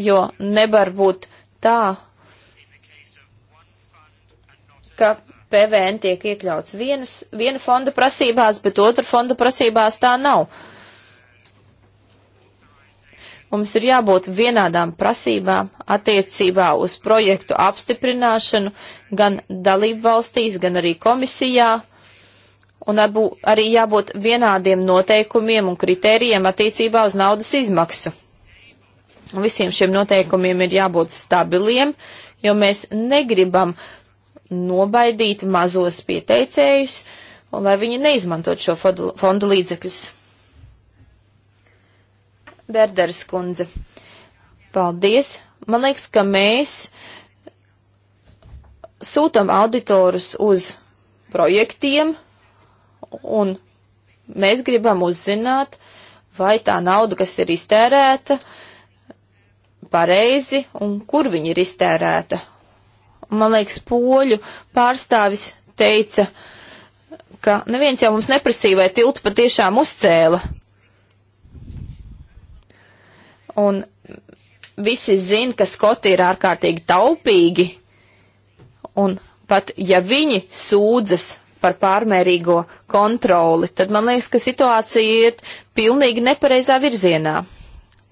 [SPEAKER 3] Jo nevar būt tā, ka PVN tiek iekļauts vienas, viena fonda prasībās, bet otra fonda prasībās tā nav. Mums ir jābūt vienādām prasībām attiecībā uz projektu apstiprināšanu, gan dalību valstīs, gan arī komisijā, un abu, arī jābūt vienādiem noteikumiem un kritērijiem attiecībā uz naudas izmaksu. Visiem šiem noteikumiem ir jābūt stabiliem, jo mēs negribam nobaidīt mazos pieteicējus, un lai viņi neizmantot šo fondu līdzekļus. Berders kundze, paldies! Man liekas, ka mēs sūtam auditorus uz projektiem, un mēs gribam uzzināt, vai tā nauda, kas ir iztērēta, pareizi un kur viņa ir iztērēta. Man liekas, poļu pārstāvis teica, ka neviens jau mums neprasīja, vai tiltu patiešām uzcēla. Un visi zina, ka skoti ir ārkārtīgi taupīgi Un pat ja viņi sūdzas par pārmērīgo kontroli, tad man liekas, ka situācija iet pilnīgi nepareizā virzienā.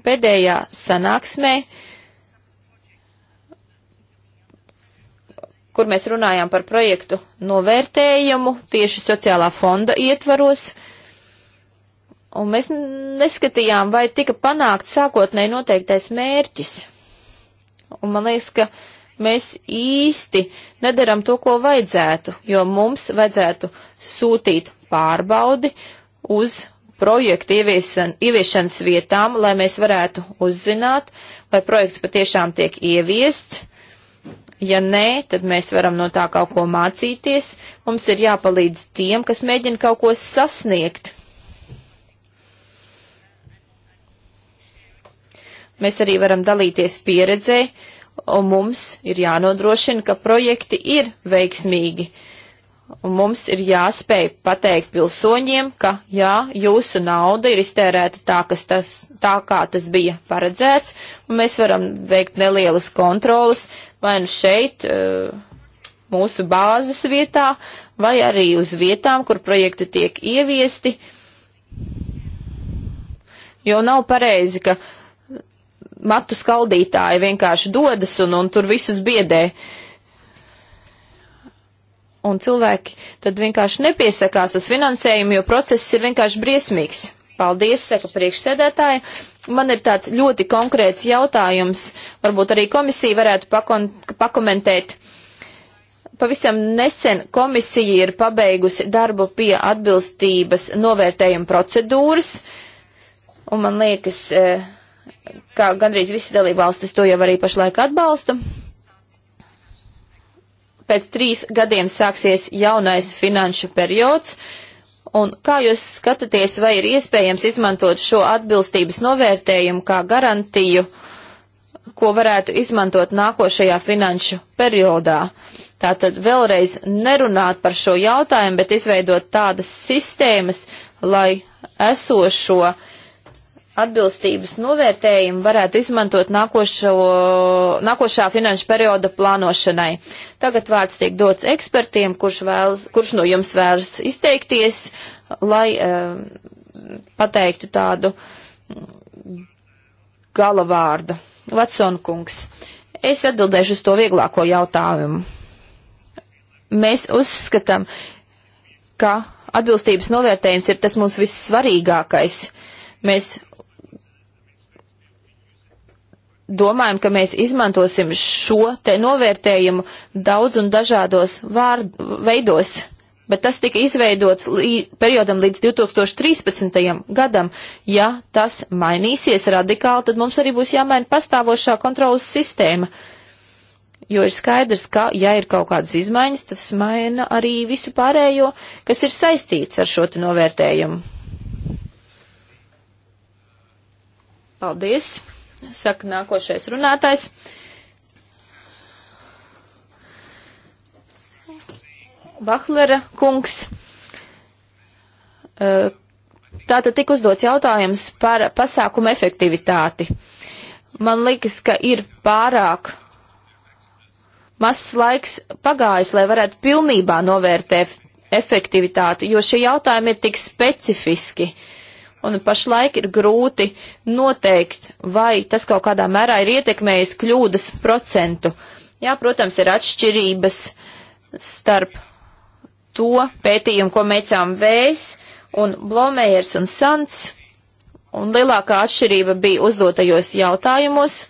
[SPEAKER 3] Pēdējā sanāksmē, kur mēs runājām par projektu novērtējumu tieši sociālā fonda ietvaros, un mēs neskatījām, vai tika panākt sākotnēji noteiktais mērķis. Un man liekas, ka mēs īsti nedaram to, ko vajadzētu, jo mums vajadzētu sūtīt pārbaudi uz projektu ieviešanas vietām, lai mēs varētu uzzināt, vai projekts patiešām tiek ieviests. Ja nē, tad mēs varam no tā kaut ko mācīties. Mums ir jāpalīdz tiem, kas mēģina kaut ko sasniegt. Mēs arī varam dalīties pieredzē, uh, un mums ir jānodrošina, ka projekti ir veiksmīgi. Un mums ir jāspēj pateikt pilsoņiem, ka jā, jūsu nauda ir iztērēta tā, tas, tā kā tas bija paredzēts, un mēs varam veikt nelielas kontrolas vai nu šeit, eh, mūsu bāzes vietā, vai arī uz vietām, kur projekti tiek ieviesti. Jo nav pareizi, ka uh, matu skaldītāji vienkārši dodas un, un tur visus biedē. Un cilvēki tad vienkārši nepiesakās uz finansējumu, jo process ir vienkārši briesmīgs. Paldies, saka priekšsēdētāji. Man ir tāds ļoti konkrēts jautājums, varbūt arī komisija varētu pakon, pakomentēt. Pavisam nesen komisija ir pabeigusi darbu pie atbilstības novērtējuma procedūras, un man liekas, eh, kā gandrīz visi dalībvalstis to jau arī pašlaik atbalsta. Pēc trīs gadiem sāksies jaunais finanšu periods, un kā jūs skatāties, vai ir iespējams izmantot šo atbilstības novērtējumu kā garantiju, ko varētu izmantot nākošajā finanšu periodā? Tātad vēlreiz nerunāt par šo jautājumu, bet izveidot tādas sistēmas, lai esošo uh, atbilstības novērtējumu varētu izmantot nākošo, nākošā finanšu perioda plānošanai. Tagad vārds tiek dots ekspertiem, kurš, vēlas, kurš no jums vēlas izteikties, lai um, pateiktu tādu gala vārdu. Vatsona kungs, es atbildēšu uz to vieglāko jautājumu. Mēs uzskatām, ka atbilstības novērtējums ir tas mums vissvarīgākais. Mēs domājam, ka mēs izmantosim šo te novērtējumu daudz un dažādos vārdu veidos, bet tas tika izveidots lī, periodam līdz 2013. gadam. Ja tas mainīsies radikāli, tad mums arī būs jāmaina pastāvošā kontrolas sistēma. Jo ir skaidrs, ka, ja ir kaut kādas izmaiņas, tas maina arī visu pārējo, kas ir saistīts ar šo te novērtējumu. Paldies! saka nākošais runātājs. Bahlera kungs. Tātad tika uzdots jautājums par pasākumu efektivitāti. Man liekas, ka ir pārāk mazs laiks pagājis, lai varētu pilnībā novērtēt efektivitāti, jo šie jautājumi ir tik specifiski. Uh, un pašlaik ir grūti noteikt, vai tas kaut kādā mērā ir ietekmējis kļūdas procentu. Jā, protams, ir atšķirības starp to pētījumu, ko meicām Vējs un Blomējers un Sants, un lielākā atšķirība bija uzdotajos jautājumos.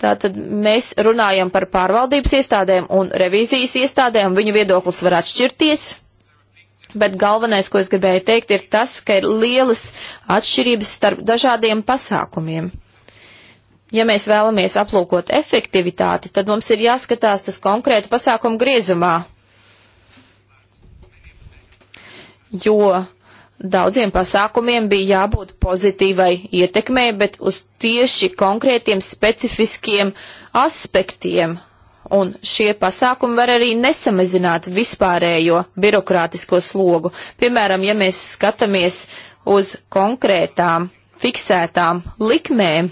[SPEAKER 3] Tātad mēs runājam par pārvaldības iestādēm un revīzijas iestādēm, viņu viedoklis var atšķirties, Bet galvenais, ko es gribēju teikt, ir tas, ka ir lielas atšķirības starp dažādiem pasākumiem. Ja mēs vēlamies aplūkot efektivitāti, tad mums ir jāskatās tas konkrēti pasākumu griezumā. Jo daudziem pasākumiem bija jābūt pozitīvai ietekmei, bet uz tieši konkrētiem specifiskiem aspektiem. Un šie pasākumi var arī nesamazināt vispārējo birokrātisko slogu. Piemēram, ja mēs skatāmies uz konkrētām fiksētām likmēm,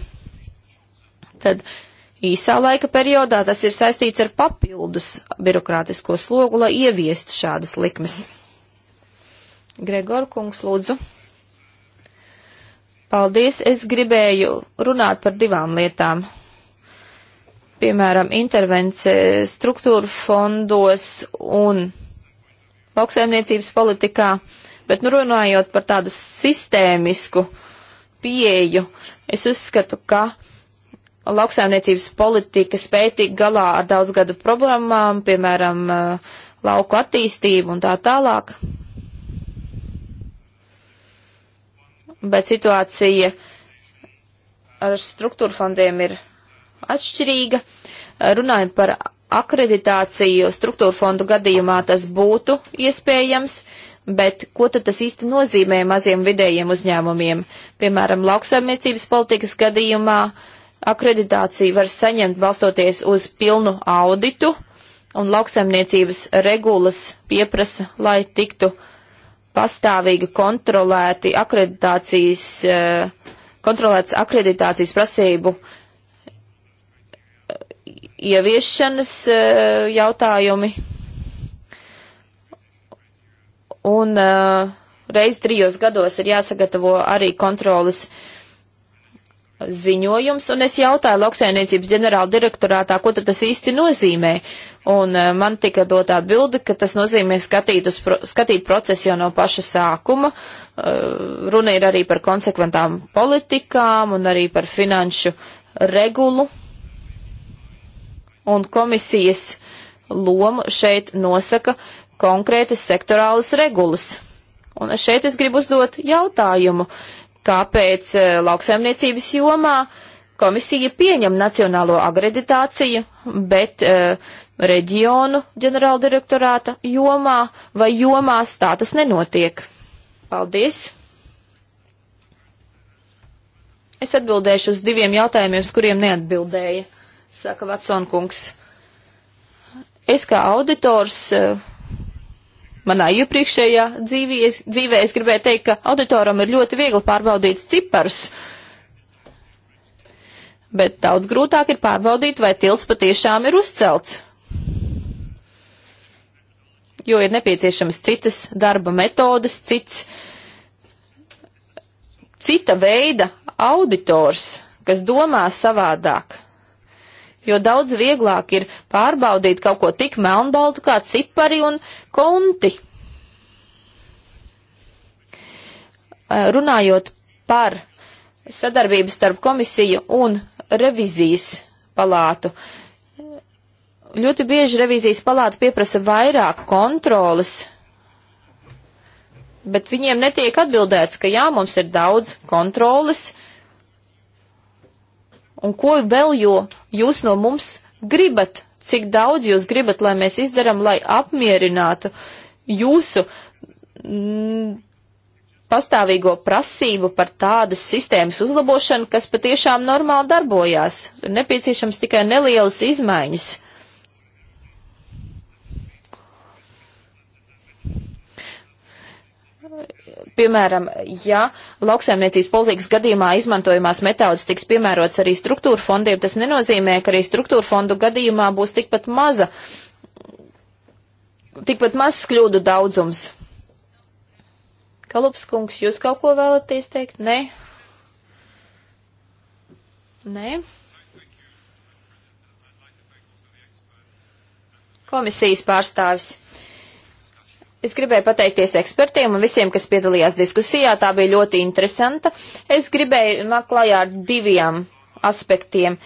[SPEAKER 3] tad īsā laika periodā tas ir saistīts ar papildus birokrātisko slogu, lai ieviestu šādas likmes. Gregor kungs, lūdzu. Paldies, es gribēju runāt par divām lietām piemēram, intervence struktūra fondos un lauksaimniecības politikā, bet nu runājot par tādu sistēmisku pieeju, es uzskatu, ka lauksaimniecības politika spēj tikt galā ar daudz gadu problēmām, piemēram, lauku attīstību un tā tālāk. Bet situācija ar struktūra fondiem ir atšķirīga. Runājot par akreditāciju struktūra fondu gadījumā, tas būtu iespējams, bet ko tad tas īsti nozīmē maziem vidējiem uzņēmumiem? Piemēram, lauksaimniecības politikas gadījumā akreditāciju var saņemt balstoties uz pilnu auditu, un lauksaimniecības regulas pieprasa, lai tiktu pastāvīgi kontrolēti akreditācijas, eh, kontrolēts akreditācijas prasību uh, ieviešanas eh, jautājumi. Un eh, reiz trijos gados ir jāsagatavo arī kontrolas ziņojums, un es jautāju lauksainiecības ģenerāla direktorātā, ko tas īsti nozīmē. Un eh, man tika dot atbildi, ka tas nozīmē skatīt, uz, skatīt procesu jau no paša sākuma. Runa ir arī par konsekventām politikām un arī par finanšu regulu, un komisijas lomu šeit nosaka konkrētas sektorālas regulas. Un šeit es gribu uzdot jautājumu, kāpēc eh, lauksaimniecības jomā komisija pieņem nacionālo akreditāciju, bet uh, reģionu ģenerāldirektorāta jomā vai jomās tā tas nenotiek. Paldies! Es atbildēšu uz diviem jautājumiem, uz kuriem neatbildēja saka Vatsonkungs. Es kā auditors eh, manā iepriekšējā dzīvī, es, dzīvē es gribēju teikt, ka auditoram ir ļoti viegli pārbaudīt ciparus, bet daudz grūtāk ir pārbaudīt, vai tils patiešām ir uzcelts. Jo ir nepieciešamas citas darba metodas, cits, cita veida auditors, kas domā savādāk jo daudz vieglāk ir pārbaudīt kaut ko tik melnbaltu kā cipari un konti. Runājot par sadarbību starp komisiju un revizijas palātu. Ļoti bieži revizijas palāta pieprasa vairāk kontrolas, bet viņiem netiek atbildēts, ka jā, mums ir daudz kontrolas, uh, un ko vēl jo jūs no mums gribat, cik daudz jūs gribat, lai mēs izdaram, lai apmierinātu jūsu mm, pastāvīgo prasību par tādas sistēmas uzlabošanu, kas patiešām normāli darbojās. Nepieciešams tikai nelielas izmaiņas. piemēram, ja lauksaimniecības politikas gadījumā izmantojamās metodas tiks piemērots arī struktūra fondiem, tas nenozīmē, ka arī struktūra fondu gadījumā būs tikpat maza, tikpat mazs kļūdu daudzums. Kalups kungs, jūs kaut ko vēlaties teikt? Nē? Nē? Komisijas pārstāvis. Es gribēju pateikties ekspertiem un visiem, kas piedalījās diskusijā. Tā bija ļoti interesanta. Es gribēju nākt klajā ar diviem aspektiem.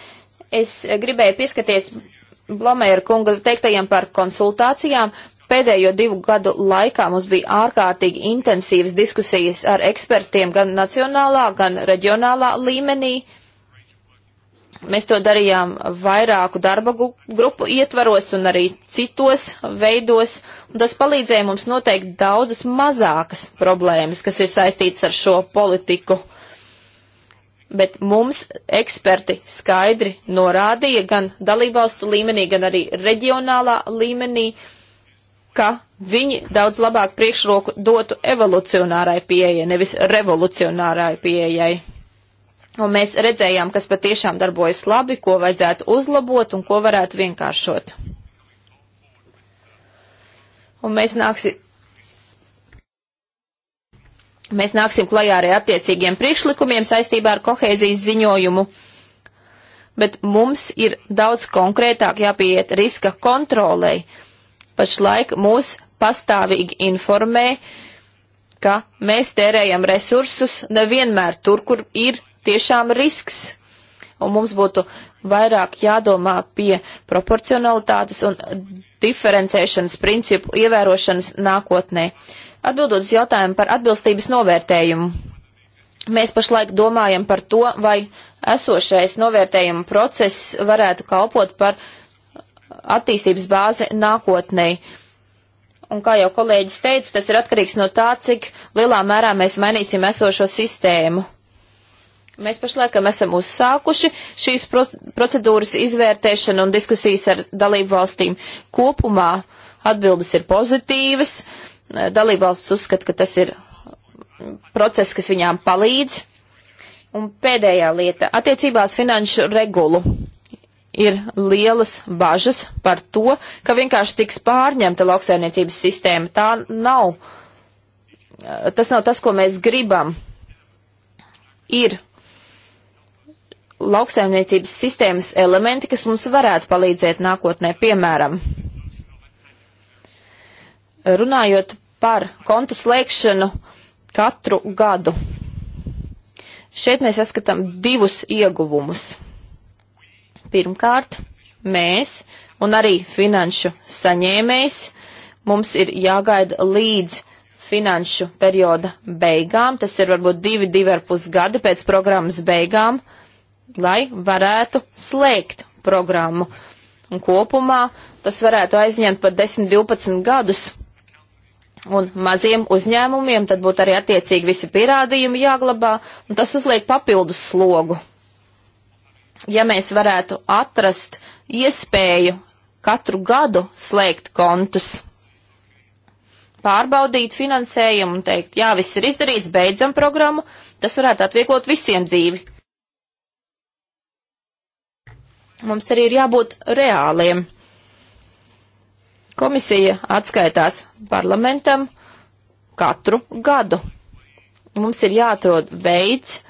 [SPEAKER 3] Es gribēju pieskaties Blomēra kunga teiktajiem par konsultācijām. Pēdējo divu gadu laikā mums bija ārkārtīgi intensīvas diskusijas ar ekspertiem gan nacionālā, gan reģionālā līmenī. Uh, Mēs to darījām vairāku darba grupu ietvaros un arī citos veidos, un tas palīdzēja mums noteikt daudzas mazākas problēmas, kas ir saistītas ar šo politiku. Bet mums eksperti skaidri norādīja gan dalībvalstu līmenī, gan arī reģionālā līmenī, ka viņi daudz labāk priekšroku dotu evolucionārai pieejai, nevis revolucionārai pieejai. Un mēs redzējām, kas patiešām darbojas labi, ko vajadzētu uzlabot un ko varētu vienkāršot. Un mēs nāksim, mēs nāksim klajā arī attiecīgiem priekšlikumiem saistībā ar kohēzijas ziņojumu. Bet mums ir daudz konkrētāk jāpieiet riska kontrolei. Pašlaik mūs pastāvīgi informē, ka mēs tērējam resursus nevienmēr tur, kur ir tiešām risks. Un mums būtu vairāk jādomā pie proporcionalitātes un diferencēšanas principu ievērošanas nākotnē. Atbildot uz jautājumu par atbilstības novērtējumu, mēs pašlaik domājam par to, vai esošais novērtējuma process varētu kalpot par attīstības bāzi nākotnēji. Un kā jau kolēģis teica, tas ir atkarīgs no tā, cik lielā mērā mēs mainīsim esošo sistēmu. Mēs pašlaikam esam uzsākuši šīs procedūras izvērtēšanu un diskusijas ar dalību valstīm. Kopumā atbildes ir pozitīvas. Dalību valsts uzskata, ka tas ir process, kas viņām palīdz. Un pēdējā lieta - attiecībās finanšu regulu. Ir lielas bažas par to, ka vienkārši tiks pārņemta lauksaimniecības sistēma. Tā nav. Tas nav tas, ko mēs gribam. Ir lauksaimniecības sistēmas elementi, kas mums varētu palīdzēt nākotnē, piemēram, runājot par kontu slēgšanu katru gadu. Šeit mēs saskatām divus ieguvumus. Pirmkārt, mēs un arī finanšu saņēmējs mums ir jāgaida līdz finanšu perioda beigām. Tas ir varbūt divi, divi ar pus gadi pēc programmas beigām. Uh, lai varētu slēgt programmu. Un kopumā tas varētu aizņemt pat 10-12 gadus. Un maziem uzņēmumiem tad būtu arī attiecīgi visi pierādījumi jāglabā, un tas uzliek papildus slogu. Ja mēs varētu atrast iespēju katru gadu slēgt kontus, pārbaudīt finansējumu un teikt, jā, viss ir izdarīts, beidzam programmu, tas varētu atvieglot visiem dzīvi mums arī ir jābūt reāliem. Komisija atskaitās parlamentam katru gadu. Mums ir jāatrod veids,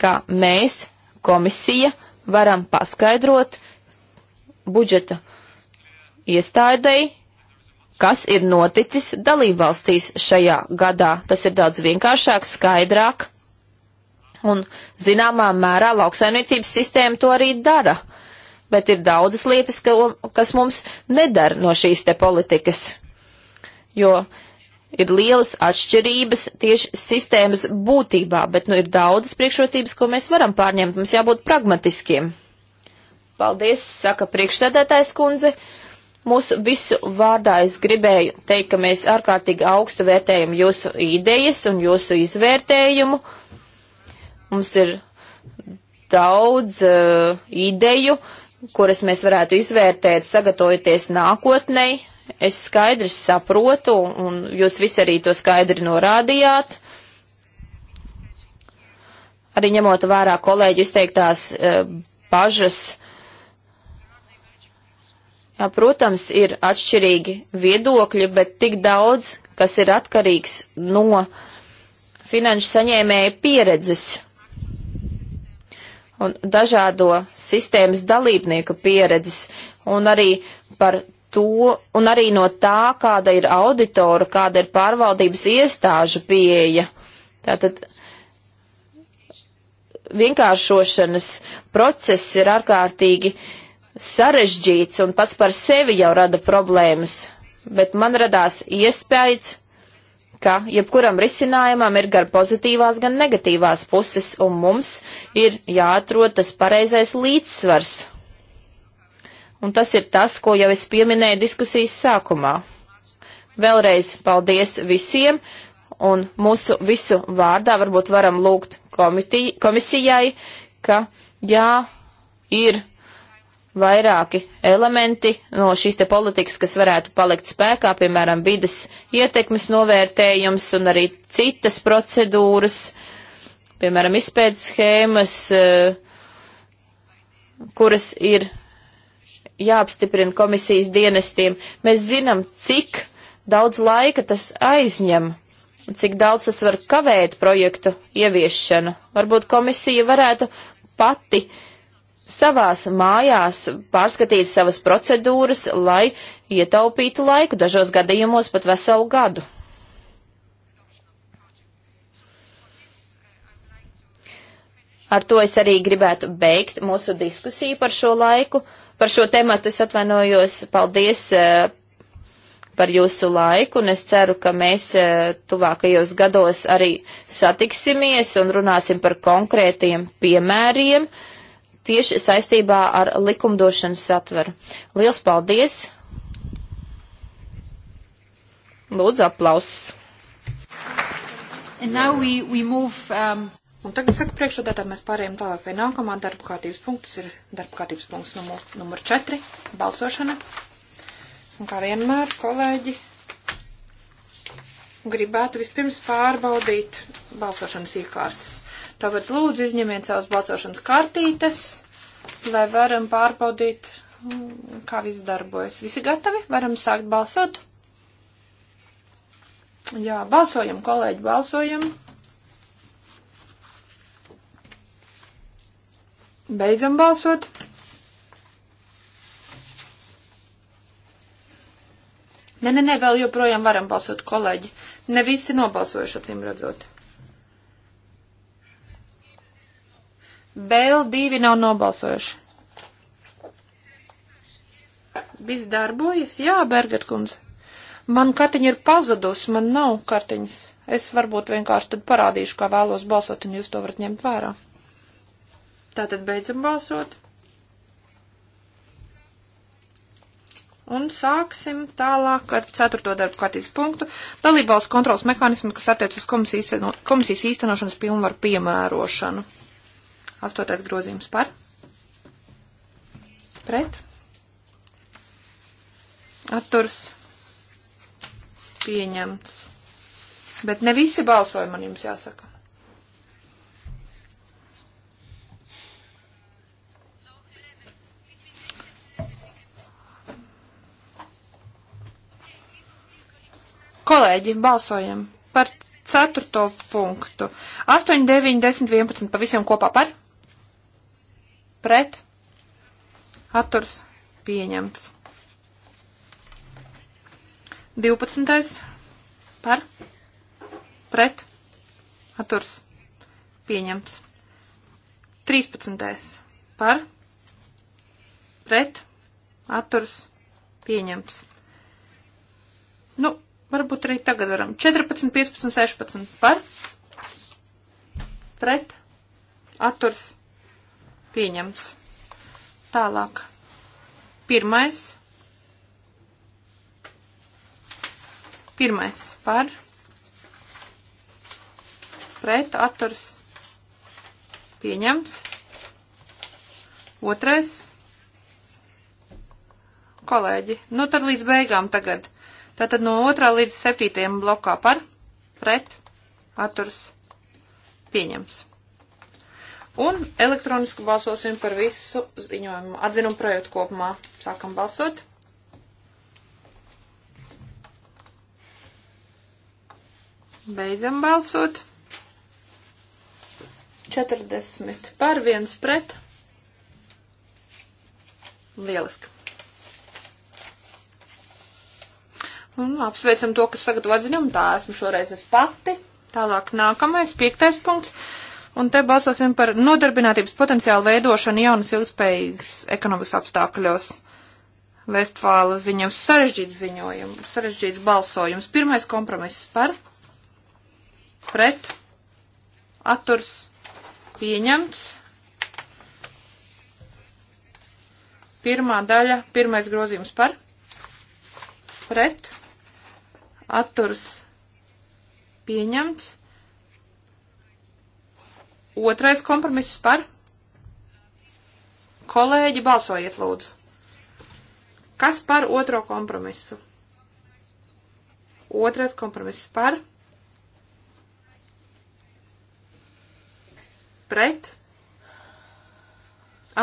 [SPEAKER 3] kā mēs, komisija, varam paskaidrot budžeta iestādēji, kas ir noticis dalībvalstīs šajā gadā. Tas ir daudz vienkāršāk, skaidrāk un zināmā mērā lauksaimniecības sistēma to arī dara. Bet ir daudzas lietas, ka, kas mums nedara no šīs te politikas, jo ir lielas atšķirības tieši sistēmas būtībā, bet nu ir daudzas priekšrocības, ko mēs varam pārņemt, mums jābūt pragmatiskiem. Paldies, saka priekšsēdētājs kundze. Mūsu visu vārdā es gribēju teikt, ka mēs ārkārtīgi augstu vērtējam jūsu idejas un jūsu izvērtējumu. Mums ir daudz uh, ideju, kuras mēs varētu izvērtēt, sagatavoties nākotnei. Es skaidri saprotu, un jūs visi arī to skaidri norādījāt. Arī ņemot vērā kolēģi izteiktās uh, bažas. Jā, protams, ir atšķirīgi viedokļi, bet tik daudz, kas ir atkarīgs no finanšu saņēmēja pieredzes un dažādo sistēmas dalībnieku pieredzes, un arī par to, un arī no tā, kāda ir auditora, kāda ir pārvaldības iestāžu pieeja. Tātad vienkāršošanas process ir ārkārtīgi sarežģīts un pats par sevi jau rada problēmas, bet man radās iespējas, ka jebkuram risinājumam ir gan pozitīvās, gan negatīvās puses, un mums ir jāatrod tas pareizais līdzsvars. Un tas ir tas, ko jau es pieminēju diskusijas sākumā. Vēlreiz paldies visiem, un mūsu visu vārdā varbūt varam lūgt komitī, komisijai, ka jā, ir vairāki elementi no šīs te politikas, kas varētu palikt spēkā, piemēram, vides ietekmes novērtējums un arī citas procedūras, piemēram, izpētes schēmas, eh, kuras ir jāapstiprina komisijas dienestiem. Mēs zinām, cik daudz laika tas aizņem, cik daudz tas var kavēt projektu ieviešanu. Varbūt komisija varētu pati savās mājās pārskatīt savas procedūras, lai ietaupītu laiku, dažos gadījumos pat veselu gadu. Ar to es arī gribētu beigt mūsu diskusiju par šo laiku, par šo tematu. Es atvainojos, paldies eh, par jūsu laiku, un es ceru, ka mēs eh, tuvākajos gados arī satiksimies un runāsim par konkrētiem piemēriem tieši saistībā ar likumdošanas satveru. Liels paldies! Lūdzu, aplausus! We, we move, um... Un tagad,
[SPEAKER 2] saka priekšsādātā, mēs pārējām tālāk pie nākamā darba kārtības punkta. Tas ir darba kārtības punkts numur, numur 4 - balsošana. Un kā vienmēr, kolēģi, gribētu vispirms pārbaudīt balsošanas īkārtas. Tāpēc lūdzu izņemiet savas balsošanas kartītes, lai varam pārbaudīt, mm, kā viss darbojas. Visi gatavi? Varam sākt balsot? Jā, balsojam, kolēģi, balsojam. Beidzam balsot. Nē, nē, nē, vēl joprojām varam balsot, kolēģi. Ne visi nobalsojuši, acīm redzot. Vēl divi nav nobalsojuši. Viss darbojas? Jā, Bergert kundze. Man kartiņa ir pazudusi, man nav kartiņas. Es varbūt vienkārši tad parādīšu, kā vēlos balsot, un jūs to varat ņemt vērā. Tātad beidzam balsot. Un sāksim tālāk ar ceturto darbu kārtības punktu - dalībvalsts kontrols mehānismu, kas attiec uz komisijas, komisijas īstenošanas pilnvaru piemērošanu. Astotais grozījums par. Pret. Atturs. Pieņemts. Bet ne visi balsoja, man jums jāsaka. Kolēģi, balsojam par ceturto punktu. 8, 9, 10, 11 pa visiem kopā par? Pret? Atturs pieņemts. 12. par? Pret? Atturs pieņemts. 13. par? Pret? Atturs pieņemts. Nu, Varbūt arī tagad varam. 14, 15, 16 par. Pret. Atturs. Pieņems. Tālāk. Pirmais. Pirmais par. Pret. Atturs. Pieņems. Otrais. Kolēģi. Nu tad līdz beigām tagad. Tātad no 2. līdz 7. blokā par, pret, atturs, pieņems. Un elektroniski balsosim par visu ziņojumu atzinumu projektu kopumā. Sākam balsot. Beidzam balsot. 40 par 1 pret. Lieliski. Un apsveicam to, kas sagatavo atzinumu, tā esmu šoreiz es pati. Tālāk nākamais, piektais punkts. Un te balsosim par nodarbinātības potenciālu veidošanu jaunas ilgspējīgas ekonomikas apstākļos. Vestfāla ziņa uz sarežģīts ziņojumu, sarežģīts balsojums. Pirmais kompromiss par, pret, atturs, pieņemts. Pirmā daļa, pirmais grozījums par, pret, atturs pieņemts. Otrais kompromiss par. Kolēģi, balsojiet lūdzu. Kas par otro kompromisu? Otrais kompromiss par. Pret.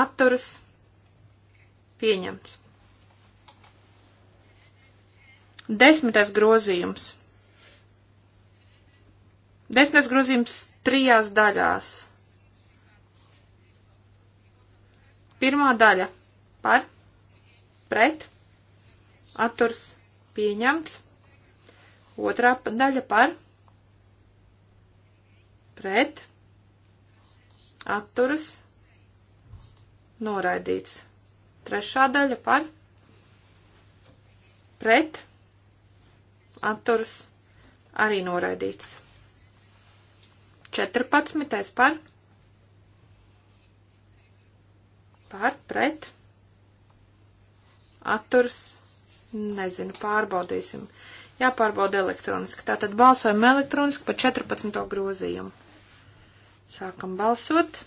[SPEAKER 2] Atturas. Pieņemts. Desmitais grozījums. Desmitais grozījums trijās daļās. Pirmā daļa par, pret, atturs pieņemts. Otrā daļa par, pret, atturs noraidīts. Trešā daļa par, pret, atturas arī noraidīts. 14. par par pret atturas nezinu, pārbaudīsim. Jāpārbauda elektroniski. Tātad balsojam elektroniski par 14. grozījumu. Sākam balsot.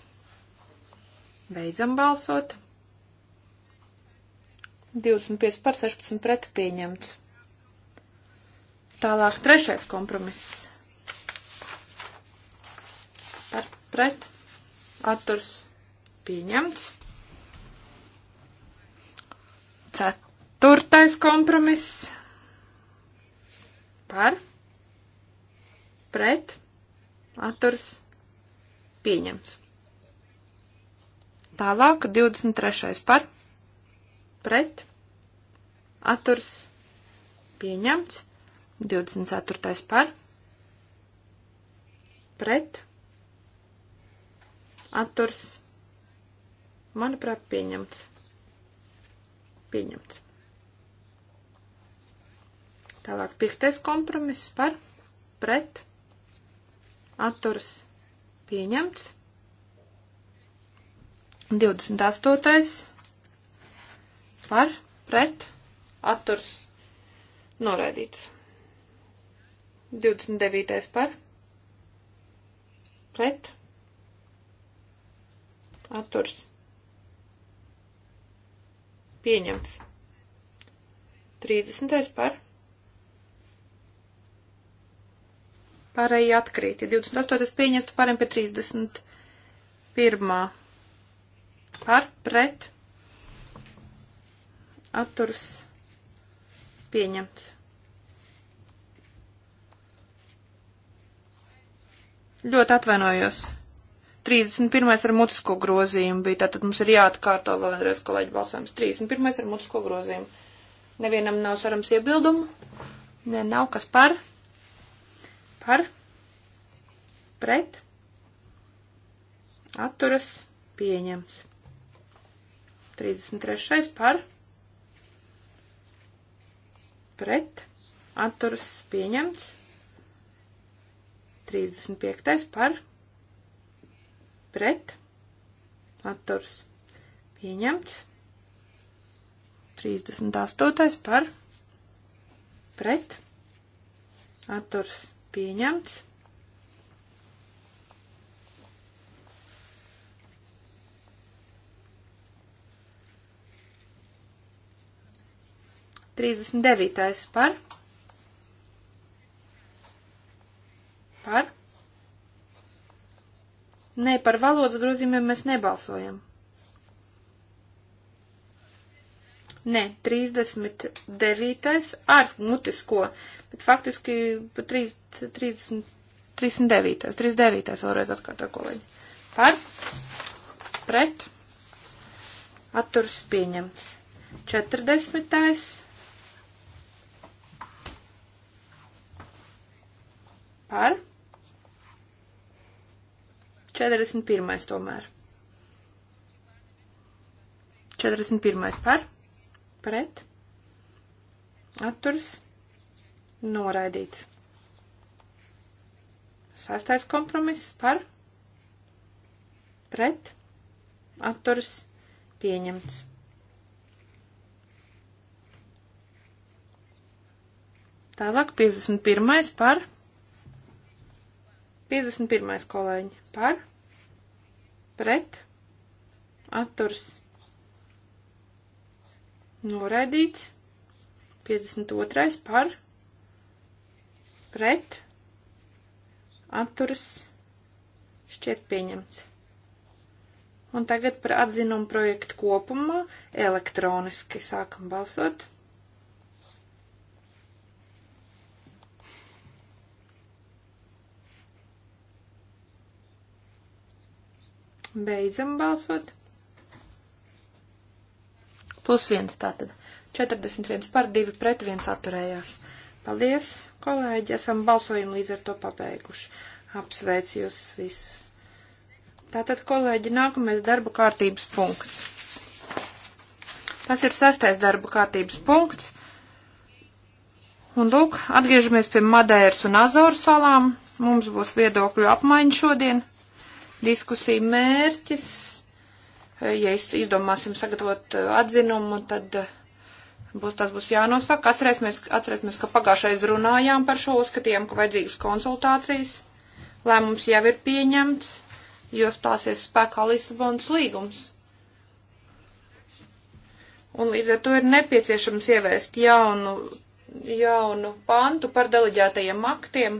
[SPEAKER 2] Beidzam balsot. 25 par 16 pret pieņemts. Tālāk trešais kompromiss. Par pret atturs pieņemts. Ceturtais kompromiss. Par pret atturs pieņemts. Tālāk 23. par pret atturs pieņemts. 24. par, pret, atturs, manuprāt, pieņemts. Pieņemts. Tālāk piektais kompromiss par, pret, atturs, pieņemts. 28. par, pret, atturs, noraidīts. 29. par pret atturs pieņemts. 30. par pārējie atkrīt. Ja 28. pieņemts, pārējiem pie 31. par pret atturs pieņemts. Ļoti atvainojos. 31. ar mutisko grozījumu bija, tātad mums ir jāatkārto vēl vienreiz kolēģi balsojums. 31. ar mutisko grozījumu. Nevienam nav sarams iebildumu. Nē, nav kas par. Par. Pret. Atturas. Pieņems. 33. par. Pret. Atturas. Pieņems. 35. par pret atturs pieņemts. 38. par pret atturs pieņemts. Trīsdesmit devītais par Par? Nē, par valodas grozījumiem mēs nebalsojam. Nē, 39. ar mutisko, bet faktiski 3, 30, 39. 39. vēlreiz atkārtā kolēģi. Par? Pret? Atturs pieņemts. 40. Par? 41. tomēr. 41. par, pret, atturs, noraidīts. Sastais kompromiss par, pret, atturs, pieņemts. 51. par 51. kolēģi par pret, atturs, noraidīts, 52. par, pret, atturs, šķiet pieņemts. Un tagad par atzinumu projektu kopumā elektroniski sākam balsot. Beidzam balsot. Plus viens tātad. 41 par 2 pret 1 atturējās. Paldies, kolēģi, esam balsojumu līdz ar to pabeiguši. Apsveicu jūs visus. Tātad, kolēģi, nākamais darba kārtības punkts. Tas ir sastais darba kārtības punkts. Un lūk, atgriežamies pie Madeiras un Azoru salām. Mums būs viedokļu apmaiņa šodien. Diskusija mērķis, eh, ja izdomāsim sagatavot eh, atzinumu, tad eh, būs, tas būs jānosaka. Atcerēsimies, atcerēsimies, ka pagājušais runājām par šo uzskatījumu, ka vajadzīgas konsultācijas. Lēmums jau ir pieņemts, jo stāsies spēkā Lisabonas līgums un līdz ar to ir nepieciešams ieviest jaunu, jaunu pantu par deleģētajiem aktiem,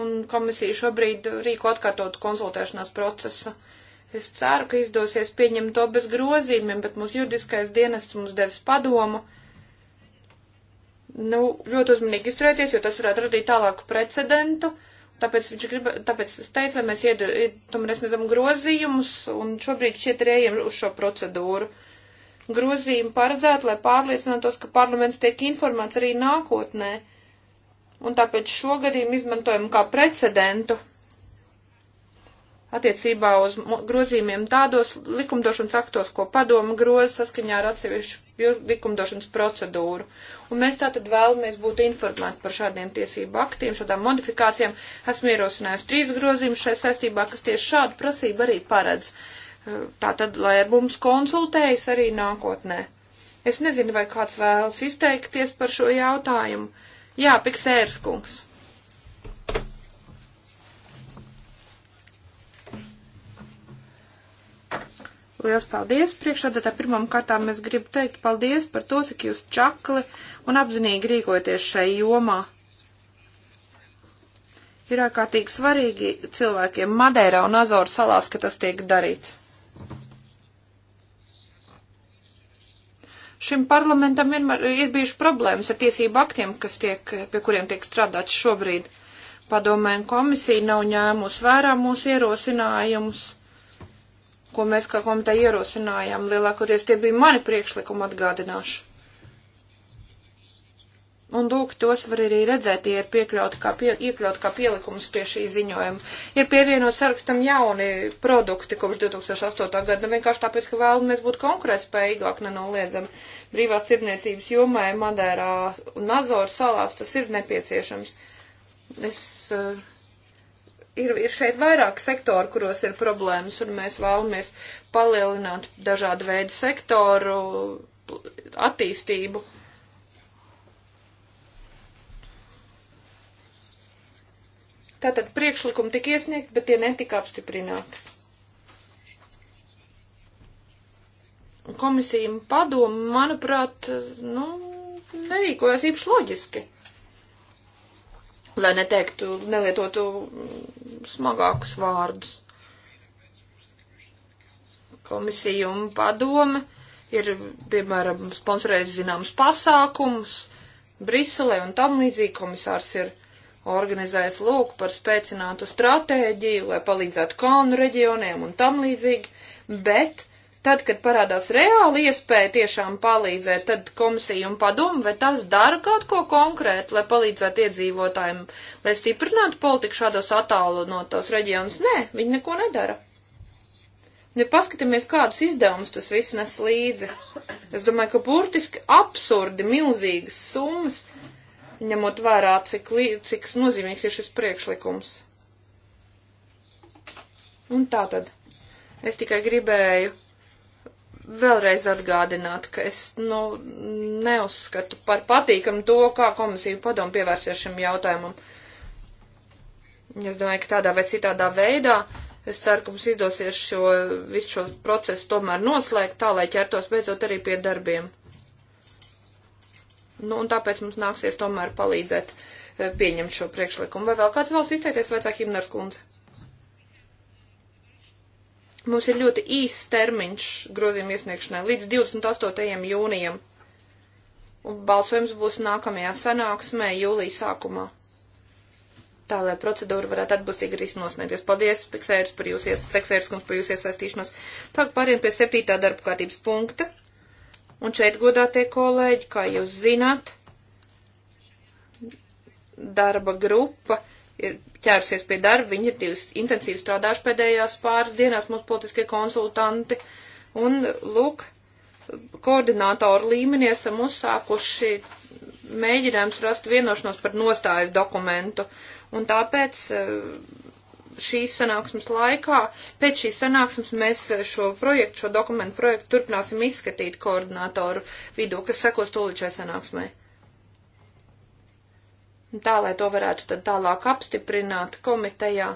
[SPEAKER 2] un komisija šobrīd rīko atkārtotu konsultēšanās procesu. Es ceru, ka izdosies pieņemt to bez grozījumiem, bet mūsu juridiskais dienests mums devis padomu. Nu, ļoti uzmanīgi izturēties, jo tas varētu radīt tālāku precedentu. Tāpēc viņš grib, tāpēc es teicu, lai mēs iedu, tomēr esam grozījumus, un šobrīd šķiet rējam uz šo procedūru. Grozījumi paredzētu, lai pārliecinātos, ka parlaments tiek informēts arī nākotnē un tāpēc šo gadījumu izmantojam kā precedentu attiecībā uz grozījumiem tādos likumdošanas aktos, ko padoma groza saskaņā ar atsevišķu likumdošanas procedūru. Un mēs tātad vēlamies būt informēti par šādiem tiesību aktiem, šādām modifikācijām. Esmu ierosinājusi trīs grozījumus šai saistībā, kas tieši šādu prasību arī paredz. Tātad, lai ar mums konsultējas arī nākotnē. Es nezinu, vai kāds vēlas izteikties par šo jautājumu. Jā, Piksērs kungs. Liels paldies! Priekšādā pirmām kārtām es gribu teikt paldies par to, cik jūs čakli un apzinīgi rīkojaties šai jomā. Ir ārkārtīgi svarīgi cilvēkiem Madeirā un Azoru salās, ka tas tiek darīts. Šim parlamentam vienmēr ir bijuši problēmas ar tiesību aktiem, kas tiek, pie kuriem tiek strādāts šobrīd. Padomēn komisija nav ņēmusi vērā mūsu ierosinājumus, ko mēs kā komiteja ierosinājām. Lielākoties tie bija mani priekšlikumi atgādināšu. Un, lūk, tos var arī redzēt, ja ir piekļaut kā pie, iekļaut kā pielikums pie šī ziņojuma. Ir pievienot sarakstam jauni produkti kopš 2008. gada, nu, vienkārši tāpēc, ka vēlamies būt konkurētspējīgāk, nenoliedzam. Brīvās tirniecības jomai Madērā un Azoru salās tas ir nepieciešams. Es, uh, ir, ir šeit vairāk sektoru, kuros ir problēmas, un mēs vēlamies palielināt dažādu veidu sektoru attīstību Tātad priekšlikumi tika iesniegti, bet tie netika apstiprināti. Komisija un padomu, manuprāt, nu, nerīkojās īpaši loģiski. Lai neteiktu, nelietotu smagākus vārdus. Komisija un padome ir, piemēram, sponsorējis zināmus pasākumus Briselē un tam līdzīgi komisārs ir organizēs lūk par spēcinātu stratēģiju, lai palīdzētu kalnu reģioniem un tam līdzīgi, bet tad, kad parādās reāli iespēja tiešām palīdzēt, tad komisija un padomu, vai tas dara kaut ko konkrētu, lai palīdzētu iedzīvotājiem, lai stiprinātu politiku šādos attālu no tos reģionus. Nē, viņi neko nedara. Ja paskatāmies, kādus izdevumus tas viss nes līdzi, es domāju, ka burtiski absurdi milzīgas summas ņemot vērā, cik, li, cik nozīmīgs ir šis priekšlikums. Un tā tad. Es tikai gribēju vēlreiz atgādināt, ka es nu, neuzskatu par patīkamu to, kā komisija padomu pievērsies šim jautājumam. Es domāju, ka tādā vai citādā veidā es ceru, ka mums izdosies šo visu šo procesu tomēr noslēgt tā, lai ķertos beidzot arī pie darbiem. Nu, un tāpēc mums nāksies tomēr palīdzēt eh, pieņemt šo priekšlikumu. Vai vēl kāds vēlas izteikties, vecā Himners kundze? Mums ir ļoti īsts termiņš grozījuma iesniegšanai līdz 28. jūnijam. Un balsojums būs nākamajā sanāksmē jūlijas sākumā. Tā, lai procedūra varētu atbilstīgi arī nosniegties. Paldies, Peksērs, par jūsu, ies, par jūsu iesaistīšanos. Tālāk pāriem pie septītā darba kārtības punkta. Un šeit, godātie kolēģi, kā jūs zināt, darba grupa ir ķērusies pie darba, viņi ir intensīvi strādājuši pēdējās pāris dienās, mūsu politiskie konsultanti. Un, lūk, koordinātoru līmenī esam uzsākuši mēģinājums rast vienošanos par nostājas dokumentu. Un tāpēc eh, šīs sanāksmes laikā. Pēc šīs sanāksmes mēs šo projektu, šo dokumentu projektu turpināsim izskatīt koordinātoru vidū, kas sekos tūlīt šai sanāksmai. Tā, lai to varētu tad tālāk apstiprināt komitejā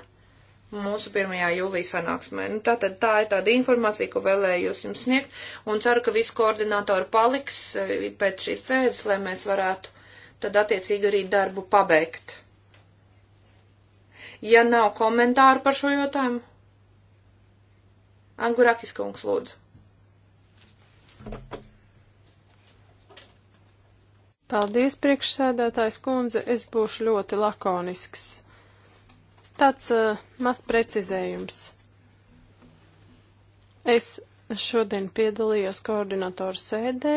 [SPEAKER 2] mūsu 1. jūlija sanāksmē. Nu, tātad tā ir tāda informācija, ko vēlējos jums sniegt, un ceru, ka visi koordinātori paliks eh, pēc šīs sēdes, lai mēs varētu tad attiecīgi arī darbu pabeigt. Ja nav komentāru par šo jautājumu, Angurakis kungs lūdzu.
[SPEAKER 1] Paldies, priekšsēdētājs kundze, es būšu ļoti lakonisks. Tāds uh, maz precizējums. Es šodien piedalījos koordinatoru sēdē,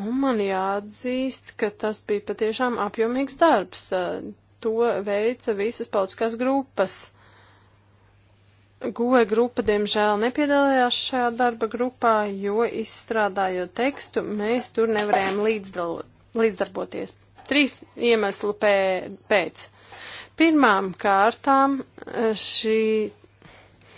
[SPEAKER 1] un man jāatzīst, ka tas bija patiešām apjomīgs darbs. Uh, to veica visas politiskās grupas. Goe grupa, diemžēl, nepiedalījās šajā darba grupā, jo izstrādājot tekstu, mēs tur nevarējām līdzdarboties. Trīs iemeslu pēc. Pirmām kārtām eh, šī